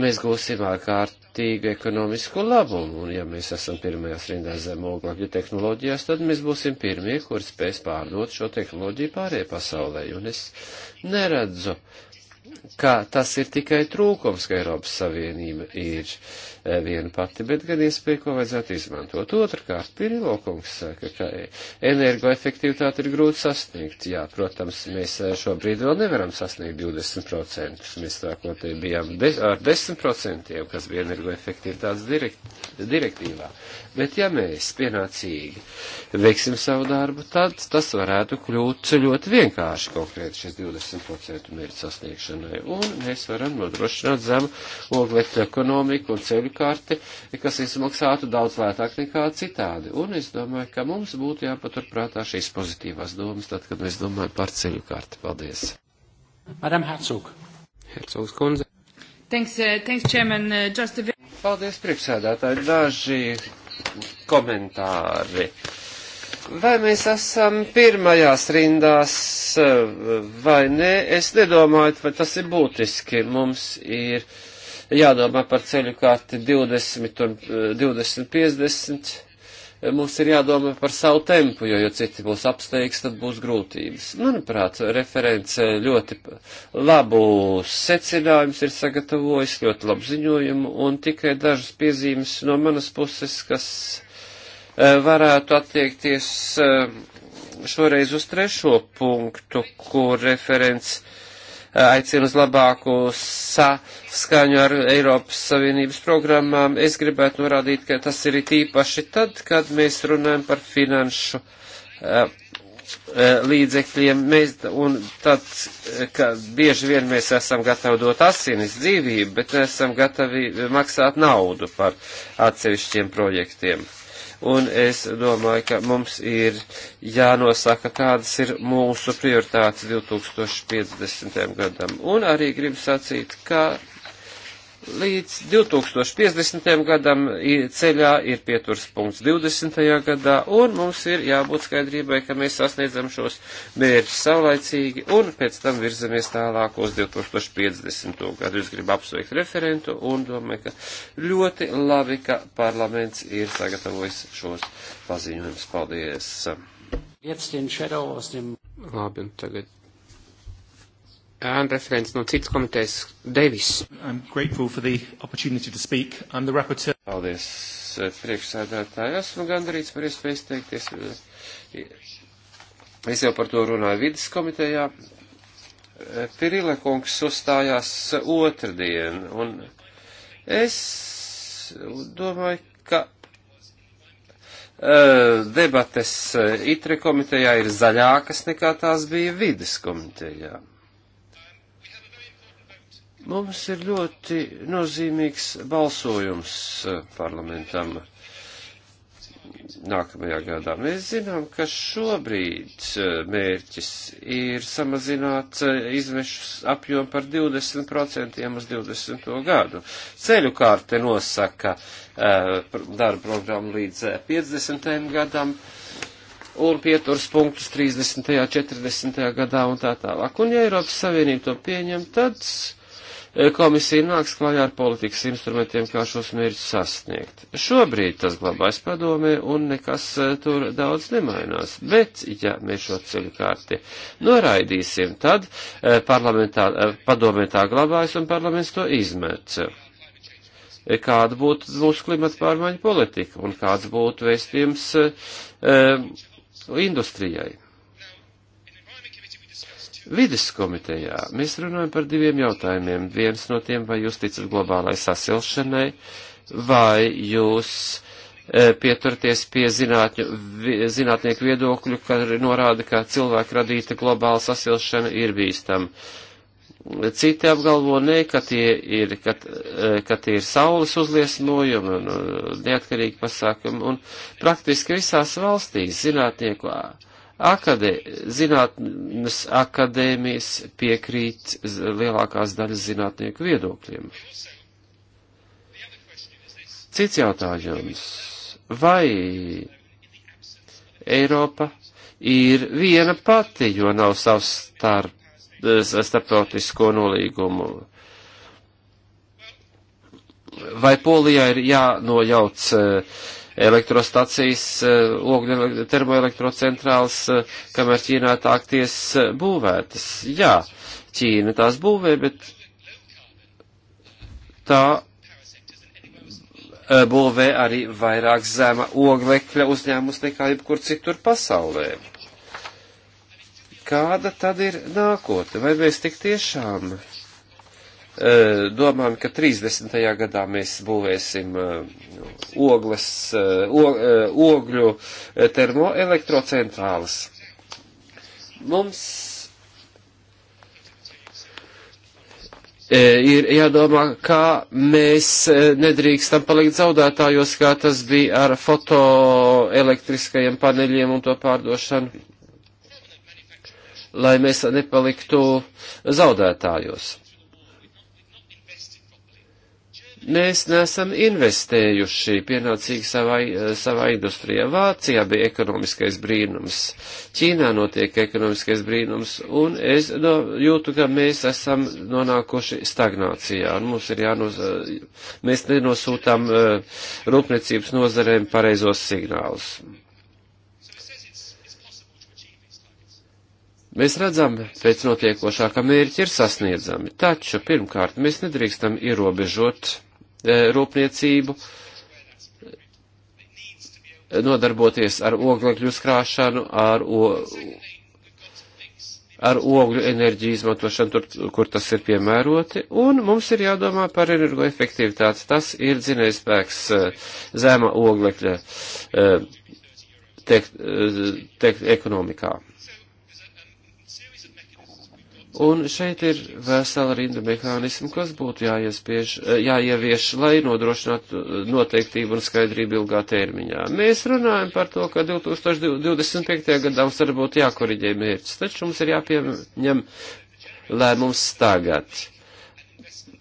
mēs gūsim ārkārtīgu ekonomisku labumu. Un ja mēs esam pirmajās rindās zem oglekļa tehnoloģijās, tad mēs būsim pirmie, kur spēs pārdot šo tehnoloģiju pārējai pasaulē. Un es neredzu, ka tas ir tikai trūkums, ka Eiropas Savienība ir. Uh, viena pati, bet gan iespēja, ko vajadzētu izmantot. Otrakārt, Pirilo kungs saka, ka energoefektivitāte ir grūti sasniegt. Jā, protams, mēs eh, šobrīd vēl nevaram sasniegt 20%. Mēs sākotnēji bijām de ar 10%, kas bija energoefektivitātes direkt direktīvā. Bet ja mēs pienācīgi veiksim savu darbu, tad tas varētu kļūt ļoti vienkārši konkrēti šis 20% mērķis sasniegšanai. Un mēs varam nodrošināt zemu oglekļa ekonomiku un ceļu karti, kas izmaksātu daudz lētāk nekā citādi. Un es domāju, ka mums būtu jāpaturprātā šīs pozitīvās domas, tad, kad mēs domājam par ceļu karti. Paldies. Madam Hercog. Hercogs kundze. Thanks, uh, thanks, Chairman. Uh, just a... Paldies, priekšsēdētāji. Daži komentāri. Vai mēs esam pirmajās rindās uh, vai nē, es nedomāju, vai tas ir būtiski. Mums ir jādomā par ceļu kārti 20 un 20, eh, 50. Mums ir jādomā par savu tempu, jo, ja citi būs apsteigs, tad būs grūtības. Manuprāt, referents ļoti labu secinājums ir sagatavojis, ļoti labu ziņojumu, un tikai dažas piezīmes no manas puses, kas eh, varētu attiekties eh, šoreiz uz trešo punktu, kur referents uh, aicina uz labāku saskaņu ar Eiropas Savienības programmām. Es gribētu norādīt, ka tas ir tīpaši tad, kad mēs runājam par finanšu eh, eh, līdzekļiem, mēs, un tad, ka bieži vien mēs esam gatavi dot asinis dzīvību, bet neesam gatavi maksāt naudu par atsevišķiem projektiem un es domāju, ka mums ir jānosaka, kādas ir mūsu prioritātes 2050. gadam. Un arī gribu sacīt, ka Līdz 2050. gadam ceļā ir pieturs punkts 20. gadā, un mums ir jābūt skaidrībai, ka mēs sasniedzam šos mērķus savlaicīgi, un pēc tam virzamies tālāk uz 2050. gadu. Es gribu apsveikt referentu, un domāju, ka ļoti labi, ka parlaments ir sagatavojis šos paziņojumus. Paldies! Labi, un tagad ēnu referents no citas komitejas Devis. Paldies, eh, priekšsēdētāji. Esmu gandarīts par iespēju izteikties. Eh, es jau par to runāju vidas komitejā. Eh, Pirila kungs uzstājās otrdien, un es domāju, ka debates itre komitejā ir zaļākas nekā tās bija vidas komitejā. Mums ir ļoti nozīmīgs balsojums eh, parlamentam nākamajā gadā. Mēs zinām, ka šobrīd eh, mērķis ir samazināt eh, izmešus apjomu par 20% uz 20. gadu. Ceļu kārte nosaka darba programmu līdz 50. gadam un pieturas punktus 30. 40. gadā un tā tālāk. Un ja Eiropas Savienība to pieņem, tad Eh, komisija nāks klajā ar politikas instrumentiem, kā šos mērķus sasniegt. Šobrīd tas glabājas padomē un nekas eh, tur daudz nemainās, bet, ja mēs šo ceļu kārti noraidīsim, tad eh, parlamentā, padomē tā glabājas un parlaments to izmet. Kāda būtu mūsu klimata pārmaiņu politika un kāds būtu vēstījums e, industrijai? Vides komitejā mēs runājam par diviem jautājumiem. Viens no tiem, vai jūs ticat globālai sasilšanai, vai jūs e, pieturties pie zinātņu, vi, zinātnieku viedokļu, kad norāda, ka cilvēku radīta globāla sasilšana ir bīstama. Citi apgalvo nē, ka tie ir, ka, e, ka tie ir saules uzliesmojumi un e, neatkarīgi pasākumi, un praktiski visās valstīs zinātnieku Akadē, zinātnes akadēmijas piekrīt lielākās daļas zinātnieku viedokļiem. Cits jautājums. Vai Eiropa ir viena pati, jo nav savs starp, starptautisko nolīgumu? Vai Polijā ir jānojauc e, elektrostacijas, eh, ogļu termoelektrocentrāls, eh, kamēr Ķīnā tāk ties eh, būvētas. Jā, Ķīna tās būvē, bet tā būvē arī vairāk zema oglekļa uzņēmums nekā jebkur citur pasaulē. Kāda tad ir nākotne? Vai mēs tik tiešām Eh, domājam, ka 30. gadā mēs būvēsim eh, ogles, eh, og, ogļu termoelektrocentrālas. Mums ir jādomā, kā mēs nedrīkstam palikt zaudētājos, kā tas bija ar fotoelektriskajiem paneļiem un to pārdošanu, lai mēs nepaliktu zaudētājos mēs nesam investējuši pienācīgi savā, eh, savā industrijā. Vācijā bija ekonomiskais brīnums, Ķīnā notiek ekonomiskais brīnums, un es no, jūtu, ka mēs esam nonākuši stagnācijā, un mums ir jānos, eh, mēs nenosūtām eh, rūpniecības nozarēm pareizos signālus. Mēs redzam, pēc notiekošā, ka mērķi ir sasniedzami, taču pirmkārt mēs nedrīkstam ierobežot Eh, rūpniecību, nodarboties ar oglekļu skrāšanu, ar, o, ar ogļu enerģiju izmantošanu, tur, kur tas ir piemēroti, un mums ir jādomā par energoefektivitāti. Tas ir dzinējspēks eh, zema oglekļa eh, tek, tek, ekonomikā. Un šeit ir vesela rinda mehānismu, kas būtu jāiespieš, jāievieš, lai nodrošinātu noteiktību un skaidrību ilgā termiņā. Mēs runājam par to, ka 2025. gadā mums arī būtu jākoriģē mērķis, taču mums ir jāpieņem lēmums tagad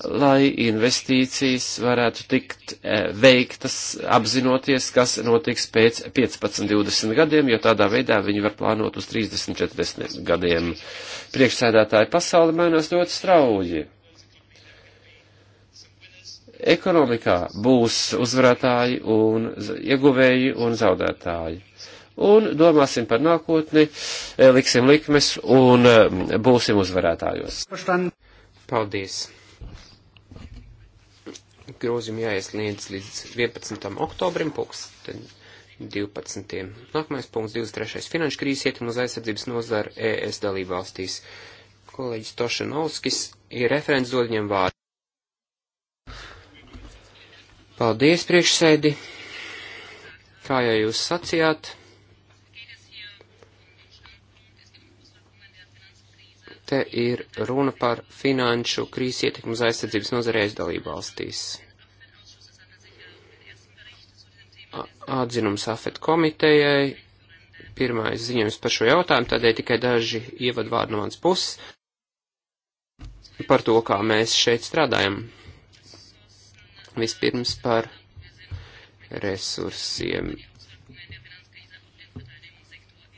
lai investīcijas varētu tikt e, veiktas, apzinoties, kas notiks pēc 15, 20 gadiem, jo tādā veidā viņi var plānot uz 30, 40 gadiem. Priekšsēdētāji pasauli mainās ļoti strauji. Ekonomikā būs uzvarētāji un ieguvēji un zaudētāji un domāsim par nākotni, e, liksim likmes un e, būsim uzvarētājos. Paldies! Grozījumi jāiesniedz līdz 11. oktobrim, pulksten 12. Nākamais punkts 23. Finanšu krīzes ietim uz aizsardzības nozara ES dalību valstīs. Kolēģis Tošanovskis ir referents dod viņam vārdu. Paldies, priekšsēdi! Kā jau jūs sacījāt, te ir runa par finanšu krīzes ietekmu uz aizsardzības nozarēs dalību valstīs. Atzinums AFET komitejai, pirmais ziņojums par šo jautājumu, tādēļ tikai daži ievadvārdi no mans puses par to, kā mēs šeit strādājam. Vispirms par resursiem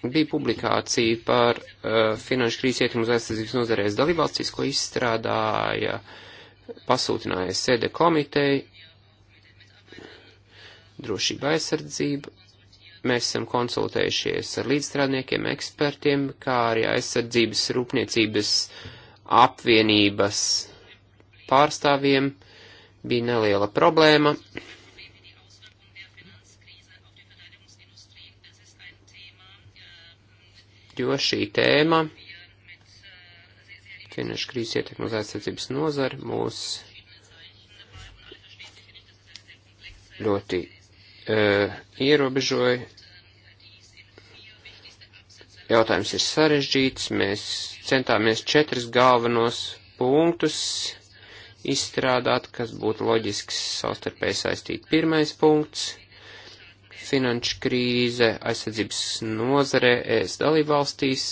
bija publikācija par uh, finanšu krīzes ietekmu uz aizsardzības nozarēs dalībvalstīs, ko izstrādāja, pasūtināja sēde komiteja, drošība aizsardzība. Mēs esam konsultējušies ar līdzstrādniekiem, ekspertiem, kā arī aizsardzības rūpniecības apvienības pārstāvjiem. Bija neliela problēma. Uh, jo šī tēma, finanšu krīzes ietekme uz aizsardzības nozari, mūs ļoti uh, ierobežoja. Jautājums ir sarežģīts, mēs centāmies četrus galvenos punktus izstrādāt, kas būtu loģisks savstarpēji saistīt. Pirmais punkts finanšu krīze aizsardzības nozare ES dalībvalstīs.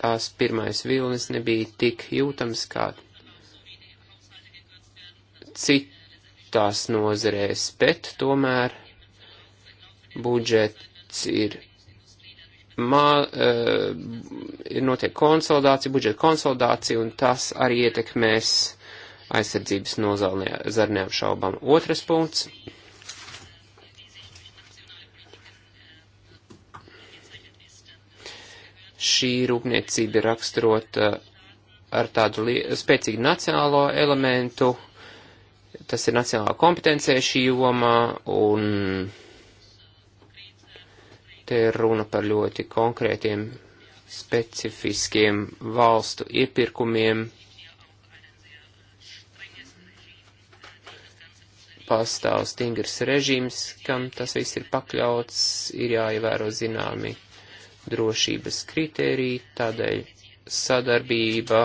Tās pirmais vilnis nebija tik jūtams kā citās nozarēs, bet tomēr budžets ir mā, uh, eh, notiek konsolidācija, budžeta konsolidācija, un tas arī ietekmēs aizsardzības nozar neapšaubām. Otrais punkts. Šī rūpniecība ir raksturota ar tādu spēcīgu nacionālo elementu, tas ir nacionālā kompetencija šī jomā, un te ir runa par ļoti konkrētiem, specifiskiem valstu iepirkumiem pastāv stingrs režīms, kam tas viss ir pakļauts, ir jāievēro zināmi drošības kritēriji, tādēļ sadarbība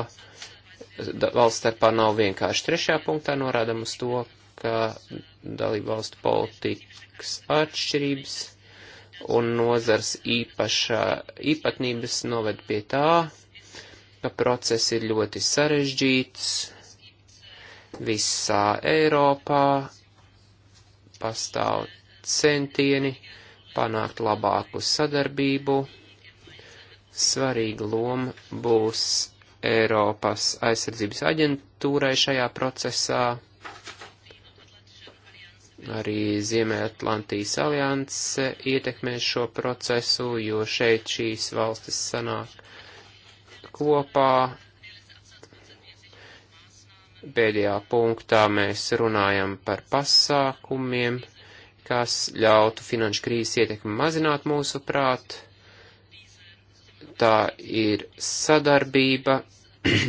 valsts starpā nav vienkārši trešajā punktā norādam uz to, ka dalību valstu politikas atšķirības un nozars īpašā īpatnības noved pie tā, ka process ir ļoti sarežģīts visā Eiropā, pastāv centieni panākt labāku sadarbību. Svarīga loma būs Eiropas aizsardzības aģentūrai šajā procesā, arī Ziemeļatlantijas alianse ietekmēs šo procesu, jo šeit šīs valstis sanāk kopā pēdējā punktā mēs runājam par pasākumiem, kas ļautu finanšu krīzes ietekmi mazināt mūsu prāt. Tā ir sadarbība.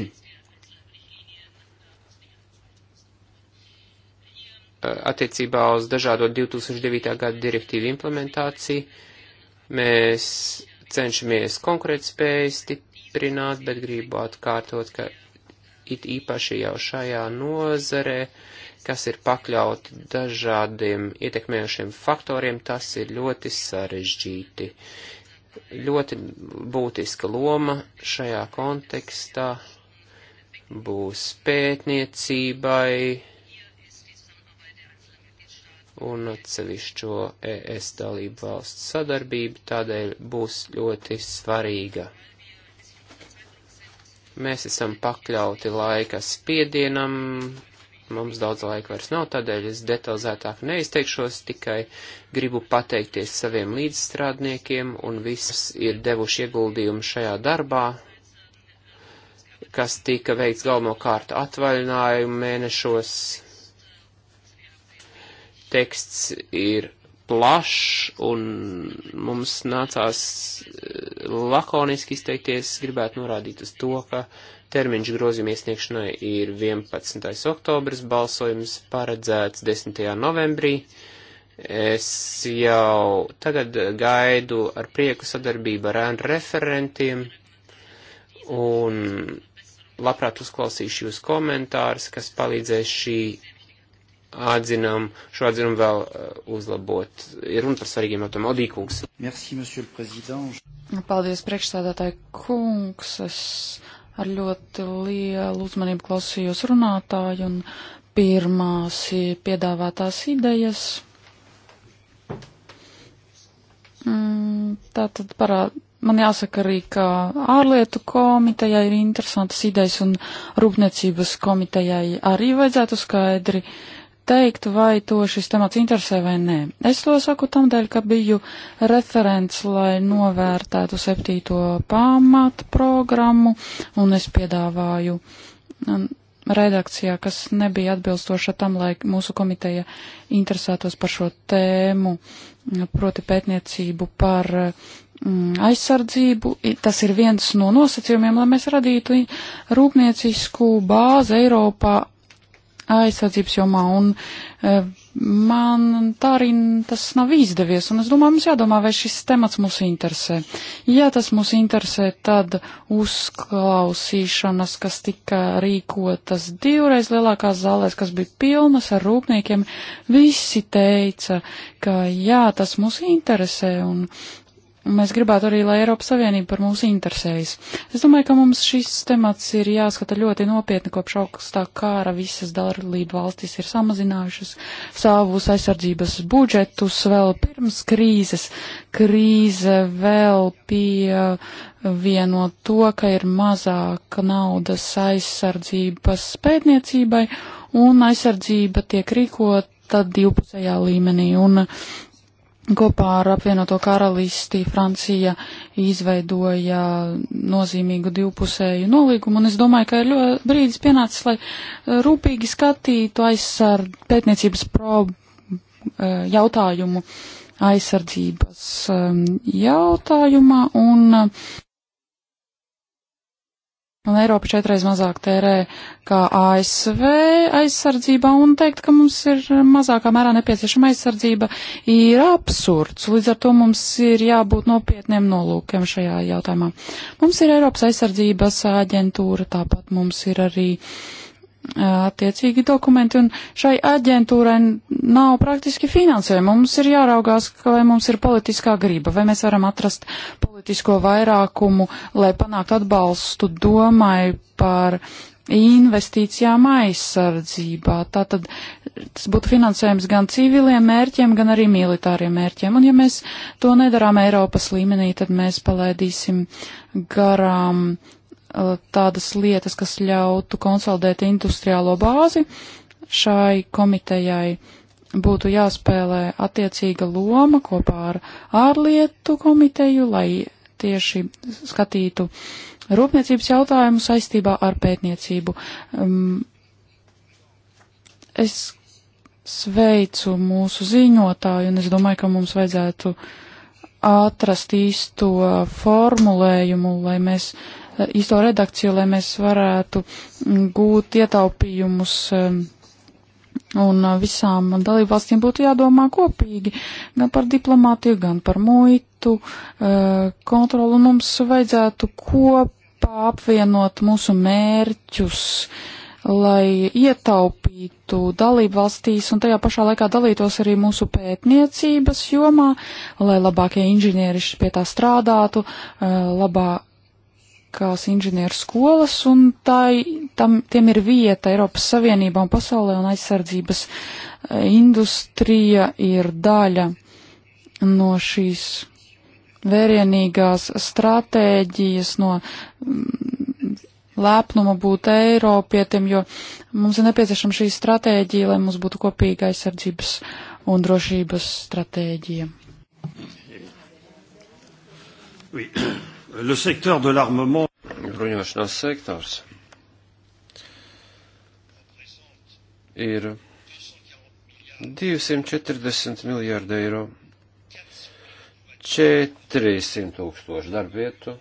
attiecībā uz dažādo 2009. gada direktīvu implementāciju. Mēs cenšamies konkurētspēju stiprināt, bet gribu atkārtot, ka it īpaši jau šajā nozarē, kas ir pakļauti dažādiem ietekmējošiem faktoriem, tas ir ļoti sarežģīti. Ļoti būtiska loma šajā kontekstā būs pētniecībai un atsevišķo ES dalību valsts sadarbība, tādēļ būs ļoti svarīga. Mēs esam pakļauti laika spiedienam, mums daudz laika vairs nav, tādēļ es detalizētāk neizteikšos, tikai gribu pateikties saviem līdzstrādniekiem un visus ir devuši ieguldījumu šajā darbā, kas tika veikts galvenokārt atvaļinājumu mēnešos. Teksts ir plašs, un mums nācās eh, lakoniski izteikties, gribētu norādīt uz to, ka termiņš grozījuma iesniegšanai ir 11. oktobris, balsojums paredzēts 10. novembrī. Es jau tagad gaidu ar prieku sadarbību ar ēnu referentiem, un labprāt uzklausīšu jūs komentārus, kas palīdzēs šī atzinam, šo atzinumu vēl uh, uzlabot. Ir runa par svarīgiem jautājumiem. Odīkungs. Merci, monsieur le président. Paldies, priekšstādātāji kungs. Es ar ļoti lielu uzmanību klausījos runātāju un pirmās piedāvātās idejas. Mm, Tā tad parāda. Man jāsaka arī, ka ārlietu komitejai ir interesantas idejas un rūpniecības komitejai arī vajadzētu skaidri uh, teikt, vai to šis temats interesē vai nē. Es to saku tamdēļ, ka biju referents, lai novērtētu septīto pamatu programmu, un es piedāvāju um, redakcijā, kas nebija atbilstoša tam, lai mūsu komiteja interesētos par šo tēmu, proti pētniecību par um, aizsardzību. Tas ir viens no nosacījumiem, lai mēs radītu rūpniecisku bāzi Eiropā aizsardzības jomā, un e, man tā arī tas nav izdevies, un es domāju, mums jādomā, vai šis temats mūs interesē. Ja tas mūs interesē, tad uzklausīšanas, kas tika rīkotas divreiz lielākās zālēs, kas bija pilnas ar rūpniekiem, visi teica, ka jā, tas mūs interesē, un Mēs gribētu arī, lai Eiropas Savienība par mūsu interesējas. Es domāju, ka mums šis temats ir jāskata ļoti nopietni, kopš augstā kāra visas dalību valstis ir samazinājušas savus aizsardzības budžetus vēl pirms krīzes. Krīze vēl pievieno to, ka ir mazāk naudas aizsardzības pētniecībai un aizsardzība tiek rīkot tad divpusējā līmenī. Un Kopā ar apvienoto karalisti Francija izveidoja nozīmīgu divpusēju nolīgumu, un es domāju, ka ir ļoti brīdis pienācis, lai eh, rūpīgi skatītu aizsard pētniecības pro eh, jautājumu aizsardzības eh, jautājumā, un Un Eiropa četreiz mazāk tērē kā ASV aizsardzībā un teikt, ka mums ir mazākā mērā nepieciešama aizsardzība, ir absurds. Līdz ar to mums ir jābūt nopietniem nolūkiem šajā jautājumā. Mums ir Eiropas aizsardzības aģentūra, tāpat mums ir arī uh, attiecīgi dokumenti, un šai aģentūrai nav praktiski finansējuma. Mums ir jāraugās, vai mums ir politiskā griba, vai mēs varam atrast politisko vairākumu, lai panāktu atbalstu domai par investīcijām aizsardzībā. Tātad tas būtu finansējums gan civiliem mērķiem, gan arī militāriem mērķiem. Un ja mēs to nedarām Eiropas līmenī, tad mēs palaidīsim garām Uh, tādas lietas, kas ļautu konsolidēt industriālo bāzi. Šai komitejai būtu jāspēlē attiecīga loma kopā ar ārlietu komiteju, lai tieši skatītu rūpniecības jautājumu saistībā ar pētniecību. Um, es sveicu mūsu ziņotāju, un es domāju, ka mums vajadzētu atrast īsto formulējumu, lai mēs uh, īsto redakciju, lai mēs varētu mm, gūt ietaupījumus um, un uh, visām dalībvalstīm būtu jādomā kopīgi gan par diplomātiju, gan par muitu uh, kontroli. Mums vajadzētu kopā apvienot mūsu mērķus, lai ietaupītu dalībvalstīs un tajā pašā laikā dalītos arī mūsu pētniecības jomā, lai labākie inženieri pie tā strādātu, uh, labā tehniskās inženieru skolas, un tai, tam, tiem ir vieta Eiropas Savienībā un pasaulē, un aizsardzības eh, industrija ir daļa no šīs vērienīgās stratēģijas, no mm, lēpnuma būt Eiropietiem, jo mums ir nepieciešama šī stratēģija, lai mums būtu kopīga aizsardzības un drošības stratēģija. Oui. Le secteur de l'armement. Bruņošanās sektors ir 240 miljārdi eiro, 400 tūkstoši darbvietu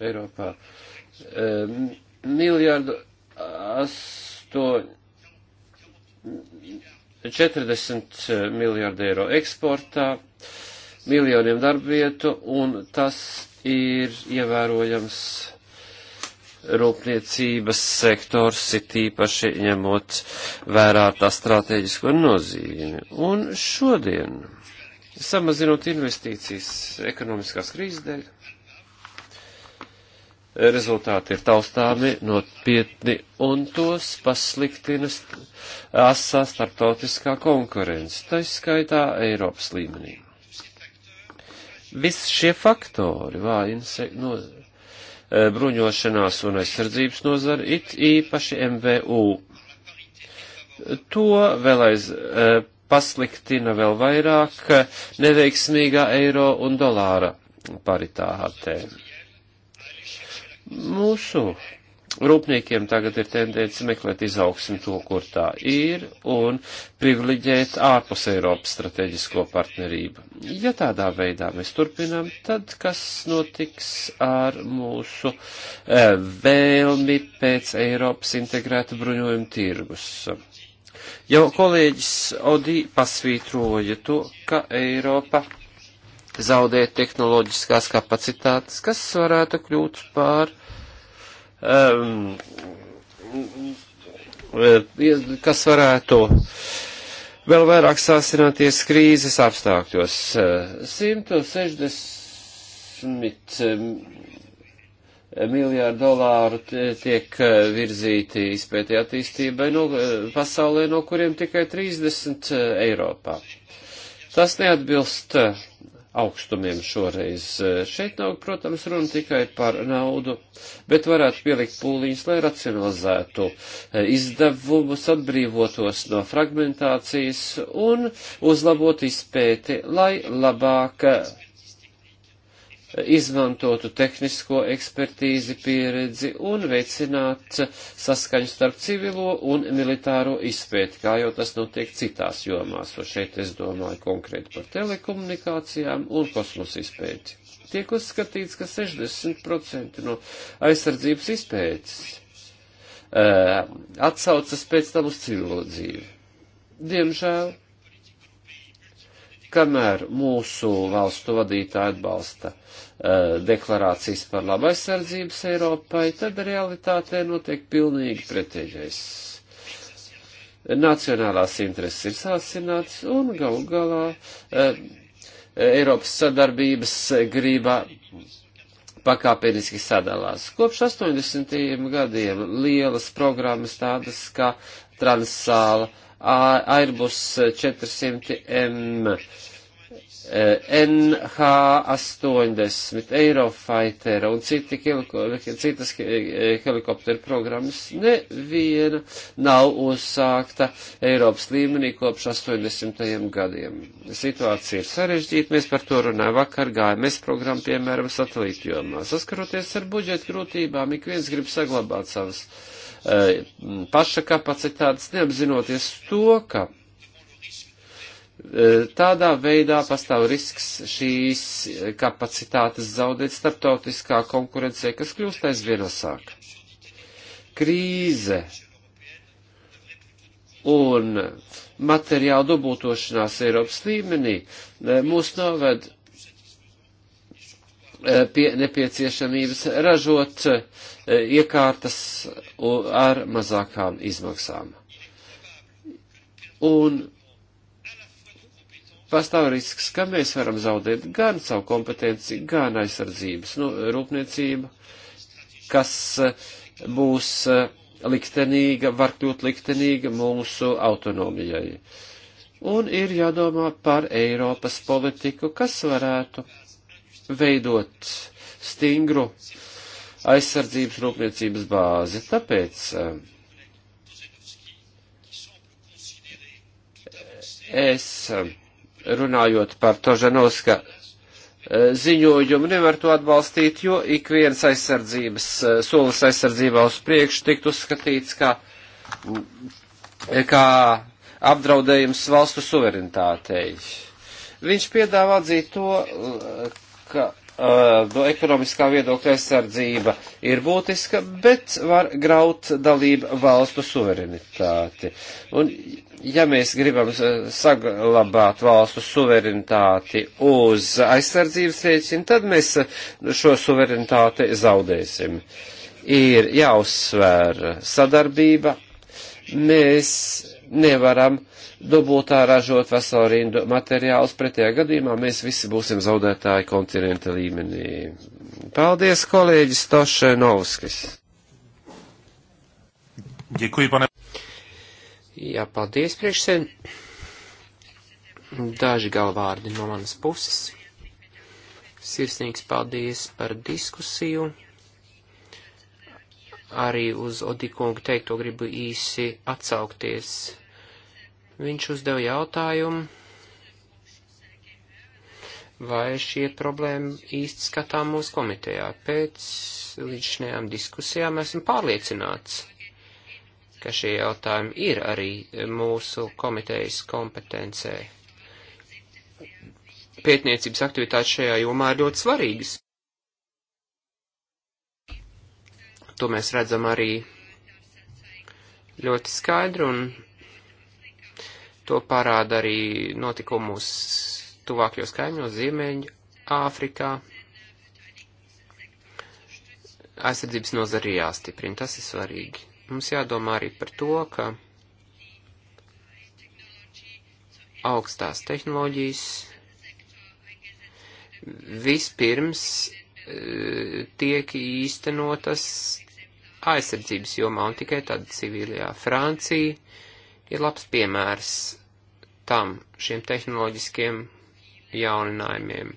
Eiropā, miljārdu 8, 40 miljārdi eiro eksportā, miljoniem darbvietu, un tas ir ievērojams rūpniecības sektors, it īpaši ņemot vērā tā strateģisko nozīmi. Un šodien, samazinot investīcijas ekonomiskās krīzes dēļ, rezultāti ir taustāmi, nopietni, un tos pasliktina asā starptautiskā konkurence, tā skaitā Eiropas līmenī. Viss šie faktori, vājins, no, e, bruņošanās un aizsardzības nozara, it īpaši MVU. To vēl aiz e, pasliktina vēl vairāk neveiksmīgā eiro un dolāra paritātē. Mūsu rūpniekiem tagad ir tendence meklēt izaugsmi to, kur tā ir, un privileģēt ārpus Eiropas strateģisko partnerību. Ja tādā veidā mēs turpinām, tad kas notiks ar mūsu e, vēlmi pēc Eiropas integrēta bruņojuma tirgus? Jau kolēģis Odī pasvītroja to, ka Eiropa zaudē tehnoloģiskās kapacitātes, kas varētu kļūt par uh, um, e, kas varētu vēl vairāk sāsināties krīzes apstākļos. 160 e, miljārdu dolāru tiek e, virzīti izpētē attīstībai no, pasaulē, no kuriem tikai 30 Eiropā. Tas neatbilst augstumiem šoreiz. Šeit nav, protams, runa tikai par naudu, bet varētu pielikt pūliņus, lai racionalizētu izdevumus, atbrīvotos no fragmentācijas un uzlabot izpēti, lai labāk izmantotu tehnisko ekspertīzi, pieredzi un veicināt saskaņu starp civilo un militāro izpēti, kā jau tas notiek citās jomās, un šeit es domāju konkrēti par telekomunikācijām un kosmosa izpēti. Tiek uzskatīts, ka 60% no aizsardzības izpētes uh, atsaucas pēc tam uz civilo dzīvi. Diemžēl kamēr mūsu valstu vadītāji atbalsta uh, deklarācijas par labu aizsardzības Eiropai, tad realitātē notiek pilnīgi pretēģais. Nacionālās intereses ir sāsināts un galu galā uh, Eiropas sadarbības grība pakāpeniski sadalās. Kopš 80. gadiem lielas programmas tādas kā Transāla, uh, Airbus 400M, e, NH80, Eurofighter un citi heliko, citas e, helikopteru programmas neviena nav uzsākta Eiropas līmenī kopš 80. gadiem. Situācija ir sarežģīta, mēs par to runājam vakar, GMS programma, piemēram, satelītu jomā. Saskaroties ar budžeta grūtībām, ik viens grib saglabāt savas Eh, paša kapacitātes, neapzinoties to, ka eh, tādā veidā pastāv risks šīs kapacitātes zaudēt starptautiskā konkurencē, kas kļūst aizvien asāk. Krīze un materiāla dubultošanās Eiropas līmenī eh, mūs noved Eh, pie nepieciešamības ražot eh, iekārtas ar mazākām izmaksām. Un pastāv risks, ka mēs varam zaudēt gan savu kompetenci, gan aizsardzības nu, rūpniecību, kas eh, būs liktenīga, var kļūt liktenīga mūsu autonomijai. Un ir jādomā par Eiropas politiku, kas varētu veidot stingru aizsardzības rūpniecības bāzi. Tāpēc eh, es eh, runājot par Tožanovska eh, ziņojumu nevar to atbalstīt, jo ik viens aizsardzības, solis aizsardzībā uz priekšu tikt uzskatīts kā, mm, kā apdraudējums valstu suverenitātei. Viņš piedāvā atzīt to, ka eh, no ekonomiskā viedokļa aizsardzība ir būtiska, bet var graut dalību valstu suverenitāti. Un ja mēs gribam eh, saglabāt valstu suverenitāti uz aizsardzības rēķina, tad mēs eh, šo suverenitāti zaudēsim. Ir jāuzsver sadarbība. Mēs nevaram uh, dubultā ražot veselu rindu materiālus, pretējā gadījumā mēs visi būsim zaudētāji kontinenta līmenī. Paldies, kolēģis Tošenovskis. Dziekuji, pane. Jā, paldies, priekšsēn. Daži galvārdi no manas puses. Sirsnīgs paldies par diskusiju arī uz Odikungu teikto gribu īsi atsaukties. Viņš uzdeva jautājumu, vai šie problēma īsti skatām mūsu komitejā. Pēc līdzšņajām diskusijām esmu pārliecināts, ka šie jautājumi ir arī mūsu komitejas kompetencē. Pētniecības aktivitātes šajā jomā ir ļoti svarīgas. To mēs redzam arī ļoti skaidri un To parāda arī notikumus tuvākajos kaimiņos, Ziemeņu Āfrikā. Aizsardzības nozari jāstiprina, tas ir svarīgi. Mums jādomā arī par to, ka augstās tehnoloģijas vispirms eh, tiek īstenotas aizsardzības jomā un tikai tad civilajā Francija ir labs piemērs tam, šiem tehnoloģiskiem jauninājumiem.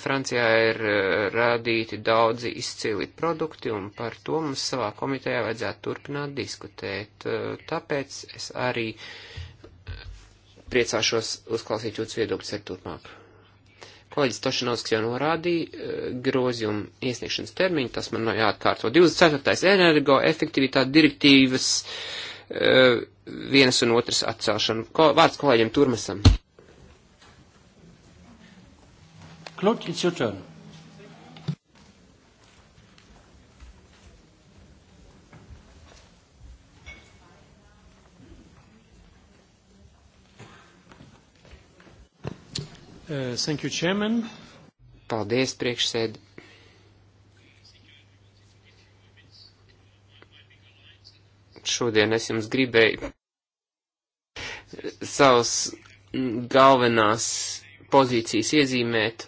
Francijā ir e, rādīti daudzi izcili produkti, un par to mums savā komitejā vajadzētu turpināt diskutēt. E, tāpēc es arī e, priecāšos uzklausīt jūsu viedokļus ar turpmāk. Kolēģis Tošinovskis jau norādīja grozījumu iesniegšanas termiņu, tas man nav jāatkārto. 24. energoefektivitāte direktīvas uh, vienas un otras atcelšanu. Ko, vārds kolēģiem Turmesam. Claude, it's your turn. Uh, thank you, Chairman. Paldies, priekšsēdi. šodien es jums gribēju savas galvenās pozīcijas iezīmēt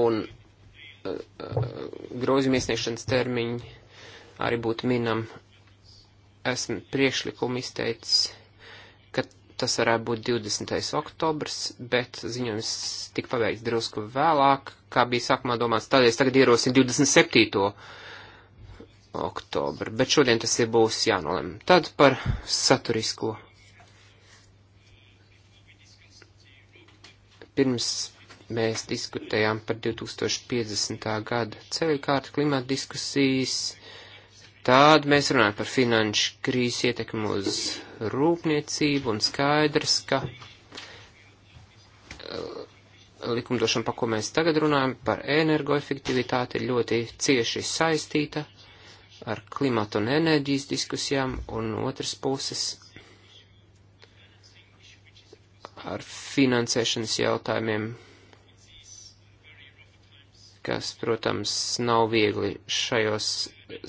un uh, uh, grozījuma iesniegšanas termiņi arī būtu minam. Esmu priekšlikumu izteicis, ka tas varētu būt 20. oktobrs, bet ziņojums tika pabeigts drusku vēlāk, kā bija sākumā domāts. Tādēļ es tagad ierosinu 27 oktobra, bet šodien tas ir būs jānolem. Tad par saturisko. Pirms mēs diskutējām par 2050. gada ceļu kārtu klimata diskusijas, tad mēs runājam par finanšu krīzes ietekmu uz rūpniecību un skaidrs, ka eh, likumdošana, pa ko mēs tagad runājam, par energoefektivitāti, ir ļoti cieši saistīta ar klimatu un enerģijas diskusijām, un otras puses ar finansēšanas jautājumiem, kas, protams, nav viegli šajos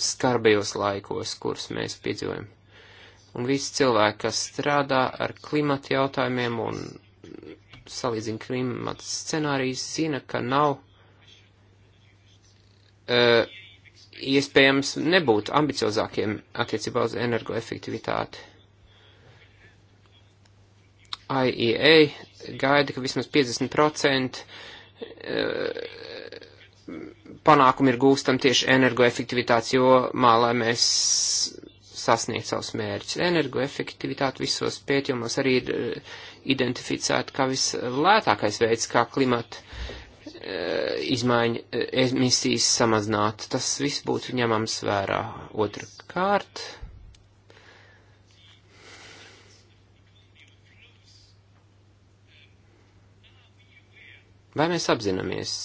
skarbajos laikos, kurus mēs piedzīvojam. Un visi cilvēki, kas strādā ar klimatu jautājumiem un salīdzina klimata scenārijas, zina, ka nav. Uh, iespējams nebūt ambiciozākiem attiecībā uz energoefektivitāti. IEA gaida, ka vismaz 50% eh, panākumi ir gūstam tieši energoefektivitātes jomā, lai mēs sasniegt savus mērķus. Energoefektivitāte visos pētījumos arī ir eh, identificēta kā vislētākais veids, kā klimata Eh, izmaiņu eh, emisijas samazināt. Tas viss būtu ņemams vērā. Otrakārt, vai mēs apzināmies,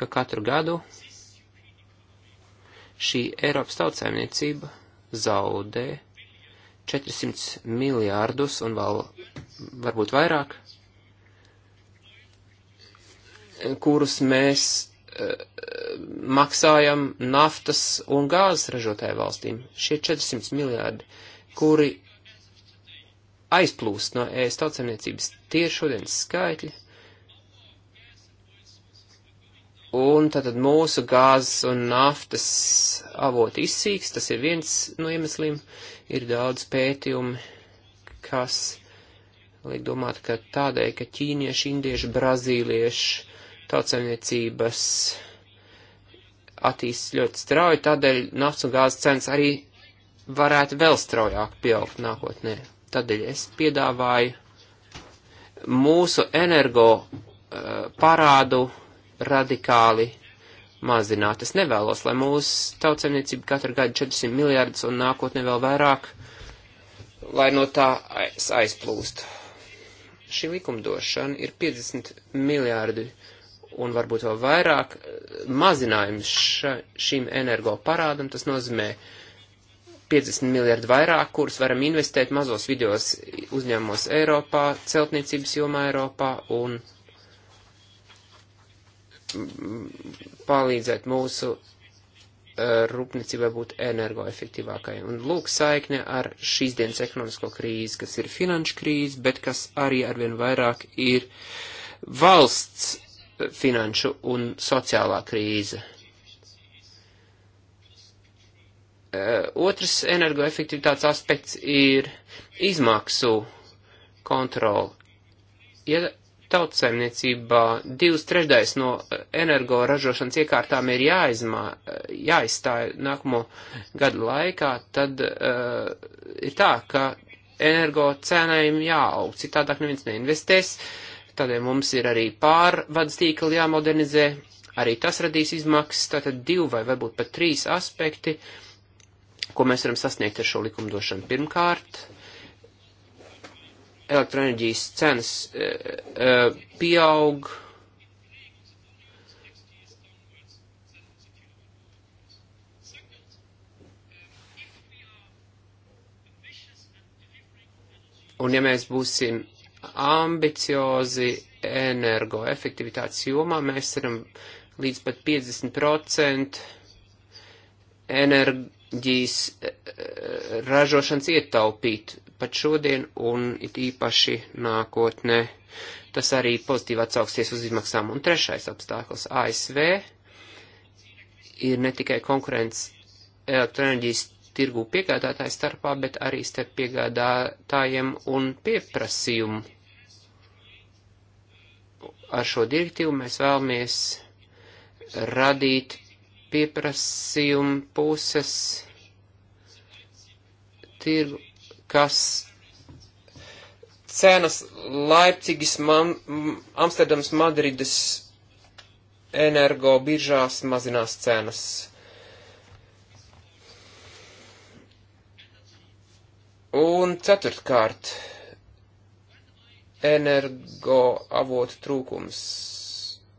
ka katru gadu šī Eiropas tautsēmniecība zaudē 400 miljārdus un vēl varbūt vairāk kurus mēs e, maksājam naftas un gāzes ražotāju valstīm. Šie 400 miljārdi, kuri aizplūst no ēst tautsēmniecības, tie ir šodienas skaitļi. Un tātad mūsu gāzes un naftas avoti izsīks, tas ir viens no iemesliem. Ir daudz pētījumi, kas liek domāt, ka tādēļ, ka ķīnieši, indieši, brazīlieši tautsaimniecības attīstas ļoti strauji, tādēļ nafts un gāzes cenas arī varētu vēl straujāk pieaugt nākotnē. Tādēļ es piedāvāju mūsu energo eh, parādu radikāli mazināt. Es nevēlos, lai mūsu tautsemniecība katru gadu 400 miljārdus un nākotnē vēl vairāk, lai no tā aiz, aizplūst. Šī likumdošana ir 50 miljārdi un varbūt vēl vairāk eh, mazinājums ša, šim energo parādam, tas nozīmē 50 miljardu vairāk, kurus varam investēt mazos vidos uzņēmumos Eiropā, celtniecības jomā Eiropā un palīdzēt mūsu eh, rūpniecībai būt energoefektīvākai. Un lūk saikne ar šīs dienas ekonomisko krīzi, kas ir finanšu krīze, bet kas arī arvien vairāk ir valsts finanšu un sociālā krīze. Eh, otrs energoefektivitātes aspekts ir izmaksu kontrola. Ja tautsaimniecībā divas trešdaļas no eh, energoražošanas iekārtām ir jāizmā, eh, jāizstāja nākamo gadu laikā, tad uh, ir tā, ka energo cenējumi jāaug, citādāk neviens neinvestēs. Uh, Tādēļ mums ir arī pārvades tīkli jāmodernizē, arī tas radīs izmaksas, tātad divi vai varbūt pat trīs aspekti, ko mēs varam sasniegt ar šo likumdošanu. Pirmkārt, elektroenerģijas cenas e, e, pieaug. Un ja mēs būsim ambiciozi energoefektivitātes jomā. Mēs ceram līdz pat 50% enerģijas eh, ražošanas ietaupīt pat šodien un it īpaši nākotnē. Tas arī pozitīvi atsauksies uz izmaksām. Un trešais apstākļus ASV ir ne tikai konkurence elektroenerģijas tirgu piegādātāju starpā, bet arī starp piegādātājiem un pieprasījumu. Ar šo direktīvu mēs vēlamies radīt pieprasījumu puses tirgu, kas cenas Leipcigas, Mam, Amsterdams, Madrides energo biržās mazinās cenas Un ceturtkārt, energo avotu trūkums.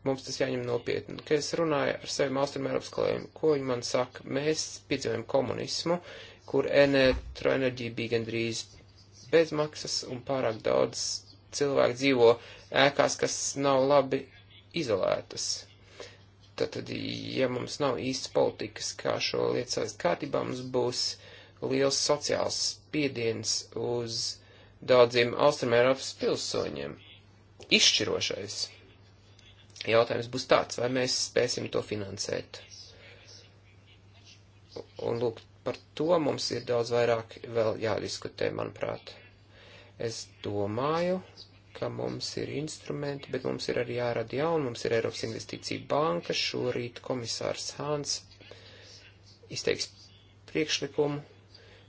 Mums tas jāņem nopietni. Kad es runāju ar saviem austrumēropas kolēģiem, ko viņi man saka, mēs piedzīvojam komunismu, kur elektroenerģija bija gandrīz bezmaksas un pārāk daudz cilvēku dzīvo ēkās, kas nav labi izolētas. Tātad, ja mums nav īsts politikas, kā šo lietu saist kārtībā, mums būs liels sociāls spiediens uz daudziem Austrumēropas pilsoņiem. Izšķirošais jautājums būs tāds, vai mēs spēsim to finansēt. Un lūk, par to mums ir daudz vairāk vēl jādiskutē, manuprāt. Es domāju, ka mums ir instrumenti, bet mums ir arī jārada jauni, mums ir Eiropas investīcija banka, šorīt komisārs Hāns izteiks priekšlikumu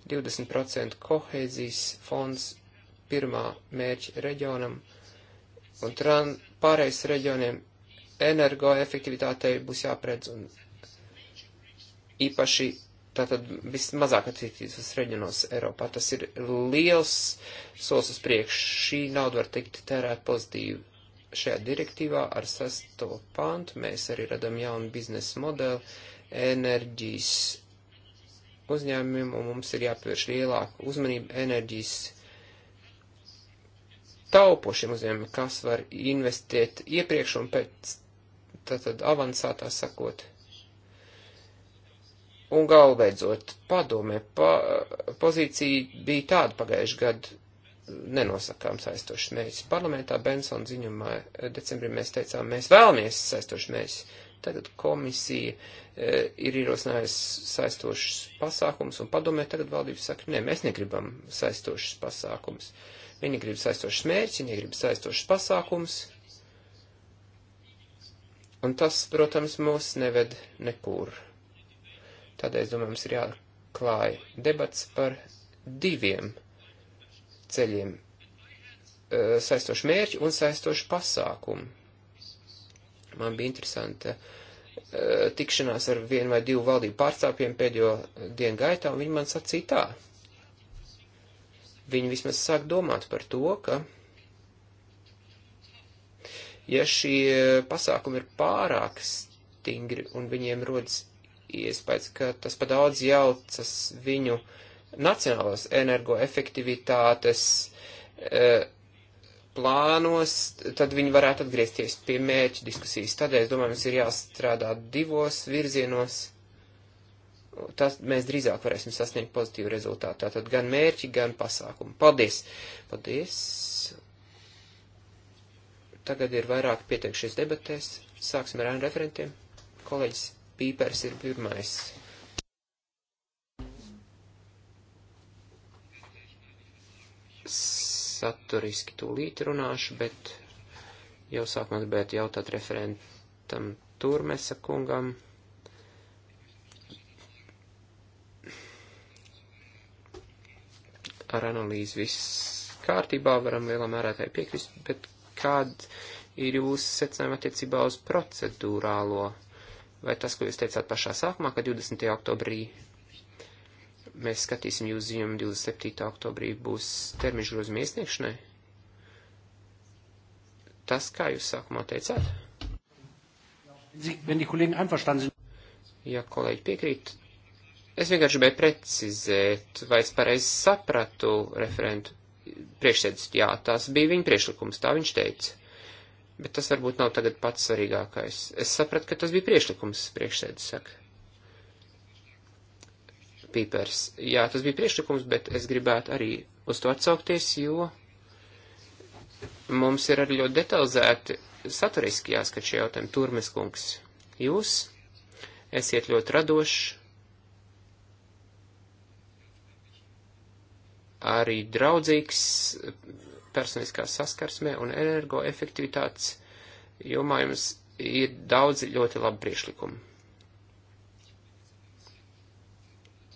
20% kohēzijas fonds pirmā mērķa reģionam un tran, pārējais reģioniem energoefektivitātei būs jāpredz un īpaši tātad vismazāk attīstītos reģionos Eiropā. Tas ir liels solis uz priekšu. Šī nauda var tikt tērēt pozitīvi. Šajā direktīvā ar sesto pantu mēs arī radam jaunu biznesa modeli enerģijas uzņēmumiem, un mums ir jāpievērš lielāka uzmanība enerģijas taupošiem uzņēmumiem, kas var investēt iepriekš un pēc, tātad avansātā sakot. Un galbeidzot, padomē, pa, pozīcija bija tāda pagājuši gadu nenosakām saistošas mērķis. Parlamentā Bensona ziņumā eh, decembrī mēs teicām, mēs vēlamies saistošas mērķis. Tagad komisija e, ir ierosinājusi saistošas pasākums un padomē, tagad valdības saka, nē, mēs negribam saistošas pasākums. Viņi grib saistošas mērķi, viņi grib saistošas pasākums. Un tas, protams, mūs neved nekur. Tādēļ, es domāju, mums ir jāklāj debats par diviem ceļiem e, - saistošu mērķu un saistošu pasākumu Man bija interesanta uh, tikšanās ar vienu vai divu valdību pārstāvjiem pēdējo dienu gaitā, un viņi man sacīja tā. Viņi vismaz sāk domāt par to, ka ja šie pasākumi ir pārāk stingri un viņiem rodas iespējas, ka tas pa daudz jaucas viņu nacionālās energoefektivitātes e, plānos, tad viņi varētu atgriezties pie mērķa diskusijas. Tādēļ, es domāju, mums ir jāstrādā divos virzienos. Tas mēs drīzāk varēsim sasniegt pozitīvu rezultātu. Tātad gan mērķi, gan pasākumu. Paldies! Paldies! Tagad ir vairāk pieteikšies debatēs. Sāksim ar ēnu referentiem. Kolēģis Pīpers ir pirmais. S saturiski tūlīt runāšu, bet jau sākumā gribētu jautāt referentam Turmesa kungam. Ar analīzi viss kārtībā varam lielā mērā tai piekrist, bet kāda ir jūsu secinājuma attiecībā uz procedūrālo? Vai tas, ko jūs teicāt pašā sākumā, ka 20. oktobrī mēs skatīsim jūs ziņojumu 27. oktobrī būs termiņš grozuma iesniegšanai. Tas, kā jūs sākumā teicāt? Ja kolēģi piekrīt, es vienkārši gribēju precizēt, vai es pareizi sapratu referentu priekšsēdus. Jā, tas bija viņa priekšlikums, tā viņš teica. Bet tas varbūt nav tagad pats svarīgākais. Es sapratu, ka tas bija priekšlikums priekšsēdus, saka. Pīpers. Jā, tas bija priekšlikums, bet es gribētu arī uz to atsaukties, jo mums ir arī ļoti detalizēti saturiski jāskat šie jautājumi. Turmes kungs, jūs esiet ļoti radoši, arī draudzīgs personiskā saskarsmē un energoefektivitātes jomā jums ir daudz ļoti labi priešlikumi.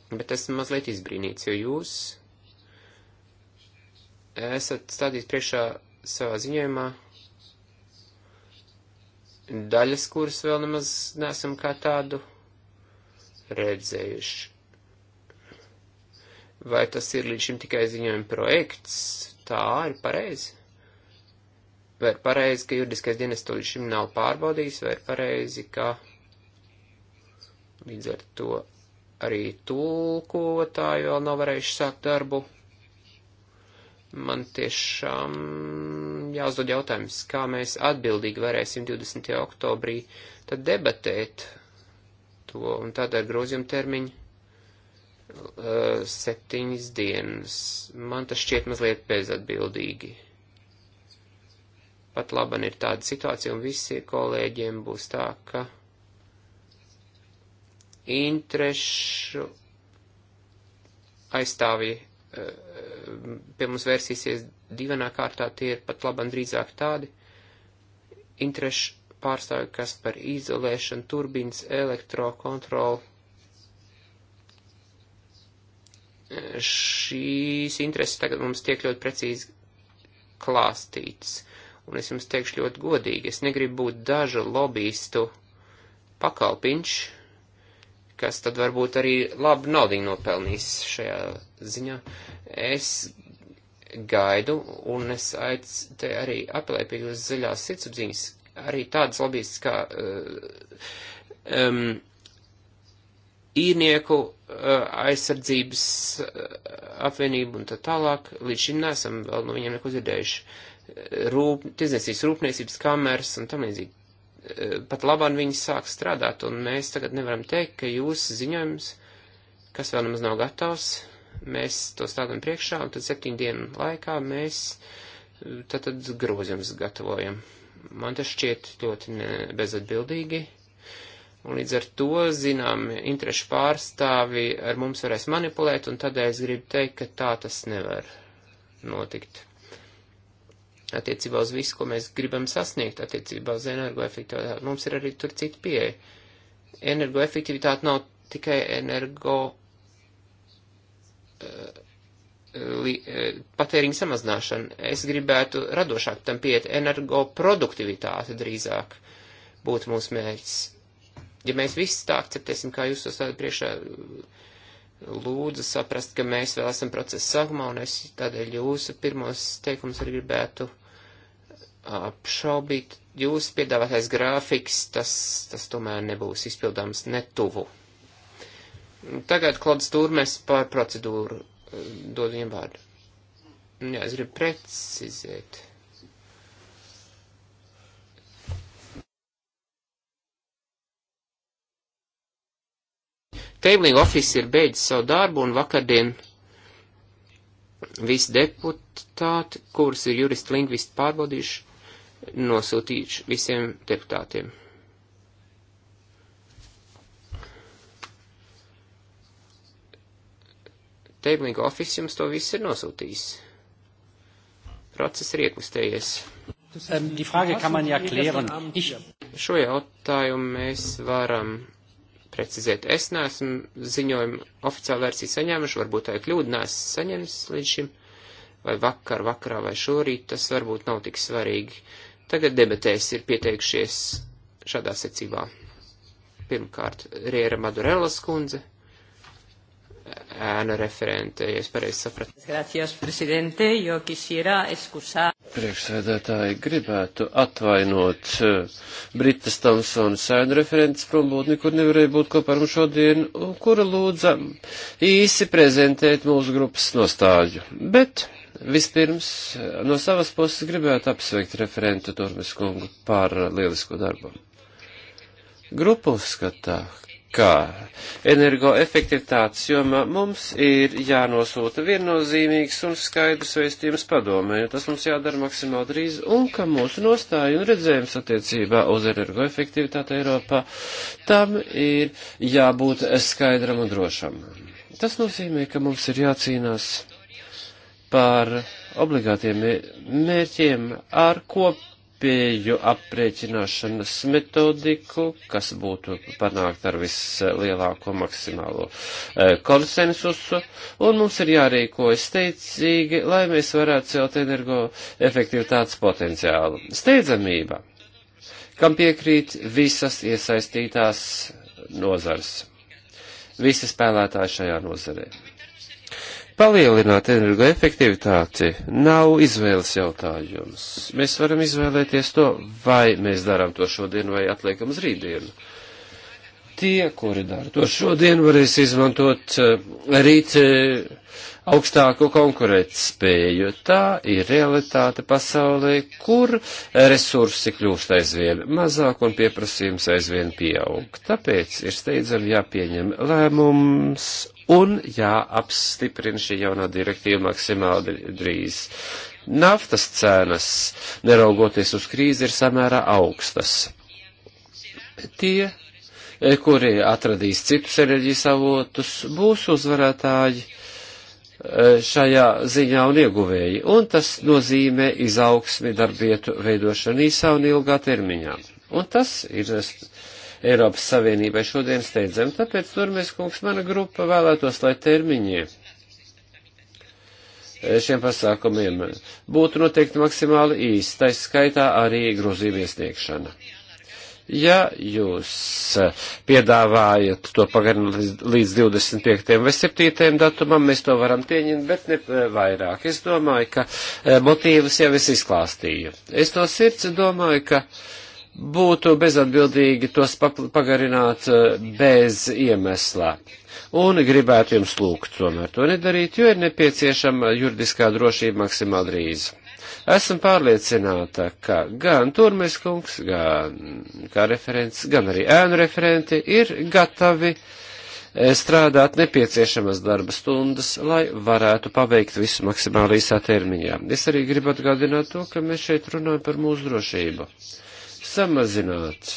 Bet esmu mazliet izbrīnīts, jo jūs esat stādījis priekšā savā ziņojumā daļas, kuras vēl nemaz nesam kā tādu redzējuši. Vai tas ir līdz šim tikai ziņojuma projekts? Tā ir pareizi. Vai ir pareizi, ka juridiskais dienas to līdz šim nav pārbaudījis, vai ir pareizi, ka līdz ar to arī tulkotāji vēl nav varējuši sākt darbu. Man tiešām jāuzdod jautājums, kā mēs atbildīgi varēsim 20. oktobrī tad debatēt to, un tad ar grozījumu termiņu uh, septiņas dienas. Man tas šķiet mazliet bezatbildīgi. Pat laban ir tāda situācija, un visi kolēģiem būs tā, ka interešu aizstāvji eh, pie mums vērsīsies divanā kārtā, tie ir pat labam drīzāk tādi interešu pārstāvji, kas par izolēšanu, turbīnas, elektrokontrolu. Eh, šīs intereses tagad mums tiek ļoti precīzi klāstītas, un es jums teikšu ļoti godīgi, es negribu būt dažu lobbyistu pakalpiņš, kas tad varbūt arī labu naudu nopelnīs šajā ziņā. Es gaidu, un es aic, te arī apelēju pie jūsu zaļās sirdsapziņas, arī tādas lobbyists kā uh, um, īrnieku uh, aizsardzības uh, apvienību un tā tālāk, līdz šim nesam vēl no viņiem neko dzirdējuši. Rūp, tiesnesīs rūpniecības kameras un tam līdzīgi pat labāk viņi sāk strādāt, un mēs tagad nevaram teikt, ka jūsu ziņojums, kas vēl nemaz nav gatavs, mēs to stādām priekšā, un tad septiņu dienu laikā mēs tad, tad grozījums gatavojam. Man tas šķiet ļoti ne, bezatbildīgi, un līdz ar to, zinām, interešu pārstāvi ar mums varēs manipulēt, un tādēļ es gribu teikt, ka tā tas nevar notikt attiecībā uz visu, ko mēs gribam sasniegt attiecībā uz energoefektivitāti. Mums ir arī tur cita pieeja. Energoefektivitāte nav tikai energo uh, li, uh, patēriņa samazināšana. Es gribētu radošāk tam piet energo produktivitāte drīzāk būtu mūsu mērķis. Ja mēs visi tā akceptēsim, kā jūs to stādāt priekšā, uh, lūdza saprast, ka mēs vēl esam procesa sākumā, un es tādēļ jūsu pirmos teikumus arī gribētu uh, apšaubīt. Jūsu piedāvātais grāfiks, tas, tas tomēr nebūs izpildāms netuvu. Tagad Klods Turmes par procedūru uh, dod viņam vārdu. Jā, es gribu precizēt. Tabling Office ir beidzis savu darbu un vakardien visi deputāti, kurus ir juristi lingvisti pārbaudījuši, nosūtījuši visiem deputātiem. Tabling Office jums to viss ir nosūtījis. Process ir iekustējies. Um, ähm, die Frage kann man ja klären. Ich... Šo jautājumu mēs varam precizēt. Es neesmu ziņojumu oficiālu versiju saņēmuši, varbūt tā ir kļūda, neesmu saņēmis līdz šim, vai vakar, vakarā vai šorīt, tas varbūt nav tik svarīgi. Tagad debatēs ir pieteikšies šādā secībā. Pirmkārt, Riera Madurelas kundze, ēnu referente, ja es pareizi sapratu. Gracias, prezidente, jo quisiera excusar. Priekšsēdētāji gribētu atvainot eh, Britas Tamsonas ēnu referentes prombūtni, kur nevarēja būt kopā ar mums šodien, un kura lūdza īsi prezentēt mūsu grupas nostāju. Bet vispirms no savas puses gribētu apsveikt referentu Tormes kungu par lielisko darbu. Grupa uzskatā, ka energoefektivitātes jomā mums ir jānosūta viennozīmīgs un skaidrs vēstījums padomē, jo tas mums jādara maksimāli drīz, un ka mūsu nostāja un redzējums attiecībā uz energoefektivitāti Eiropā tam ir jābūt skaidram un drošam. Tas nozīmē, ka mums ir jācīnās par obligātiem mērķiem ar kopu kopēju aprēķināšanas metodiku, kas būtu panākt ar vislielāko maksimālo e, konsensusu, un mums ir jārīkojas steidzīgi, lai mēs varētu celt energoefektivitātes potenciālu. Steidzamība, kam piekrīt visas iesaistītās nozars, visi spēlētāji šajā nozarē. Palielināt energoefektivitāti nav izvēles jautājums. Mēs varam izvēlēties to, vai mēs darām to šodien vai atliekam uz rītdienu. Tie, kuri dara to šodien, varēs izmantot eh, rīt eh, augstāku konkurētspēju. Tā ir realitāte pasaulē, kur resursi kļūst aizvien mazāk un pieprasījums aizvien pieaug. Tāpēc ir steidzami jāpieņem lēmums un jāapstiprina šī jaunā direktīva maksimāli drīz. Naftas cenas, neraugoties uz krīzi, ir samērā augstas. Tie, kuri atradīs citus enerģijas avotus, būs uzvarētāji e, šajā ziņā un ieguvēji, un tas nozīmē izaugsmi darbietu veidošanu īsā un ilgā termiņā. Un tas ir Eiropas Savienībai šodien steidzam. Tāpēc, Turmēs kungs, mana grupa vēlētos, lai termiņi šiem pasākumiem būtu noteikti maksimāli īsti, taisa skaitā arī grozījuma iesniegšana. Ja jūs piedāvājat to pagarināt līdz 25. vai 7. datumam, mēs to varam pieņemt, bet ne vairāk. Es domāju, ka motīvus jau es izklāstīju. Es no sirds domāju, ka. Uh, būtu bezatbildīgi tos pagarināt eh, bez iemeslā. Un gribētu jums lūgt tomēr to nedarīt, jo ir nepieciešama juridiskā drošība maksimāli drīz. Esmu pārliecināta, ka gan Turmes kungs, gan kā referents, gan arī ēnu referenti ir gatavi eh, strādāt nepieciešamas darba stundas, lai varētu paveikt visu maksimāli īsā termiņā. Es arī gribu atgādināt to, ka mēs šeit runājam par mūsu drošību samazināt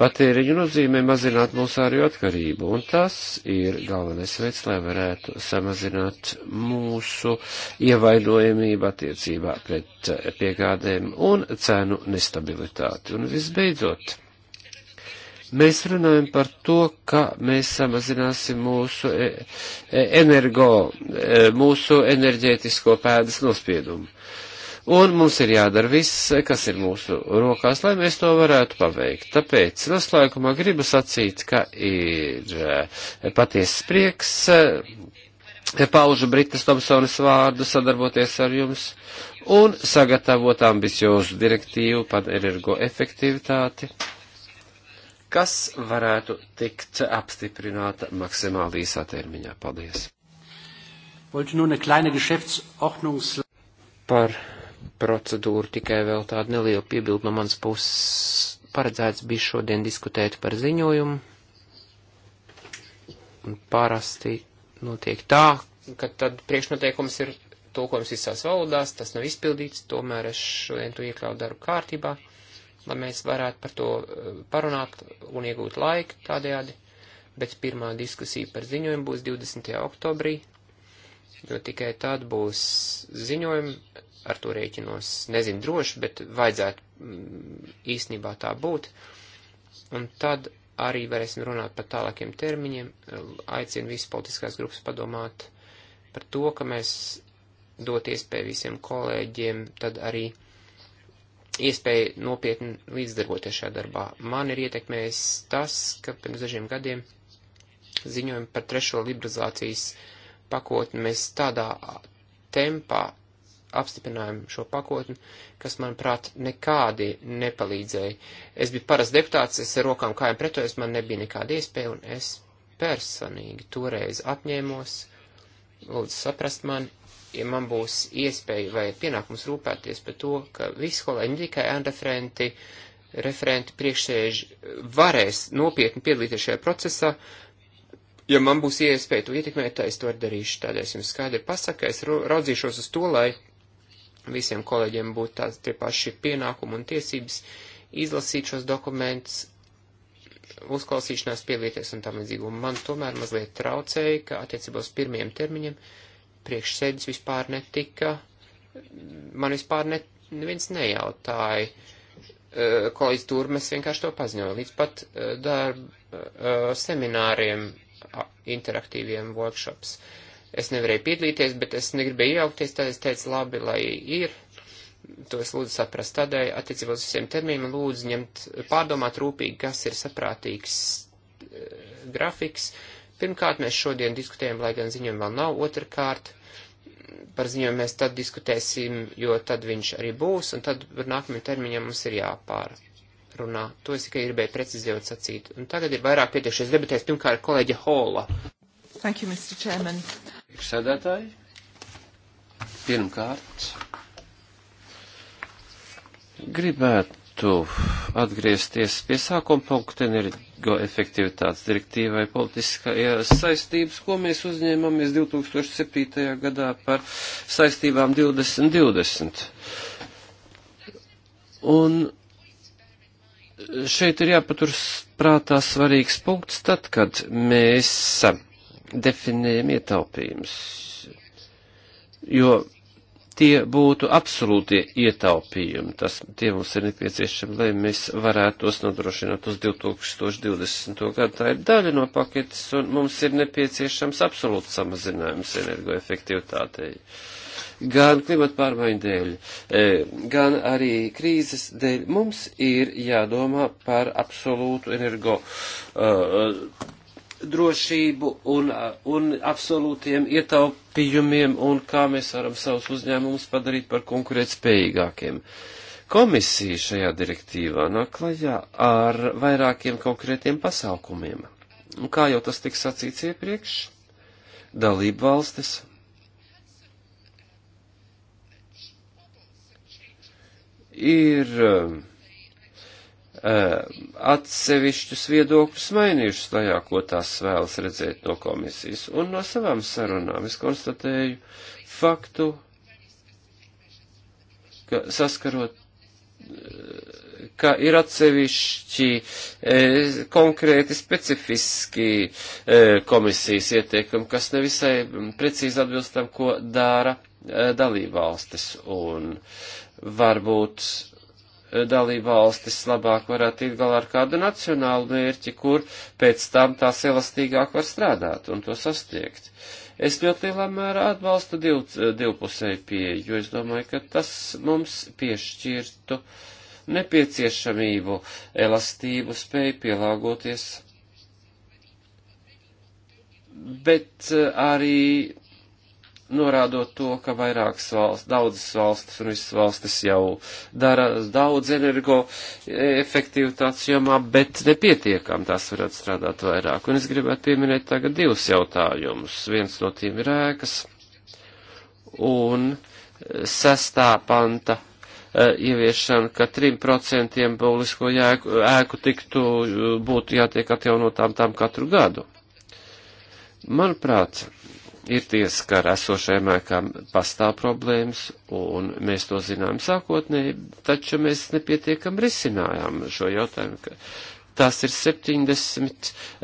patēriņu nozīmē mazināt mūsu ārējo atkarību, un tas ir galvenais veids, lai varētu samazināt mūsu ievainojamību attiecībā pret piegādēm un cenu nestabilitāti. Un visbeidzot, mēs runājam par to, ka mēs samazināsim mūsu e, e, energo, e, mūsu enerģētisko pēdas nospiedumu. Un mums ir jādara viss, kas ir mūsu rokās, lai mēs to varētu paveikt. Tāpēc noslēgumā gribu sacīt, ka ir eh, patiesas prieks eh, paužu Britas Tomsonas vārdu sadarboties ar jums un sagatavot ambiciozu direktīvu par energoefektivitāti, kas varētu tikt apstiprināta maksimāli īsā termiņā. Paldies! Par procedūru, tikai vēl tādu nelielu piebildu no manas puses. Paredzēts bija šodien diskutēt par ziņojumu. Un parasti notiek tā, ka tad priekšnoteikums ir tulkojums visās valodās, tas nav izpildīts, tomēr es šodien to iekļautu darbu kārtībā, lai mēs varētu par to eh, parunāt un iegūt laiku tādējādi. Bet pirmā diskusija par ziņojumu būs 20. oktobrī, jo tikai tad būs ziņojumi ar to rēķinos. Nezinu droši, bet vajadzētu mm, īstenībā tā būt. Un tad arī varēsim runāt par tālākiem termiņiem. Aicinu visu politiskās grupas padomāt par to, ka mēs dot iespēju visiem kolēģiem, tad arī iespēja nopietni līdzdarboties šajā darbā. Man ir ietekmējis tas, ka pirms dažiem gadiem ziņojumi par trešo liberalizācijas pakotni mēs tādā tempā apstiprinājām šo pakotni, kas, manuprāt, nekādi nepalīdzēja. Es biju paras deputāts, es ar rokām kājām pretojos, man nebija nekāda iespēja, un es personīgi toreiz apņēmos, lūdzu saprast mani, ja man būs iespēja vai pienākums rūpēties par to, ka visi kolēģi, tikai referenti, referenti priekšsēži varēs nopietni piedalīties šajā procesā, ja man būs iespēja to ietekmēt, tad es to darīšu. Tādēļ es jums skaidri pasaku, es raudzīšos uz to, lai visiem kolēģiem būtu tāds tie paši pienākumi un tiesības izlasīt šos dokumentus, uzklausīšanās piedalīties un tam līdzīgi. Un man tomēr mazliet traucēja, ka attiecībā uz pirmiem termiņiem priekšsēdis vispār netika, man vispār ne, neviens nejautāja. Eh, kolēģis Turmes vienkārši to paziņoja. Līdz pat eh, darba eh, semināriem interaktīviem workshops. Uh, Es nevarēju piedalīties, bet es negribēju iejaukties, tad es teicu, labi, lai ir. To es lūdzu saprast. Tādēļ, attiecībā uz visiem termīniem, lūdzu ņemt, pārdomāt rūpīgi, kas ir saprātīgs eh, grafiks. Pirmkārt, mēs šodien diskutējam, lai gan ziņojumi vēl nav. Otrakārt, par ziņojumu mēs tad diskutēsim, jo tad viņš arī būs, un tad par nākamajam termiņam mums ir jāpārrunā. To es tikai gribēju precizējot sacīt. Un tagad ir vairāk pietiekšies debatēs, pirmkārt, kolēģa Hola. Thank you, Mr. Chairman. Priekšsēdētāji, pirmkārt, gribētu atgriezties pie sākuma punkta energoefektivitātes direktīvai politiskajās saistības, ko mēs uzņēmamies 2007. gadā par saistībām 2020. Un šeit ir jāpatur prātā svarīgs punkts tad, kad mēs definējam ietaupījumus, jo tie būtu absolūtie ietaupījumi. Tas, tie mums ir nepieciešami, lai mēs varētu tos nodrošināt uz 2020. gadu. Tā ir daļa no paketes, un mums ir nepieciešams absolūts samazinājums energoefektivitātei. Gan klimata pārmaiņu dēļ, e, gan arī krīzes dēļ mums ir jādomā par absolūtu energo. Uh, drošību un, un absolūtiem ietaupījumiem un kā mēs varam savus uzņēmumus padarīt par konkurētspējīgākiem. Komisija šajā direktīvā nāk klajā ar vairākiem konkrētiem pasākumiem. Un kā jau tas tika sacīts iepriekš, dalību valstis ir um, atsevišķus viedokļus mainījušas tajā, ko tās vēlas redzēt no komisijas. Un no savām sarunām es konstatēju faktu, ka saskarot, ka ir atsevišķi e, konkrēti specifiski e, komisijas ieteikumi, kas nevisai precīzi atbilst tam, ko dara e, dalībvalstis. Un varbūt dalībvalstis labāk varētu tikt galā ar kādu nacionālu mērķi, kur pēc tam tās elastīgāk var strādāt un to sasniegt. Es ļoti lielā mērā atbalstu div, divpusēju pieeju, jo es domāju, ka tas mums piešķirtu nepieciešamību, elastību, spēju pielāgoties, bet eh, arī norādot to, ka vairākas valsts, daudzas valstis un visas valstis jau dara daudz energo efektivitātes jomā, bet nepietiekam tās varētu strādāt vairāk. Un es gribētu pieminēt tagad divus jautājumus. Viens no tiem ir ēkas un sestā panta e, ieviešana, ka 3% publisko ēku, ēku tiktu, būtu jātiek atjaunotām tām katru gadu. Manuprāt, Ir tiesa, ka ar esošajām ēkām pastāv problēmas, un mēs to zinām sākotnēji, taču mēs nepietiekam risinājām šo jautājumu. Ka tās ir 70%,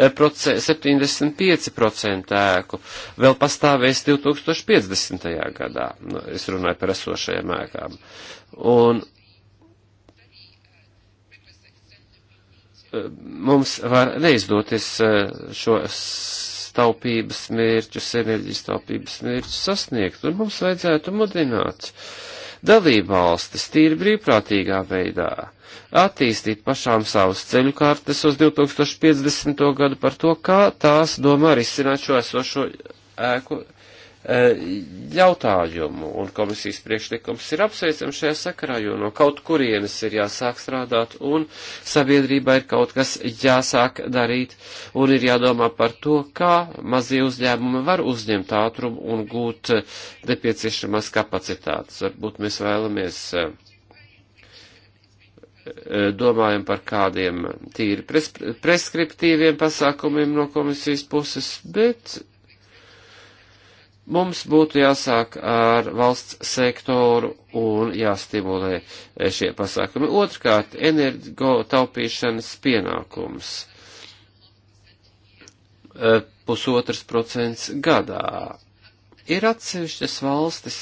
75% eh, ēku, vēl pastāvēs 2050. gadā. Nu, es runāju par esošajām ēkām. Un eh, mums var neizdoties eh, šos taupības mērķus, enerģijas taupības mērķus sasniegt, un mums vajadzētu mudināt dalībvalstis tīri brīvprātīgā veidā attīstīt pašām savus ceļu kartes uz 2050. gadu par to, kā tās domā risināt šo esošo ēku E, jautājumu, un komisijas priekšlikums ir apsveicams šajā sakarā, jo no kaut kurienes ir jāsāk strādāt, un sabiedrībā ir kaut kas jāsāk darīt, un ir jādomā par to, kā mazie uzņēmumi var uzņemt ātrumu un gūt nepieciešamās kapacitātes. Varbūt mēs vēlamies e, e, domājam par kādiem tīri pres preskriptīviem pasākumiem no komisijas puses, bet Mums būtu jāsāk ar valsts sektoru un jāstimulē šie pasākumi. Otrkārt, energo taupīšanas pienākums. Eh, Pusotrs procents gadā. Ir atsevišķas valstis,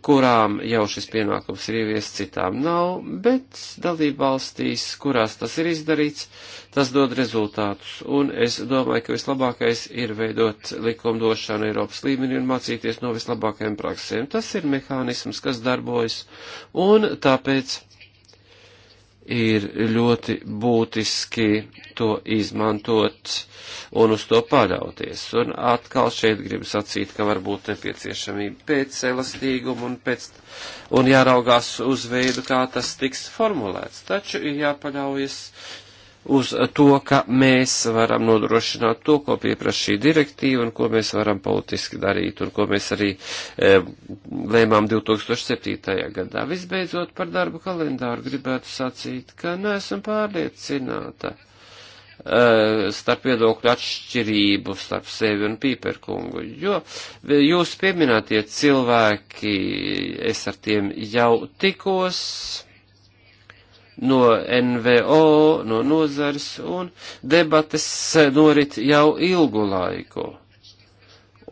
kurām jau šis pienākums ir ieviests, citām nav, bet dalībvalstīs, kurās tas ir izdarīts, tas dod rezultātus. Un es domāju, ka vislabākais ir veidot likumdošanu Eiropas līmenī un mācīties no vislabākajiem praksēm. Tas ir mehānisms, kas darbojas, un tāpēc ir ļoti būtiski to izmantot un uz to paļauties. Un atkal šeit gribu sacīt, ka varbūt nepieciešamība pēc elastīguma un, pēc, un jāraugās uz veidu, kā tas tiks formulēts. Taču ir jāpaļaujas uz to, ka mēs varam nodrošināt to, ko pieprasa šī direktīva un ko mēs varam politiski darīt un ko mēs arī e, lēmām 2007. gadā. Visbeidzot par darbu kalendāru gribētu sacīt, ka neesam pārliecināta e, starp viedokļu atšķirību starp sevi un pīperkungu, jo jūs pieminētie cilvēki, es ar tiem jau tikos, no NVO, no nozares, un debates norit jau ilgu laiku.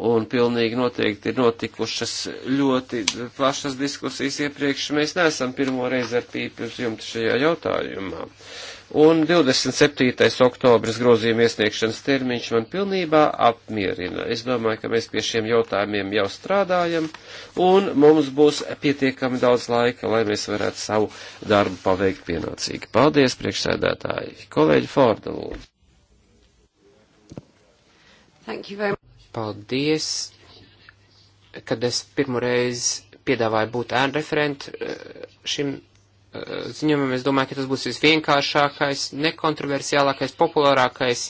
Un pilnīgi noteikti ir notikušas ļoti plašas diskusijas iepriekš. Mēs neesam pirmo reizi ar pīpi uz jumta šajā jautājumā. Uh, un 27. oktobris grozījuma iesniegšanas termiņš man pilnībā apmierina. Es domāju, ka mēs pie šiem jautājumiem jau strādājam, un mums būs pietiekami daudz laika, lai mēs varētu savu darbu paveikt pienācīgi. Paldies, priekšsēdētāji! Kolēģi Forda, lūdzu! Paldies, kad es pirmoreiz piedāvāju būt ēnreferentu eh, šim Eh, ziņojumam, es domāju, ka tas būs visvienkāršākais, nekontroversiālākais, populārākais,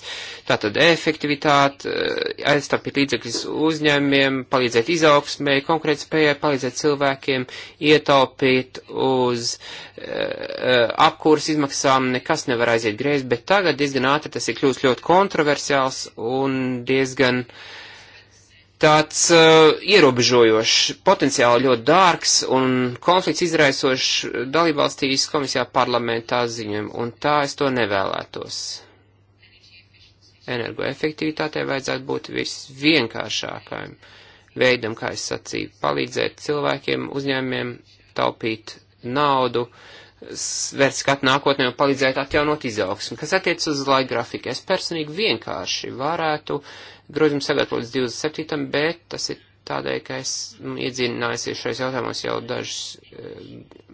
tātad efektivitāte, eh, aizstāpīt līdzekļus uzņēmumiem, palīdzēt izaugsmē, konkrēt spējai, palīdzēt cilvēkiem, ietaupīt uz uh, eh, apkūras izmaksām, nekas nevar aiziet greizi, bet tagad diezgan ātri tas ir kļūst ļoti kontroversiāls un diezgan uh, tāds uh, ierobežojošs, potenciāli ļoti dārgs un konflikts izraisošs dalībvalstīs komisijā parlamentā ziņojumu, un tā es to nevēlētos. Energoefektivitātei vajadzētu būt visvienkāršākajam veidam, kā es sacīju, palīdzēt cilvēkiem, uzņēmiem taupīt naudu, vērst skatu nākotnē un palīdzēt atjaunot izaugsmu. Kas attiec uz laika grafiku, es personīgi vienkārši varētu uh, grozījums sagatavot līdz 27. bet tas ir tādēļ, ka es nu, iedzinājusies šajos jautājumos jau dažus e,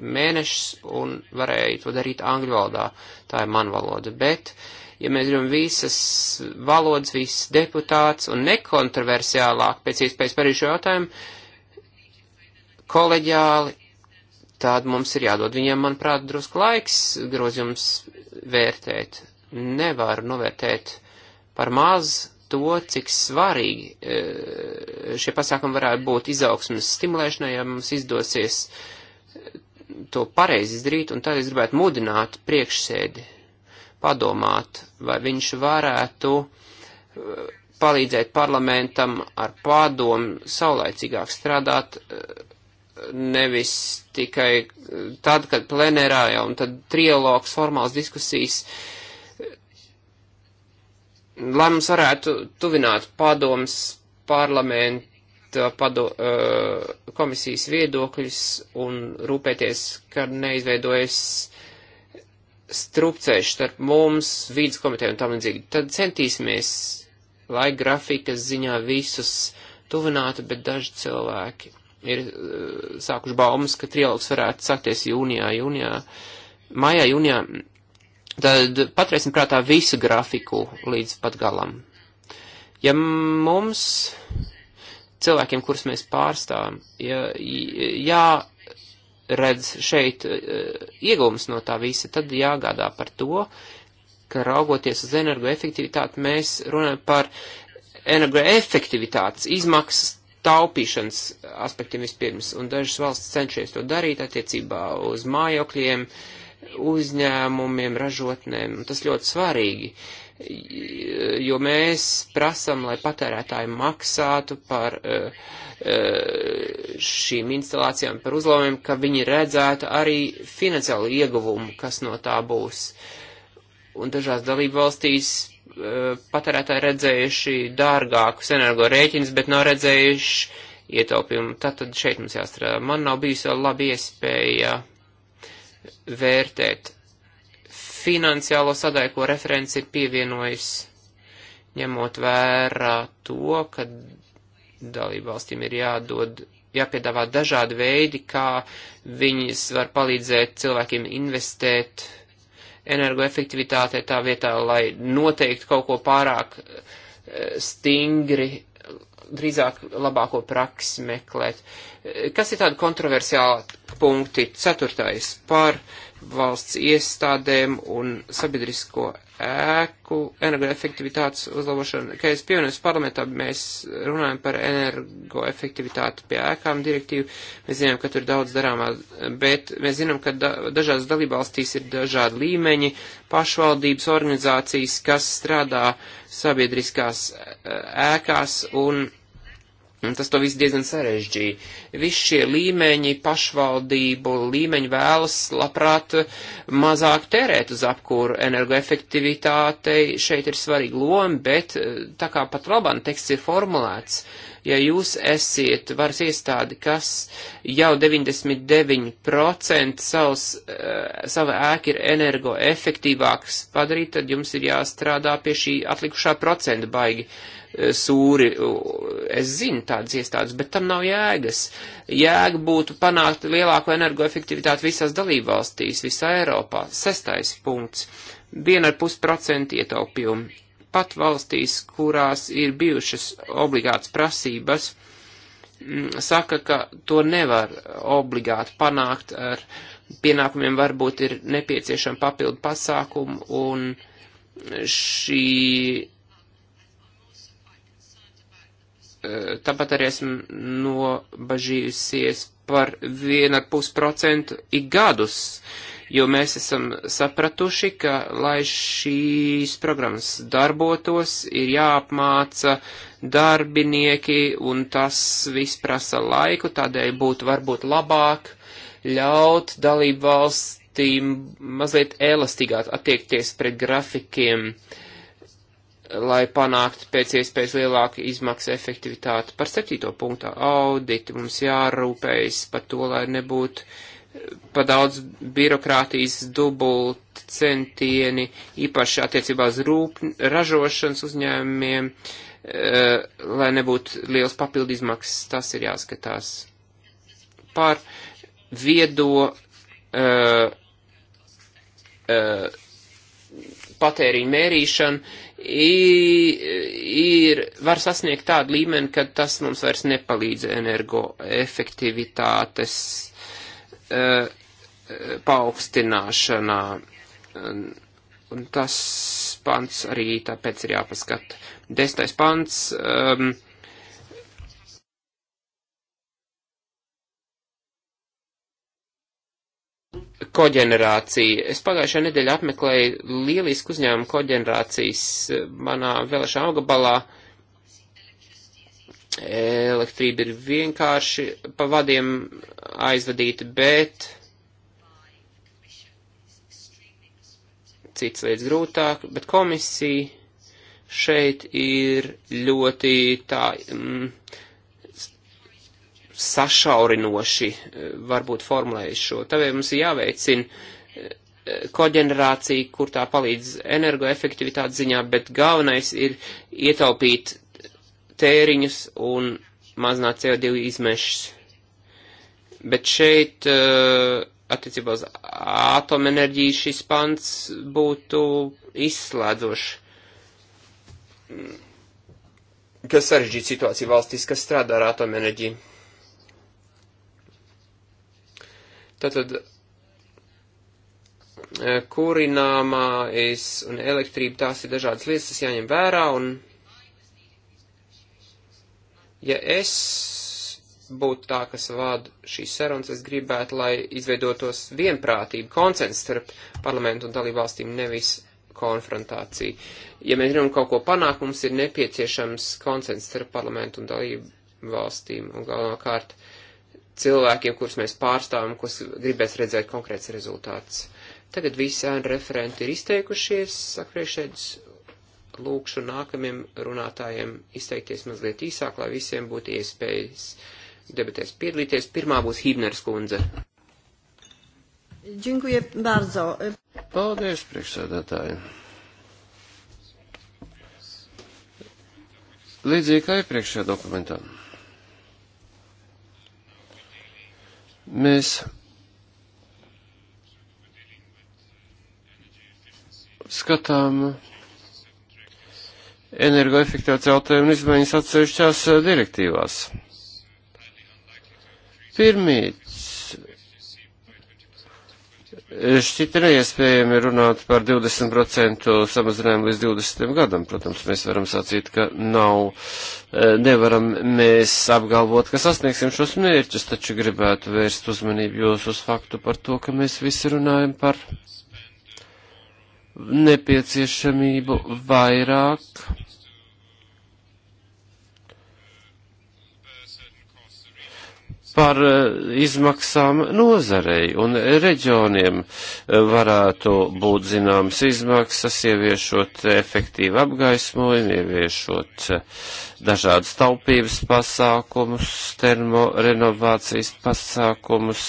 mēnešus un varēju to darīt angļu valodā. Tā ir mana valoda. Bet, ja mēs gribam visas valodas, visas deputāts un nekontroversiālāk pēc iespējas par šo jautājumu, koleģiāli, tad mums ir jādod viņiem, manuprāt, drusku laiks grozījums vērtēt. Nevar novērtēt par maz to, cik svarīgi eh, šie pasākumi varētu būt izaugsmas stimulēšanai, ja mums izdosies eh, to pareizi izdarīt, un tad es gribētu mudināt priekšsēdi padomāt, vai viņš varētu eh, palīdzēt parlamentam ar pādomu saulēcīgāk strādāt, nevis tikai tad, kad plenērā jau un tad trialogs, formāls diskusijas uh, lai mums varētu tuvināt padoms parlamenta pado, uh, komisijas viedokļus un rūpēties, ka neizveidojas strupceļš starp mums, vīdas komiteju un tam līdzīgi. Tad centīsimies, lai grafikas ziņā visus tuvinātu, bet daži cilvēki ir uh, sākuši baumas, ka trialogs varētu sākties jūnijā, jūnijā, maijā, jūnijā tad paturēsim prātā visu grafiku līdz pat galam. Ja mums, cilvēkiem, kurus mēs pārstāvam, ja, ja redz šeit e, iegūmas no tā visa, tad jāgādā par to, ka raugoties uz energoefektivitāti, mēs runājam par energoefektivitātes izmaksas taupīšanas aspektiem vispirms, un dažas valsts cenšies to darīt attiecībā uz mājokļiem, uh, uzņēmumiem, ražotnēm. Tas ļoti svarīgi, jo mēs prasam, lai patērētāji maksātu par eh, eh, šīm instalācijām, par uzlabojumiem, ka viņi redzētu arī finansiālu ieguvumu, kas no tā būs. Un dažās dalību valstīs eh, patērētāji redzējuši dārgākus energorēķinus, bet nav redzējuši ietaupījumu. Tātad šeit mums jāstrādā. Man nav bijusi vēl laba iespēja vērtēt finansiālo sadaļu, ko referents ir pievienojis, ņemot vērā to, ka dalībvalstīm ir jādod, jāpiedāvā dažādi veidi, kā viņas var palīdzēt cilvēkiem investēt energoefektivitātē tā vietā, lai noteikti kaut ko pārāk eh, stingri drīzāk labāko praksi meklēt. Kas ir tādi kontroversiāli punkti? Ceturtais par valsts iestādēm un sabiedrisko ēku energoefektivitātes uzlabošanu. Kā es pievienojos parlamentā, mēs runājam par energoefektivitāti pie ēkām direktīvu. Mēs zinām, ka tur ir daudz darāmā, bet mēs zinām, ka da dažās dalībvalstīs ir dažādi līmeņi, pašvaldības organizācijas, kas strādā uh, sabiedriskās eh, ēkās un Un tas to viss diezgan sarežģīja. Visi šie līmeņi, pašvaldību līmeņi vēlas labprāt mazāk tērēt uz apkūru. Energoefektivitātei šeit ir svarīga loma, bet eh, tā kā pat labāk teksts ir formulēts, uh, ja jūs esiet varas iestādi, kas jau 99% savs, eh, sava ēka ir energoefektīvāks padarīt, tad jums ir jāstrādā pie šī atlikušā procenta baigi eh, sūri. Es zinu tādas iestādes, bet tam nav jēgas. Jēga būtu panākt lielāko energoefektivitāti visās dalībvalstīs, visā Eiropā. Sestais punkts. 1,5% ietaupījumi pat valstīs, kurās ir bijušas obligātas prasības, mm, saka, ka to nevar obligāti panākt ar pienākumiem, varbūt ir nepieciešama papildu pasākumu un šī. E, tāpat arī esmu nobažījusies par 1,5% ik gadus uh, jo mēs esam sapratuši, ka, lai šīs programmas darbotos, ir jāapmāca darbinieki, un tas viss prasa laiku, tādēļ būtu varbūt labāk ļaut dalību valstīm mazliet elastīgāk attiekties pret grafikiem. Uh, lai panāktu pēc iespējas lielāku izmaksu efektivitāti. Par septīto punktu auditi mums jārūpējas par to, lai nebūtu pa daudz birokrātijas dubult centieni, īpaši attiecībā uz rūp, ražošanas uzņēmumiem, e, lai nebūtu liels papildu izmaksas, tas ir jāskatās. Par viedo e, e, patēriņu mērīšanu ir, var sasniegt tādu līmeni, ka tas mums vairs nepalīdz energoefektivitātes E, paaugstināšanā. Un tas pants arī tāpēc ir jāpaskata. Desmitais pants. Um, koģenerācija. Es pagājušajā nedēļā apmeklēju lielisku uzņēmumu koģenerācijas e, manā vēlēšana augabalā. Uh, elektrība ir vienkārši pa vadiem aizvadīta, bet cits lietas grūtāk, bet komisija šeit ir ļoti tā mm, sašaurinoši eh, varbūt formulējuši šo. Tāpēc mums ir jāveicina eh, koģenerācija, kur tā palīdz energoefektivitātes ziņā, bet galvenais ir ietaupīt tēriņus un mazināt CO2 izmešus. Bet šeit, eh, attiecībā uz atomenerģiju, šis pants būtu izslēdzošs. Kas sarežģīta situācija valstīs, kas strādā ar atomenerģiju? Tātad eh, kurināmā es un elektrība tās ir dažādas lietas, tas jāņem vērā un Ja es būtu tā, kas vada šīs sarunas, es gribētu, lai izveidotos vienprātība, konsens starp parlamentu un dalībvalstīm, nevis konfrontācija. Ja mēs gribam kaut ko panākt, mums ir nepieciešams konsens starp parlamentu un dalībvalstīm un galvenokārt cilvēkiem, kurus mēs pārstāvam, kurus gribēs redzēt konkrēts rezultāts. Tagad visi ēnu referenti ir izteikušies, saka priekšēdus lūkšu nākamiem runātājiem izteikties mazliet īsāk, lai visiem būtu iespējas debatēs piedalīties. Pirmā būs Hībners kundze. Dziękuję bardzo. Paldies, priekšsēdētāji. Līdzīgi kā iepriekšējā dokumentā. Mēs skatām energoefektivitātes jautājumu un izmaiņas atsevišķās eh, direktīvās. Pirmīt, šķita neiespējami runāt par 20% samazinājumu līdz 20. gadam. Protams, mēs varam sacīt, ka nav, eh, nevaram mēs apgalvot, ka sasniegsim šos mērķus, taču gribētu vērst uzmanību jūs uz faktu par to, ka mēs visi runājam par nepieciešamību vairāk par eh, izmaksām nozarei un reģioniem eh, varētu būt zināmas izmaksas, ieviešot efektīvu apgaismojumu, ieviešot eh, dažādas taupības pasākumus, termorenovācijas pasākumus,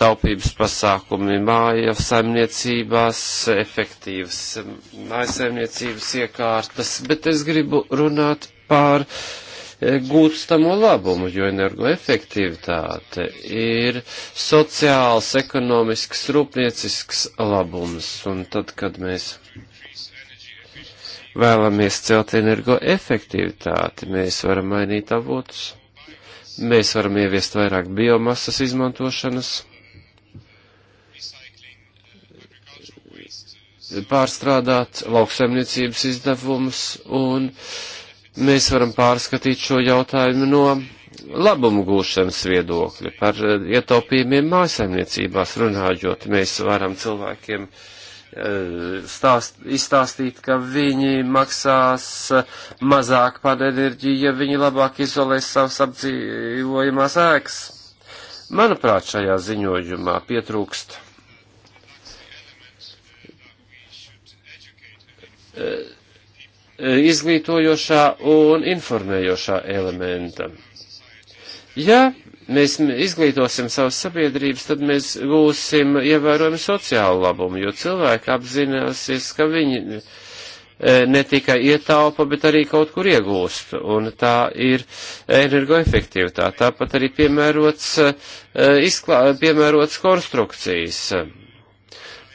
taupības pasākumi māja saimniecībās, efektīvas mm, mājasaimniecības iekārtas, bet es gribu runāt par uh, gūstamo labumu, jo energoefektivitāte ir sociāls, ekonomisks, rūpniecisks labums. Un tad, kad mēs vēlamies celt energoefektivitāti, mēs varam mainīt avotus, mēs varam ieviest vairāk biomasas izmantošanas. pārstrādāt lauksaimniecības izdevumus un uh, mēs varam pārskatīt šo jautājumu no labumu gūšanas viedokļa par eh, ietaupījumiem mājasaimniecībās runājot. Mēs varam cilvēkiem eh, stāst, izstāstīt, ka viņi maksās eh, mazāk par enerģiju, ja viņi labāk izolēs savas apdzīvojumās ēkas. Manuprāt, šajā ziņojumā pietrūkst. Uh, izglītojošā un informējošā elementa. Ja mēs izglītosim savas sabiedrības, tad mēs gūsim ievērojumu sociālu labumu, jo cilvēki apzināsies, ka viņi e, ne tikai ietaupa, bet arī kaut kur iegūst, un tā ir energoefektivitāte. Tāpat arī piemērots, e, izklā, piemērots konstrukcijas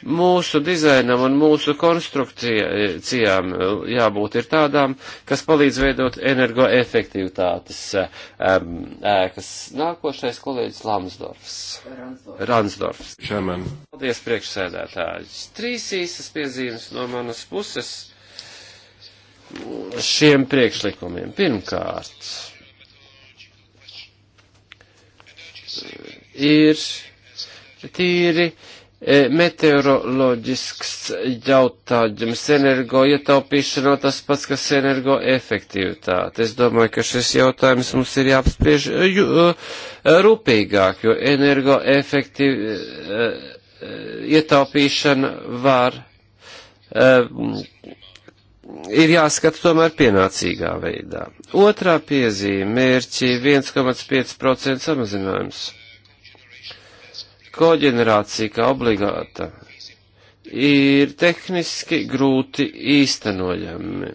mūsu dizainam un mūsu konstrukcijām eh, jābūt ir tādām, kas palīdz veidot energoefektivitātes ēkas. Nākošais kolēģis Lamsdorfs. Ransdorfs. Šemen. Paldies priekšsēdētājs. Trīs īsas piezīmes no manas puses šiem priekšlikumiem. Pirmkārt, ir tīri E, meteoroloģisks jautājums, energo ietaupīšana, tas pats, kas energo efektivitāte. Es domāju, ka šis jautājums mums ir jāapspriež e, jū, e, rūpīgāk, jo energo efektiv, ietaupīšana var, ir jāskata tomēr pienācīgā veidā. Otrā piezīme - mērķi 1,5% samazinājums koģenerācija kā obligāta ir tehniski grūti īstenojami.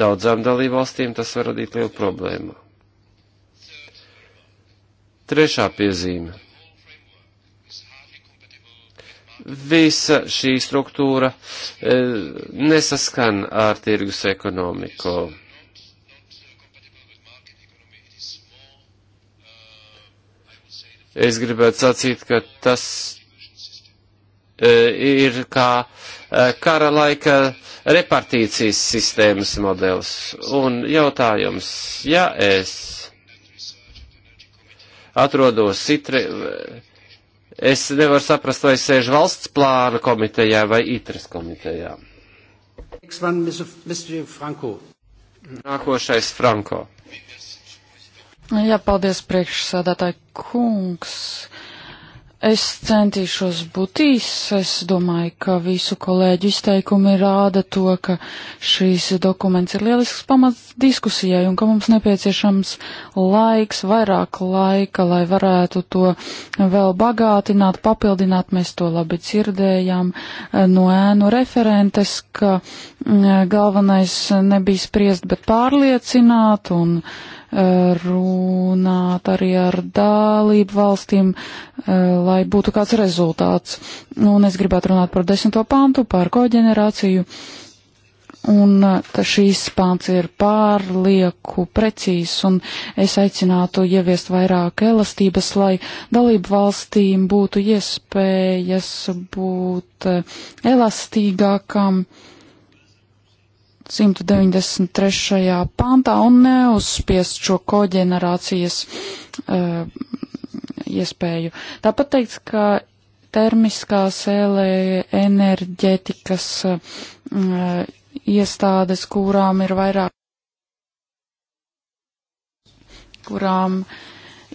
Daudzām dalībvalstīm tas var radīt lielu problēmu. Trešā piezīme. Visa šī struktūra e, nesaskan ar tirgus ekonomiku. Es gribētu sacīt, ka tas e, ir kā e, kara laika repartīcijas sistēmas modelis. Un jautājums, ja es atrodos citre, es nevaru saprast, vai sēž valsts plāna komitejā vai itres komitejā. Nākošais Franko. Jā, paldies priekšsādātāji kungs. Es centīšos būt īs. Es domāju, ka visu kolēģu izteikumi rāda to, ka šīs dokuments ir lielisks pamats diskusijai un ka mums nepieciešams laiks, vairāk laika, lai varētu to vēl bagātināt, papildināt. Mēs to labi dzirdējām no ēnu referentes, ka mm, galvenais nebija spriest, bet pārliecināt un. Uh, runāt arī ar dalību valstīm, eh, lai būtu kāds rezultāts. Un es gribētu runāt par desmito pantu, par koģenerāciju. Un eh, šīs pāns ir pārlieku precīzs, un es aicinātu ieviest vairāk elastības, lai dalību valstīm būtu iespējas būt eh, elastīgākam. Uh, 193. pāntā un neuzspiest šo koģenerācijas uh, iespēju. Tāpat teikts, ka termiskās enerģētikas uh, e, iestādes, kurām ir vairāk, kurām uh,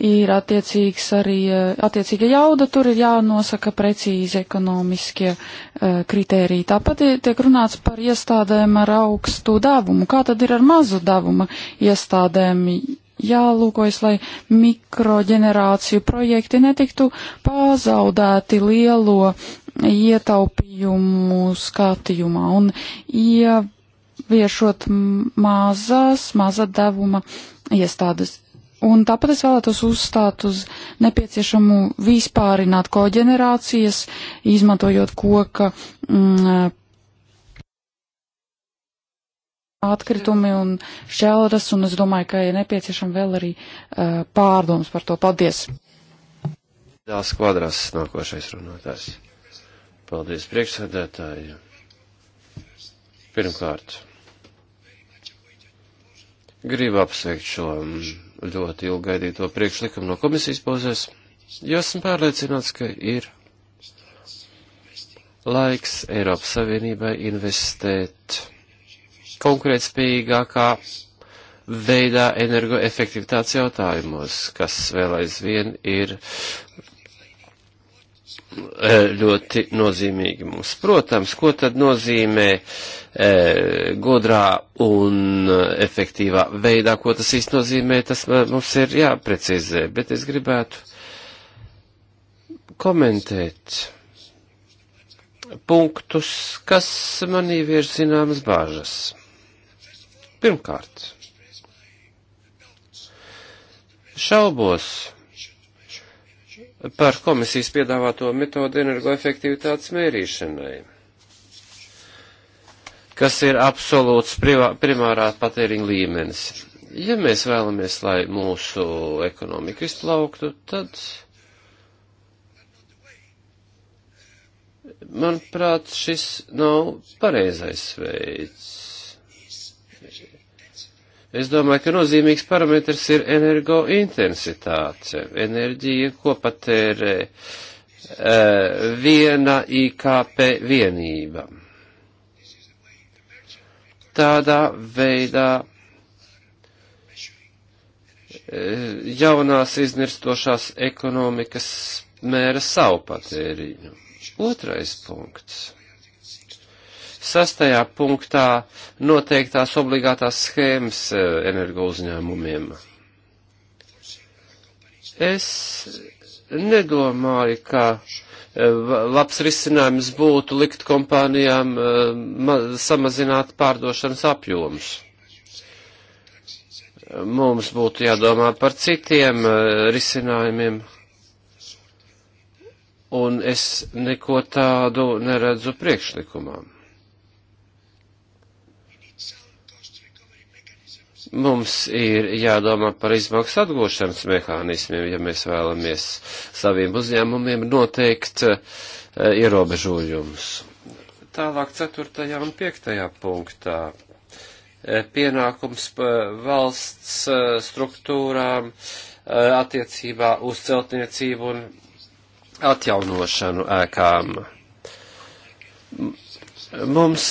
ir attiecīgs arī eh, attiecīga jauda, tur ir jānosaka precīzi ekonomiskie uh, kritēriji. Tāpat tiek runāts par iestādēm ar augstu devumu. Kā tad ir ar mazu devuma iestādēm? Jālūkojas, lai mikroģenerāciju projekti netiktu pazaudēti lielo ietaupījumu skatījumā un ieviešot mazas, maza devuma iestādes Un tāpat es vēlētos uzstāt uz nepieciešamu vispārināt koģenerācijas, izmantojot koka mm, eh, atkritumi un šķelras, un es domāju, ka ir nepieciešama vēl arī uh, pārdoms par to. Paldies! Dās kvadrās nākošais runātājs. Paldies priekšsēdētāji. Pirmkārt, gribu apsveikt šo. Um, ļoti ilgi gaidīto priekšlikumu no komisijas puses, jo esmu pārliecināts, ka ir laiks Eiropas Savienībai investēt konkurētspējīgākā veidā energoefektivitātes jautājumos, kas vēl aizvien ir Eh, ļoti nozīmīgi mums. Protams, ko tad nozīmē e, godrā un efektīvā veidā, ko tas īsti nozīmē, tas mums ir jāprecizē, bet es gribētu komentēt punktus, kas manī ir zināmas bāžas. Pirmkārt, šaubos par komisijas piedāvāto metodu energoefektivitātes mērīšanai, kas ir absolūts privā, primārā patēriņa līmenis. Ja mēs vēlamies, lai mūsu ekonomika izplauktu, tad, manuprāt, šis nav pareizais veids. Es domāju, ka nozīmīgs parametrs ir energointensitāte, enerģija, ko patērē uh, viena IKP vienība. Tādā veidā e, jaunās iznirstošās ekonomikas mēra savu patēriņu. Otrais punkts sastajā punktā noteiktās obligātās schēmas e, energo uzņēmumiem. Es nedomāju, ka e, labs risinājums būtu likt kompānijām e, samazināt pārdošanas apjomus. Mums būtu jādomā par citiem risinājumiem, un es neko tādu neredzu priekšlikumām. Mums ir jādomā par izmaksu atgūšanas mehānismiem, ja mēs vēlamies saviem uzņēmumiem noteikt eh, ierobežojumus. Tālāk 4. un 5. punktā eh, pienākums eh, valsts struktūrām attiecībā uz celtniecību un atjaunošanu ēkām. Mums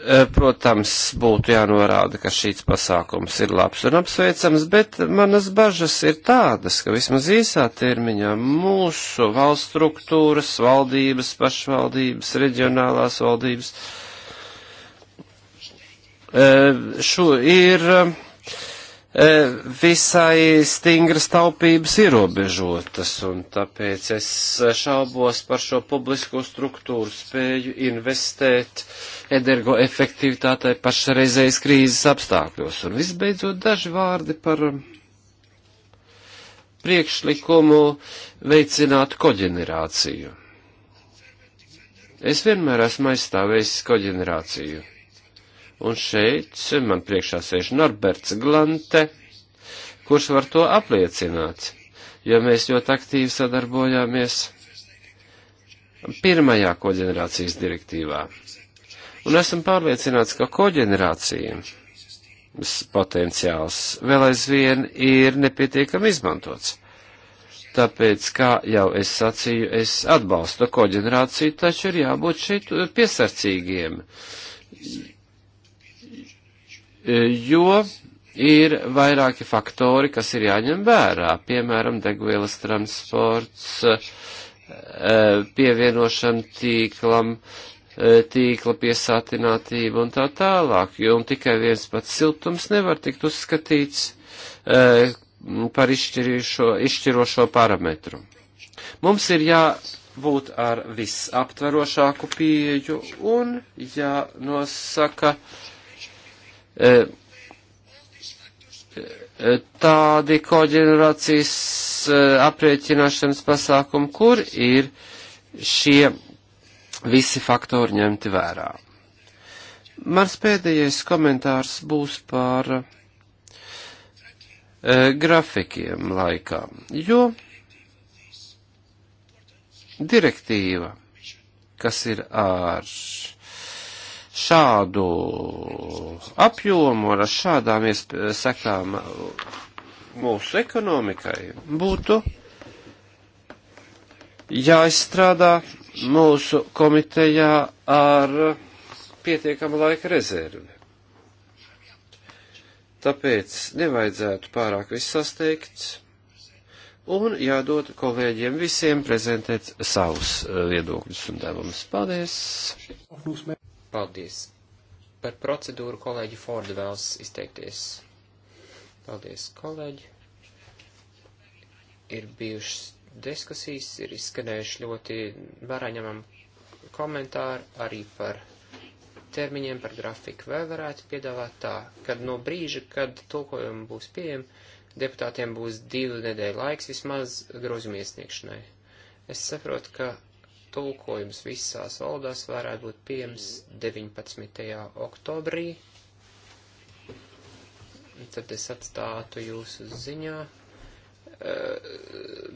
Eh, protams, būtu jānorāda, ka šīs pasākums ir labs un apsveicams, bet manas bažas ir tādas, ka vismaz īsā termiņā mūsu valsts struktūras, valdības, pašvaldības, reģionālās valdības eh, šo ir eh, E, visai stingras taupības ierobežotas, un tāpēc es šaubos par šo publisko struktūru spēju investēt energo efektivitātei pašreizējas krīzes apstākļos. Un visbeidzot daži vārdi par priekšlikumu veicināt koģenerāciju. Es vienmēr esmu aizstāvējis koģenerāciju Un šeit man priekšā sēž Norberts Glante, kurš var to apliecināt, jo mēs ļoti aktīvi sadarbojāmies pirmajā koģenerācijas direktīvā. Un esam pārliecināts, ka koģenerācija potenciāls vēl aizvien ir nepietiekami izmantots. Tāpēc, kā jau es sacīju, es atbalstu koģenerāciju, taču ir jābūt šeit piesardzīgiem, E, jo ir vairāki faktori, kas ir jāņem vērā, piemēram, degvielas transports, e, pievienošana tīklam, e, tīkla piesātinātība un tā tālāk, jo un tikai viens pats siltums nevar tikt uzskatīts par izšķirošo parametru. Mums ir jābūt ar visaptverošāku pieeju un jānosaka, ja tādi koģenerācijas e, aprēķināšanas pasākumi, kur ir šie visi faktori ņemti vērā. Mans pēdējais komentārs būs par e, grafikiem laikā, jo direktīva, kas ir ārš šādu apjomu un ar šādām sekām mūsu ekonomikai būtu jāizstrādā mūsu komitejā ar pietiekamu laika rezervi. Tāpēc nevajadzētu pārāk viss sasteigt un jādod kolēģiem visiem prezentēt savus eh, viedokļus un devumus. Paldies! Paldies. Par procedūru kolēģi Forda vēlas izteikties. Paldies, kolēģi. Ir bijušas diskusijas, ir izskanējuši ļoti vērāņemam komentāri arī par termiņiem, par grafiku. Vēl varētu piedāvāt tā, kad no brīža, kad tulkojumi būs pieejami, deputātiem būs divu nedēļu laiks vismaz grozuma iesniegšanai. Es saprotu, ka tulkojums visās valodās varētu būt pieejams 19. oktobrī. Tad es atstātu jūsu ziņā e,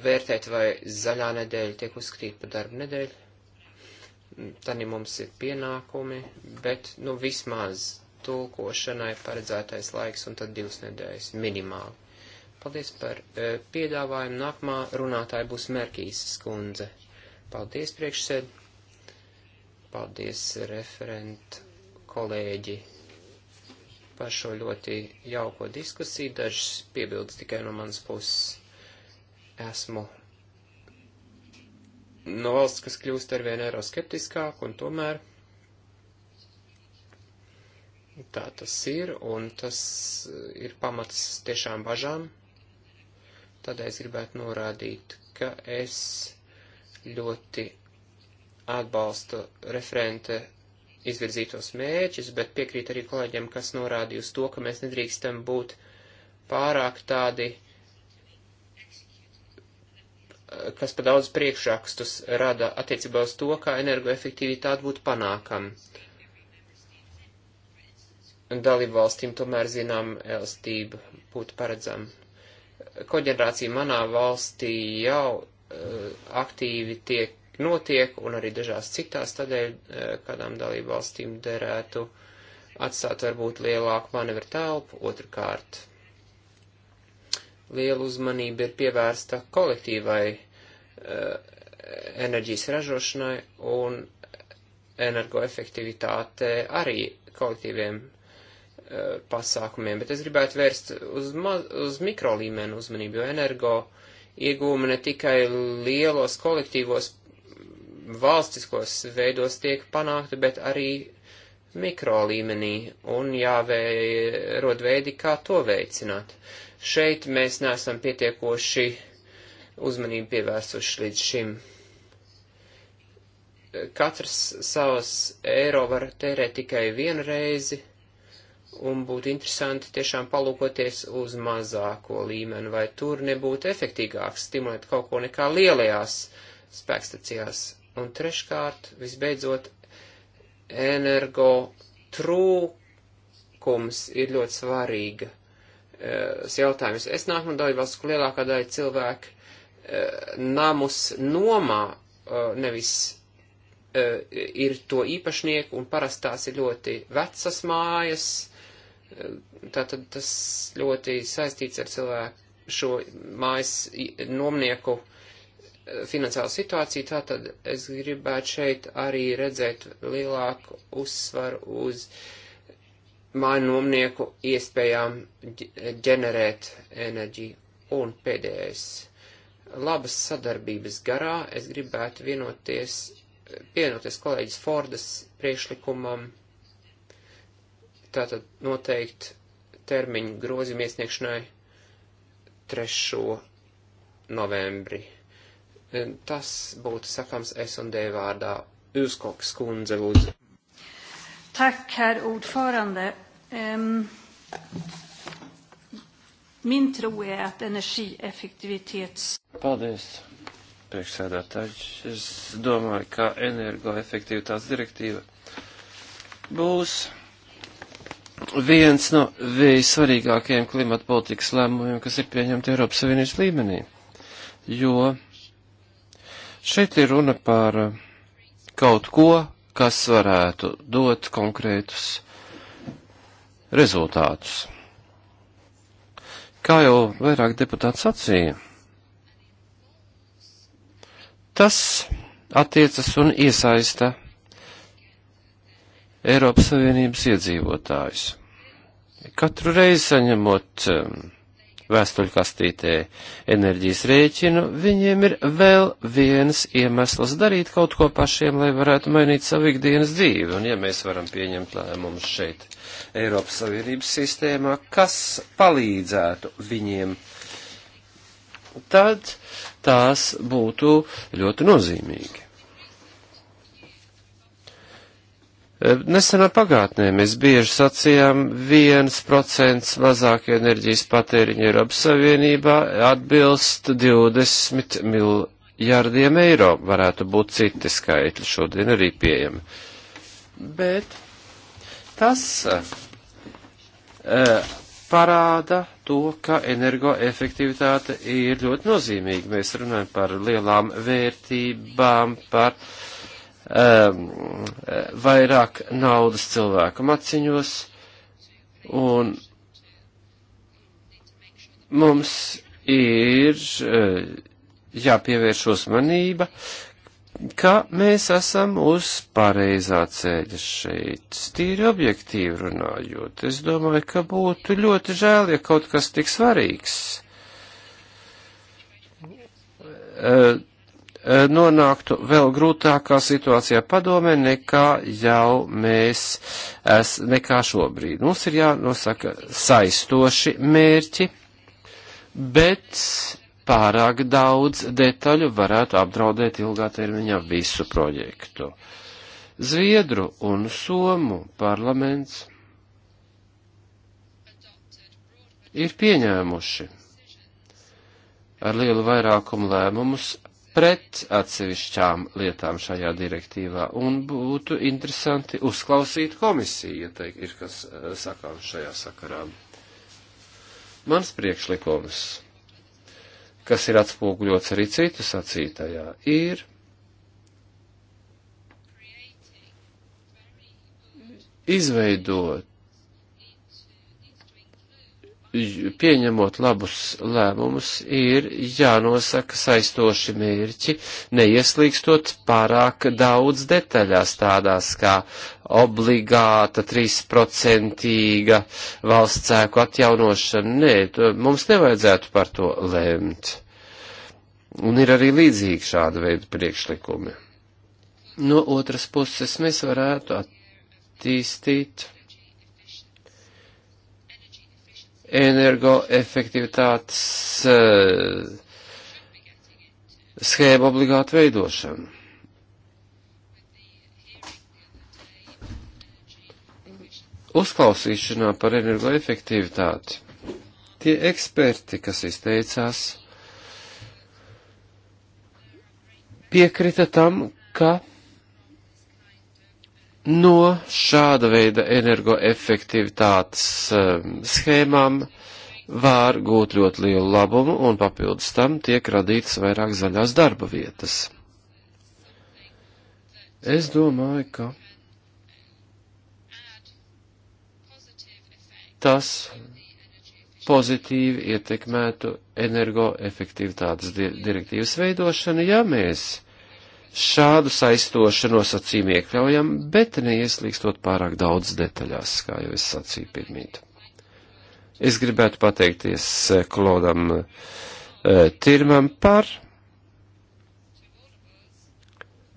vērtēt, vai zaļā nedēļa tiek uzskatīta par darba nedēļu. Mm, tad nu mums ir pienākumi, bet nu, vismaz tulkošanai paredzētais laiks un tad divas nedēļas minimāli. Paldies par e, piedāvājumu. Nākamā runātāja būs Merkīs skundze. Paldies, priekšsēd. Paldies, referent kolēģi, par šo ļoti jauko diskusiju. Dažas piebildes tikai no manas puses. Esmu no valsts, kas kļūst arvien eiroskeptiskāk, un tomēr tā tas ir, un tas ir pamats tiešām bažām. Tādēļ es gribētu norādīt, ka es ļoti atbalstu referente izvirzītos mērķus, bet piekrīt arī kolēģiem, kas norādīja uz to, ka mēs nedrīkstam būt pārāk tādi, kas pa daudz priekšrakstus rada attiecībā uz to, kā energoefektivitāte būtu panākama. Dalību valstīm tomēr zinām elastība būtu paredzama. Koģenerācija manā valstī jau Eh, aktīvi tiek, notiek un arī dažās citās, tādēļ eh, kādām dalību valstīm derētu atstāt varbūt lielāku manevru telpu. Otrakārt, liela uzmanība ir pievērsta kolektīvai eh, enerģijas ražošanai un energoefektivitāte arī kolektīviem pasākumiem, bet es gribētu vērst uz, maz, uz mikrolīmenu uzmanību, jo energo uh, iegūme ne tikai lielos kolektīvos valstiskos veidos tiek panākta, bet arī mikro līmenī un jārod veidi, kā to veicināt. Šeit mēs neesam pietiekoši uzmanību pievērsuši līdz šim. Katrs savas eiro var tērēt tikai vienu reizi un būtu interesanti tiešām palūkoties uz mazāko līmeni, vai tur nebūtu efektīgāk stimulēt kaut ko nekā lielajās spēkstacijās. Un treškārt, visbeidzot, energo trūkums ir ļoti svarīga es eh, jautājums. Es nāku no dalībvalsts, kur lielākā daļa cilvēku eh, namus nomā, eh, nevis ir to īpašnieku, un parasti tās ir ļoti vecas mājas, Tātad tas ļoti saistīts ar cilvēku šo mājas nomnieku eh, finansiālu situāciju, tātad es gribētu šeit arī redzēt lielāku uzsvaru uz māju nomnieku iespējām ģenerēt enerģiju. Un pēdējais labas sadarbības garā es gribētu vienoties, pienoties kolēģis Fordas priešlikumam tātad noteikt termiņu grozījumu iesniegšanai 3. novembri. E, tas būtu sakams S un D vārdā. Uskoks kundze, lūdzu. Tak, herr ordförande. Um, min tro ir, at energieffektivitets. Paldies, priekšsēdētāji. Es domāju, ka energoefektivitātes direktīva būs viens no vissvarīgākajiem klimata politikas lēmumiem, kas ir pieņemti Eiropas Savienības līmenī. Jo šeit ir runa par kaut ko, kas varētu dot konkrētus rezultātus. Kā jau vairāk deputāts sacīja, tas attiecas un iesaista Eiropas Savienības iedzīvotājus. Katru reizi saņemot um, vēstuļkastītē enerģijas rēķinu, viņiem ir vēl viens iemesls darīt kaut ko pašiem, lai varētu mainīt savu ikdienas dzīvi. Un ja mēs varam pieņemt lēmumus šeit, Eiropas Savienības sistēmā, kas palīdzētu viņiem, tad tās būtu ļoti nozīmīgi. Eh, nesenā pagātnē mēs bieži sacījām, viens procents mazāk enerģijas patēriņa Eiropas Savienībā atbilst 20 miljārdiem eiro, varētu būt citi skaitļi šodien arī pieejami. Bet tas uh, parāda to, ka energoefektivitāte ir ļoti nozīmīga. Mēs runājam par lielām vērtībām, par uh, um, vairāk naudas cilvēku maciņos, un mums ir uh, jāpievērš uzmanība, ka mēs esam uz pareizā ceļa šeit, tīri objektīvi runājot. Es domāju, ka būtu ļoti žēl, ja kaut kas tik svarīgs. Uh, Eh, nonāktu vēl grūtākā situācijā padomē nekā jau mēs, es, nekā šobrīd. Mums ir jānosaka saistoši mērķi, bet pārāk daudz detaļu varētu apdraudēt ilgā termiņā visu projektu. Zviedru un Somu parlaments ir pieņēmuši ar lielu vairākumu lēmumus pret atsevišķām lietām šajā direktīvā, un būtu interesanti uzklausīt komisiju, ja te ir kas eh, sakām šajā sakarā. Mans priekšlikums, kas ir atspoguļots arī citu sacītajā, ir izveidot pieņemot labus lēmumus, ir jānosaka saistoši mērķi, neieslīgstot pārāk daudz detaļās tādās kā obligāta 3% valsts cēku atjaunošana. Nē, to, mums nevajadzētu par to lēmt. Un ir arī līdzīgi šāda veida priekšlikumi. No otras puses mēs varētu attīstīt energoefektivitātes eh, schēmu obligātu veidošanu. Uzklausīšanā par energoefektivitāti. Tie eksperti, kas izteicās, piekrita tam, ka no šāda veida energoefektivitātes ehm, schēmām var gūt ļoti lielu labumu un papildus tam tiek radītas vairāk zaļās darba vietas. Es domāju, ka tas pozitīvi ietekmētu energoefektivitātes direktīvas veidošanu, ja mēs šādu saistošu nosacījumu iekļaujam, bet neieslīkstot pārāk daudz detaļās, kā jau es sacīju pirmīt. Es gribētu pateikties eh, Klodam e, Tirmam par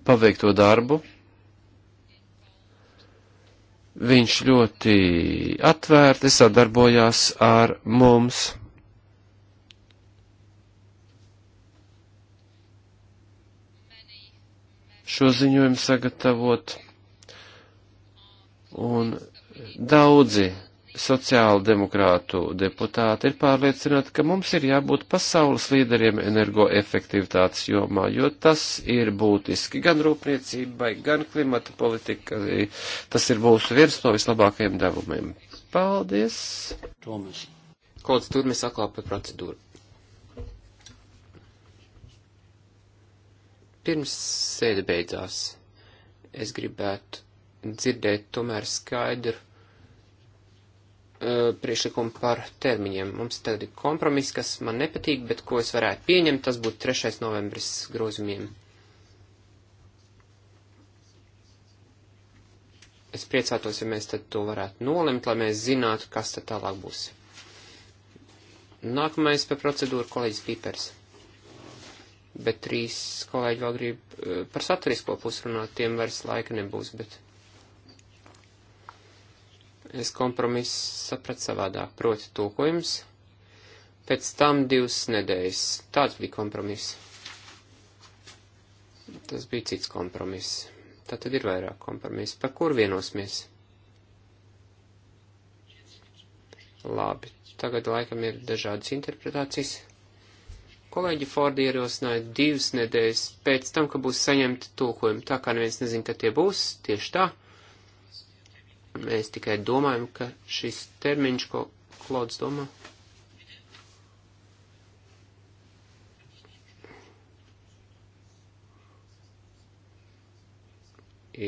paveikto darbu. Viņš ļoti atvērti sadarbojās ar mums. šo ziņojumu sagatavot. Un daudzi sociāla demokrātu deputāti ir pārliecināti, ka mums ir jābūt pasaules līderiem energoefektivitātes jomā, jo tas ir būtiski gan rūpniecībai, gan klimata politikai. Tas ir mūsu viens no vislabākajiem devumiem. Paldies! Tomas. Klods Turmis atklāja par procedūru. Pirms sēde beidzās, es gribētu dzirdēt tomēr skaidru uh, priekšlikumu par termiņiem. Mums tad ir kompromiss, kas man nepatīk, bet ko es varētu pieņemt, tas būtu 3. novembris grozumiem. es priecātos, ja mēs tad to varētu nolemt, lai mēs zinātu, kas tad tālāk būs. Nākamais par procedūru kolēģis Pīpers bet trīs kolēģi vēl grib eh, par saturisko pusi runāt, tiem vairs laika nebūs, bet es kompromisu sapratu savādāk, proti tūkojums, pēc tam divas nedēļas, tāds bija kompromiss. Tas bija cits kompromiss. Tā tad ir vairāk kompromisu. Par kur vienosimies? Labi, tagad laikam ir dažādas interpretācijas. Kolēģi Fordi ierosināja divas nedēļas pēc tam, ka būs saņemti tulkojumi. Tā kā neviens nezin, ka tie būs, tieši tā. Mēs tikai domājam, ka šis termiņš, ko Klods domā.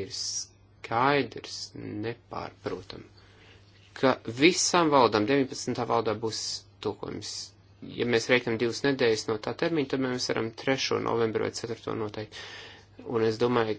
Ir skaidrs, nepārprotam, ka visām valdām 19. valdā būs tulkojums ja mēs reiknam divas nedēļas no tā termiņa, tad mēs varam 3. novembru vai 4. noteikti. Un es domāju,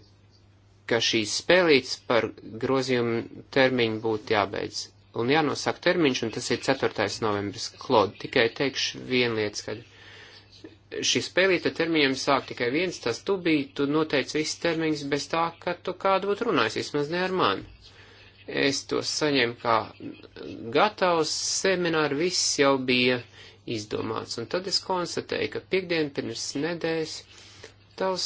ka šīs spēlītas par grozījumu termiņu būtu jābeidz. Un jānosaka termiņš, un tas ir 4. novembris. Klod, tikai teikšu vienu lietu, ka šī spēlīta termiņiem sāk tikai viens, tas tu biji, tu noteici viss termiņus bez tā, ka tu kādu būtu runājis, vismaz ne ar mani es to saņēmu kā gatavs, semināri viss jau bija izdomāts. Un tad es konstatēju, ka piekdien pirms nedēļas tavs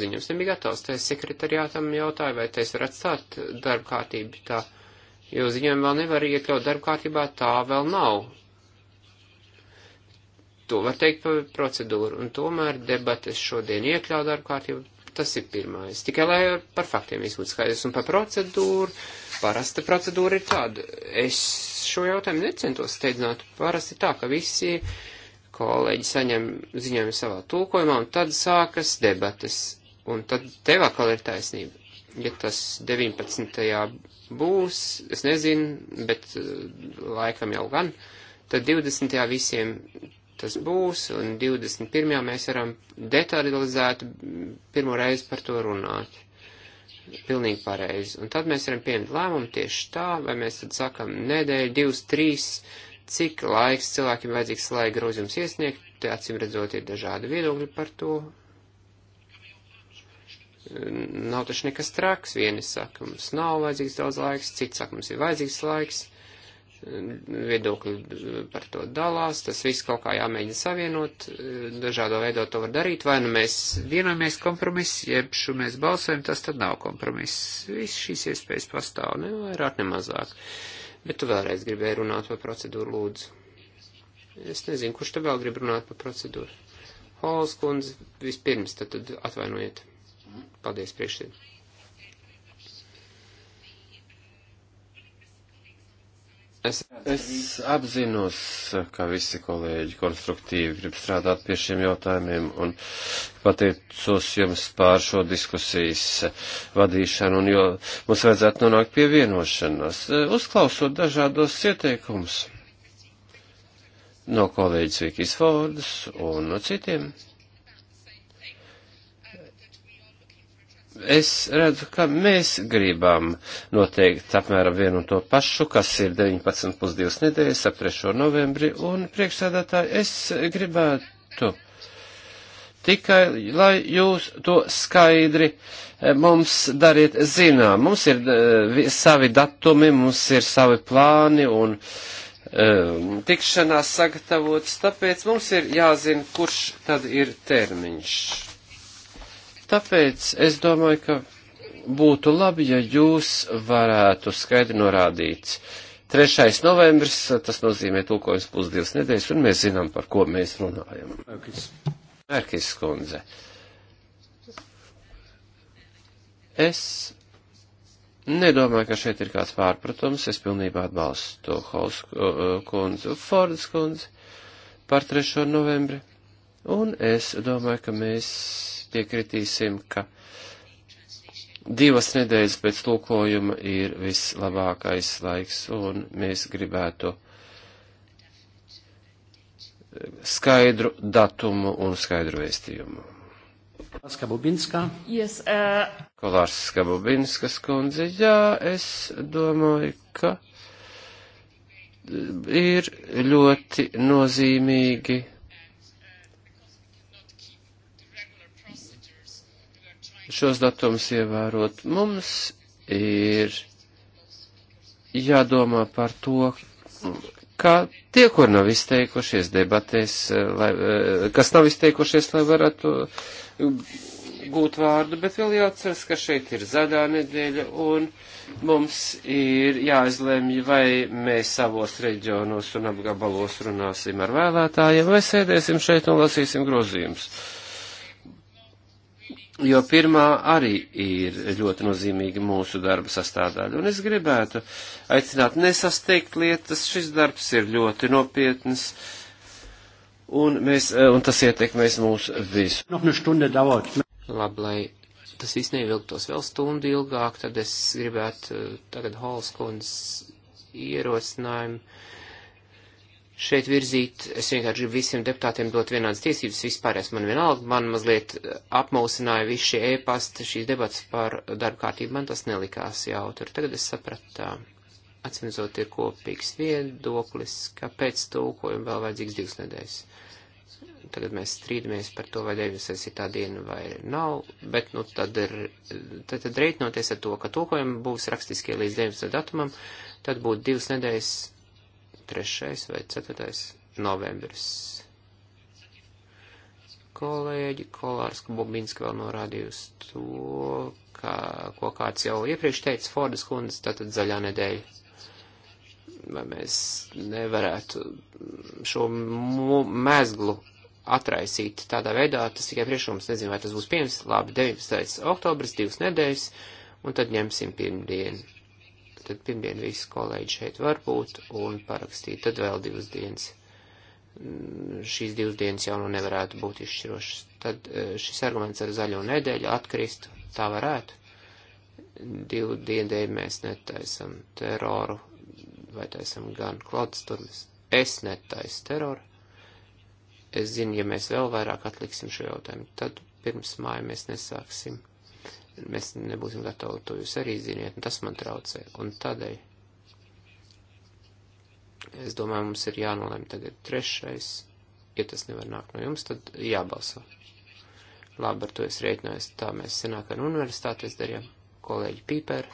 ziņums nebija gatavs. Tā es sekretariātam jautāju, vai tas var atstāt darba kārtību tā, jo ziņojumu vēl nevar iekļaut darba kārtībā, tā vēl nav. To var teikt par procedūru, un tomēr debates šodien iekļaut darba kārtību, tas ir pirmais. Tikai lai par faktiem izbūtu skaidrs, un par procedūru, parasta procedūra ir tāda. Es šo jautājumu necentos steidzināt. Parasti tā, ka visi kolēģi saņem ziņojumu savā tulkojumā, un tad sākas debates. Un tad tev atkal ir taisnība. Ja tas 19. būs, es nezinu, bet eh, laikam jau gan, tad 20. visiem tas būs, un 21. mēs varam detalizēt pirmo reizi par to runāt pilnīgi pareizi. Un tad mēs varam pieņemt lēmumu tieši tā, vai mēs tad sakam nedēļu, divas, trīs, cik laiks cilvēkiem vajadzīgs, lai grozījums iesniegt, te acīm redzot ir dažādi viedokļi par to. Nav taču nekas traks, vieni saka, mums nav vajadzīgs daudz laiks, cits saka, mums ir vajadzīgs laiks viedokļi par to dalās, tas viss kaut kā jāmēģina savienot, dažādo veidā to var darīt, vai nu mēs vienojamies kompromiss, jeb šo mēs balsojam, tas tad nav kompromiss. Viss šīs iespējas pastāv, ne vairāk, ne mazāk. Bet tu vēlreiz gribēji runāt par procedūru, lūdzu. Es nezinu, kurš te vēl grib runāt par procedūru. Hols kundze, vispirms, tad, tad atvainojiet. Paldies, priekšsēdētāji. Es, es apzinos, ka visi kolēģi konstruktīvi grib strādāt pie šiem jautājumiem un pateicos jums pār šo diskusijas vadīšanu, un jo mums vajadzētu nonākt pie vienošanās, uzklausot dažādos ieteikumus no kolēģis Vikijas Fordas un no citiem. es redzu, ka mēs gribam noteikt apmēram vienu un to pašu, kas ir 19,2 nedēļas ap 3. novembri, un priekšsēdētāji, es gribētu tikai, lai jūs to skaidri eh, mums dariet zinām. Mums ir eh, savi datumi, mums ir savi plāni un um, tikšanās sagatavots, tāpēc mums ir jāzina, kurš tad ir termiņš Tāpēc es domāju, ka būtu labi, ja jūs varētu skaidri norādīt. 3. novembris, tas nozīmē tulkojums plus divas nedēļas, un mēs zinām, par ko mēs runājam. Mērkis skundze. Es nedomāju, ka šeit ir kāds pārpratums, es pilnībā atbalstu Hols uh, uh, kundzu, Fordas kundzi par 3. novembri, un es domāju, ka mēs piekritīsim, ka divas nedēļas pēc tulkojuma ir vislabākais laiks, un mēs gribētu skaidru datumu un skaidru vēstījumu. Skabubinskā. Yes, uh... Kolārs Skabubinskas kundze, jā, es domāju, ka ir ļoti nozīmīgi šos datumus ievērot. Mums ir jādomā par to, kā tie, kur nav izteikušies debatēs, eh, lai, eh, kas nav izteikušies, lai varētu eh, gūt vārdu, bet vēl jāatceras, ka šeit ir zaļā nedēļa un mums ir jāizlemj, vai mēs savos reģionos un apgabalos runāsim ar vēlētājiem, vai sēdēsim šeit un lasīsim grozījumus. Uh, jo pirmā arī ir ļoti nozīmīga mūsu darba sastāvdaļa. Un es gribētu aicināt nesasteigt lietas, šis darbs ir ļoti nopietns. Un, mēs, eh, un tas ietekmēs mūs visus. Labi, lai tas viss nevilktos vēl stundu ilgāk, tad es gribētu eh, tagad Holskundas ierosinājumu šeit virzīt. Es vienkārši gribu visiem deputātiem dot vienādas tiesības, vispār es man vienalga, man mazliet apmausināja visi šie ēpasti, e šīs debats par darba kārtību, man tas nelikās jau tur. Tagad es sapratu tā. Atcīmzot, ir kopīgs viedoklis, ka pēc tulkojuma vēl vajadzīgs divas nedēļas. Tagad mēs strīdamies par to, vai 90 ir tā diena vai nav, bet nu, tad, ir, tad, tad reitinoties ar to, ka tulkojumi būs rakstiskie līdz 90 datumam, tad būtu divas nedēļas 3. vai 4. novembris. Kolēģi Kolārska Bobinska vēl norādījusi to, ka, ko kāds jau iepriekš teica Fordas kundze, tātad zaļā nedēļa. Vai mēs nevarētu šo mēzglu atraisīt tādā veidā, tas tikai priekšums, nezinu, vai tas būs pieņems, labi, 19. oktobris, divas nedēļas, un tad ņemsim pirmdienu. Tad pirmdien visi kolēģi šeit var būt un parakstīt. Tad vēl divas dienas. Mm, šīs divas dienas jau nu nevarētu būt izšķirošas. Tad e, šis arguments ar zaļo nedēļu atkrist, tā varētu. Divu dienu dēļ mēs netaisam teroru, vai taisam gan klātsturmes. Es netaisu teroru. Es zinu, ja mēs vēl vairāk atliksim šo jautājumu, tad pirms māja mēs nesāksim mēs nebūsim gatavi to jūs arī ziniet, un tas man traucē. Un tādēļ, es domāju, mums ir jānolēm tagad trešais, ja tas nevar nākt no jums, tad jābalso. Labi, ar to es rēķinājos, tā mēs senākajā universitātēs darījām, kolēģi Pīper.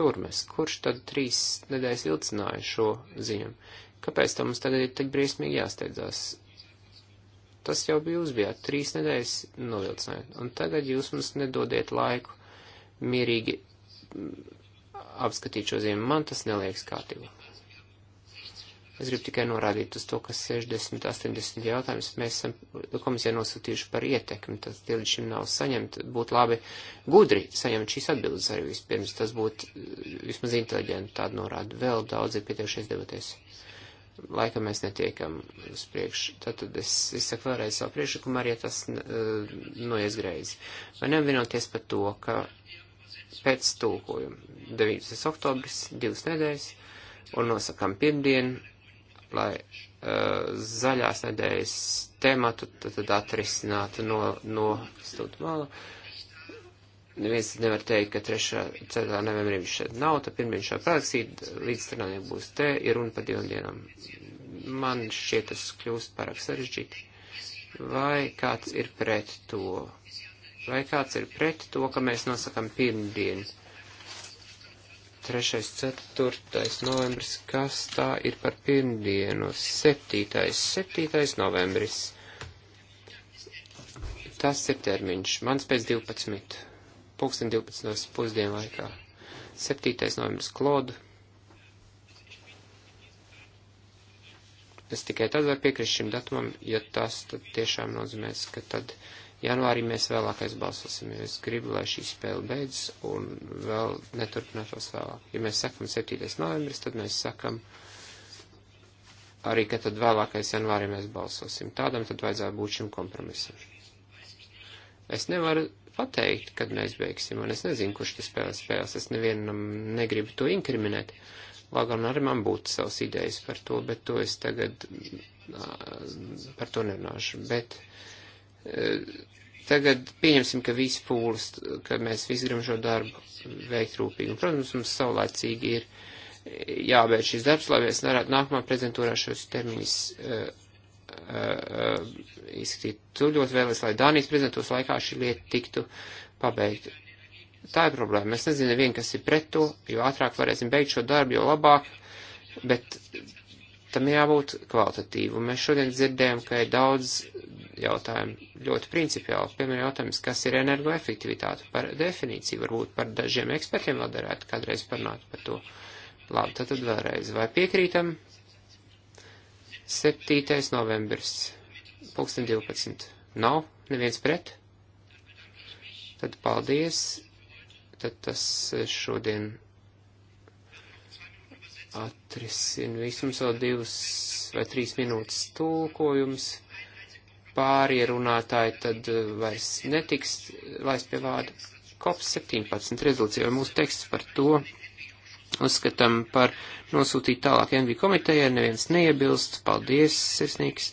Tur mēs, kurš tad trīs nedēļas vilcināja šo ziņu? Kāpēc tam mums tagad ir tik briesmīgi jāsteidzās? Tas jau bija uzbijāt, trīs nedēļas novilcinājāt, un tagad jūs mums nedodiet laiku mierīgi mm, apskatīt šo ziemu. Man tas neliekas kārtīgi. Es gribu tikai norādīt uz to, ka 60, 80 jautājumus mēs esam komisijai nosūtījuši par ietekmi, tas tie līdz šim nav saņemt, būtu labi gudri saņemt šīs atbildes arī vispirms, tas būtu mm, vismaz inteliģenti tāda norāda. Vēl daudz ir pietiekušies debatēs laikam mēs netiekam uz priekšu. Tātad es izsaku vēlreiz savu priekšlikumu, arī ja tas uh, noies greizi. Vai nevienoties par to, ka pēc tulkojuma 9. oktobris, divas nedēļas, un nosakam pirmdienu, lai uh, zaļās nedēļas tematu tad atrisinātu no, no stūta malu. Uh, neviens nevar teikt, ka 3. ceturtā novembrī viņš šeit nav, tad pirmdien šā paraksīt, līdz strādājiem būs te, ir runa par divām dienām. Man šķiet tas kļūst pārāk sarežģīti. Vai kāds ir pret to? Vai kāds ir pret to, ka mēs nosakam pirmdienu? 3. 4. novembris, kas tā ir par pirmdienu? 7. 7. novembris. Tas ir termiņš. Mans pēc 12 pulksten 12. pusdienu laikā. 7. novembris Klodu. Es tikai tad varu piekrist šim datumam, ja tas tad tiešām nozīmēs, ka tad janvārī mēs vēlākais balsosim, jo es gribu, lai šī spēle beidzas un vēl neturpinātos vēlāk. Ja mēs sakam 7. novembris, tad mēs sakam arī, ka tad vēlākais janvārī mēs balsosim. Tādam tad vajadzētu būt šim kompromisam. Es nevaru pateikt, kad mēs beigsim, un es nezinu, kurš tas spēles spēles, es nevienam negribu to inkriminēt. Lai gan arī man būtu savas idejas par to, bet to es tagad par to nerunāšu. Bet tagad pieņemsim, ka visi pūlis, ka mēs visi gribam šo darbu veikt rūpīgi. Un, protams, mums saulēcīgi ir jābeidz šis darbs, lai mēs varētu nākamā prezentūrā šos termiņus uh, Uh, uh, izskatīt. Tu ļoti vēlies, lai Dānijas prezidentūras laikā šī lieta tiktu pabeigta. Tā ir problēma. Mēs nezinām vien, kas ir pret to, jo ātrāk varēsim beigt šo darbu, jo labāk, bet tam jābūt kvalitatīvu. Mēs šodien dzirdējam, ka ir daudz jautājumu ļoti principiāli. Piemēram, jautājums, kas ir energoefektivitāte par definīciju, varbūt par dažiem ekspertiem vēl darētu kādreiz parunāt par to. Labi, tad, tad vēlreiz, vai piekrītam 7. novembris, 2012. Nav neviens pret? Tad paldies, tad tas eh, šodien atrisina visums vēl divas vai trīs minūtes tulkojums. Pārie runātāji tad eh, vairs netiks laist pie vārda. COP17 rezolūcija vai mūsu teksts par to, uzskatām par nosūtīt tālāk NV komitejai, neviens neiebilst, paldies, sirsnīgs,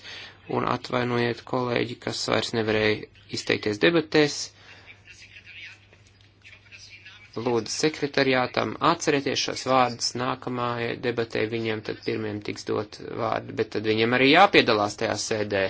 un atvainojiet kolēģi, kas vairs nevarēja izteikties debatēs. Lūdzu sekretariātam atcerieties šos vārdus, nākamajai debatē viņiem tad pirmiem tiks dot vārdi, bet tad viņiem arī jāpiedalās tajā sēdē.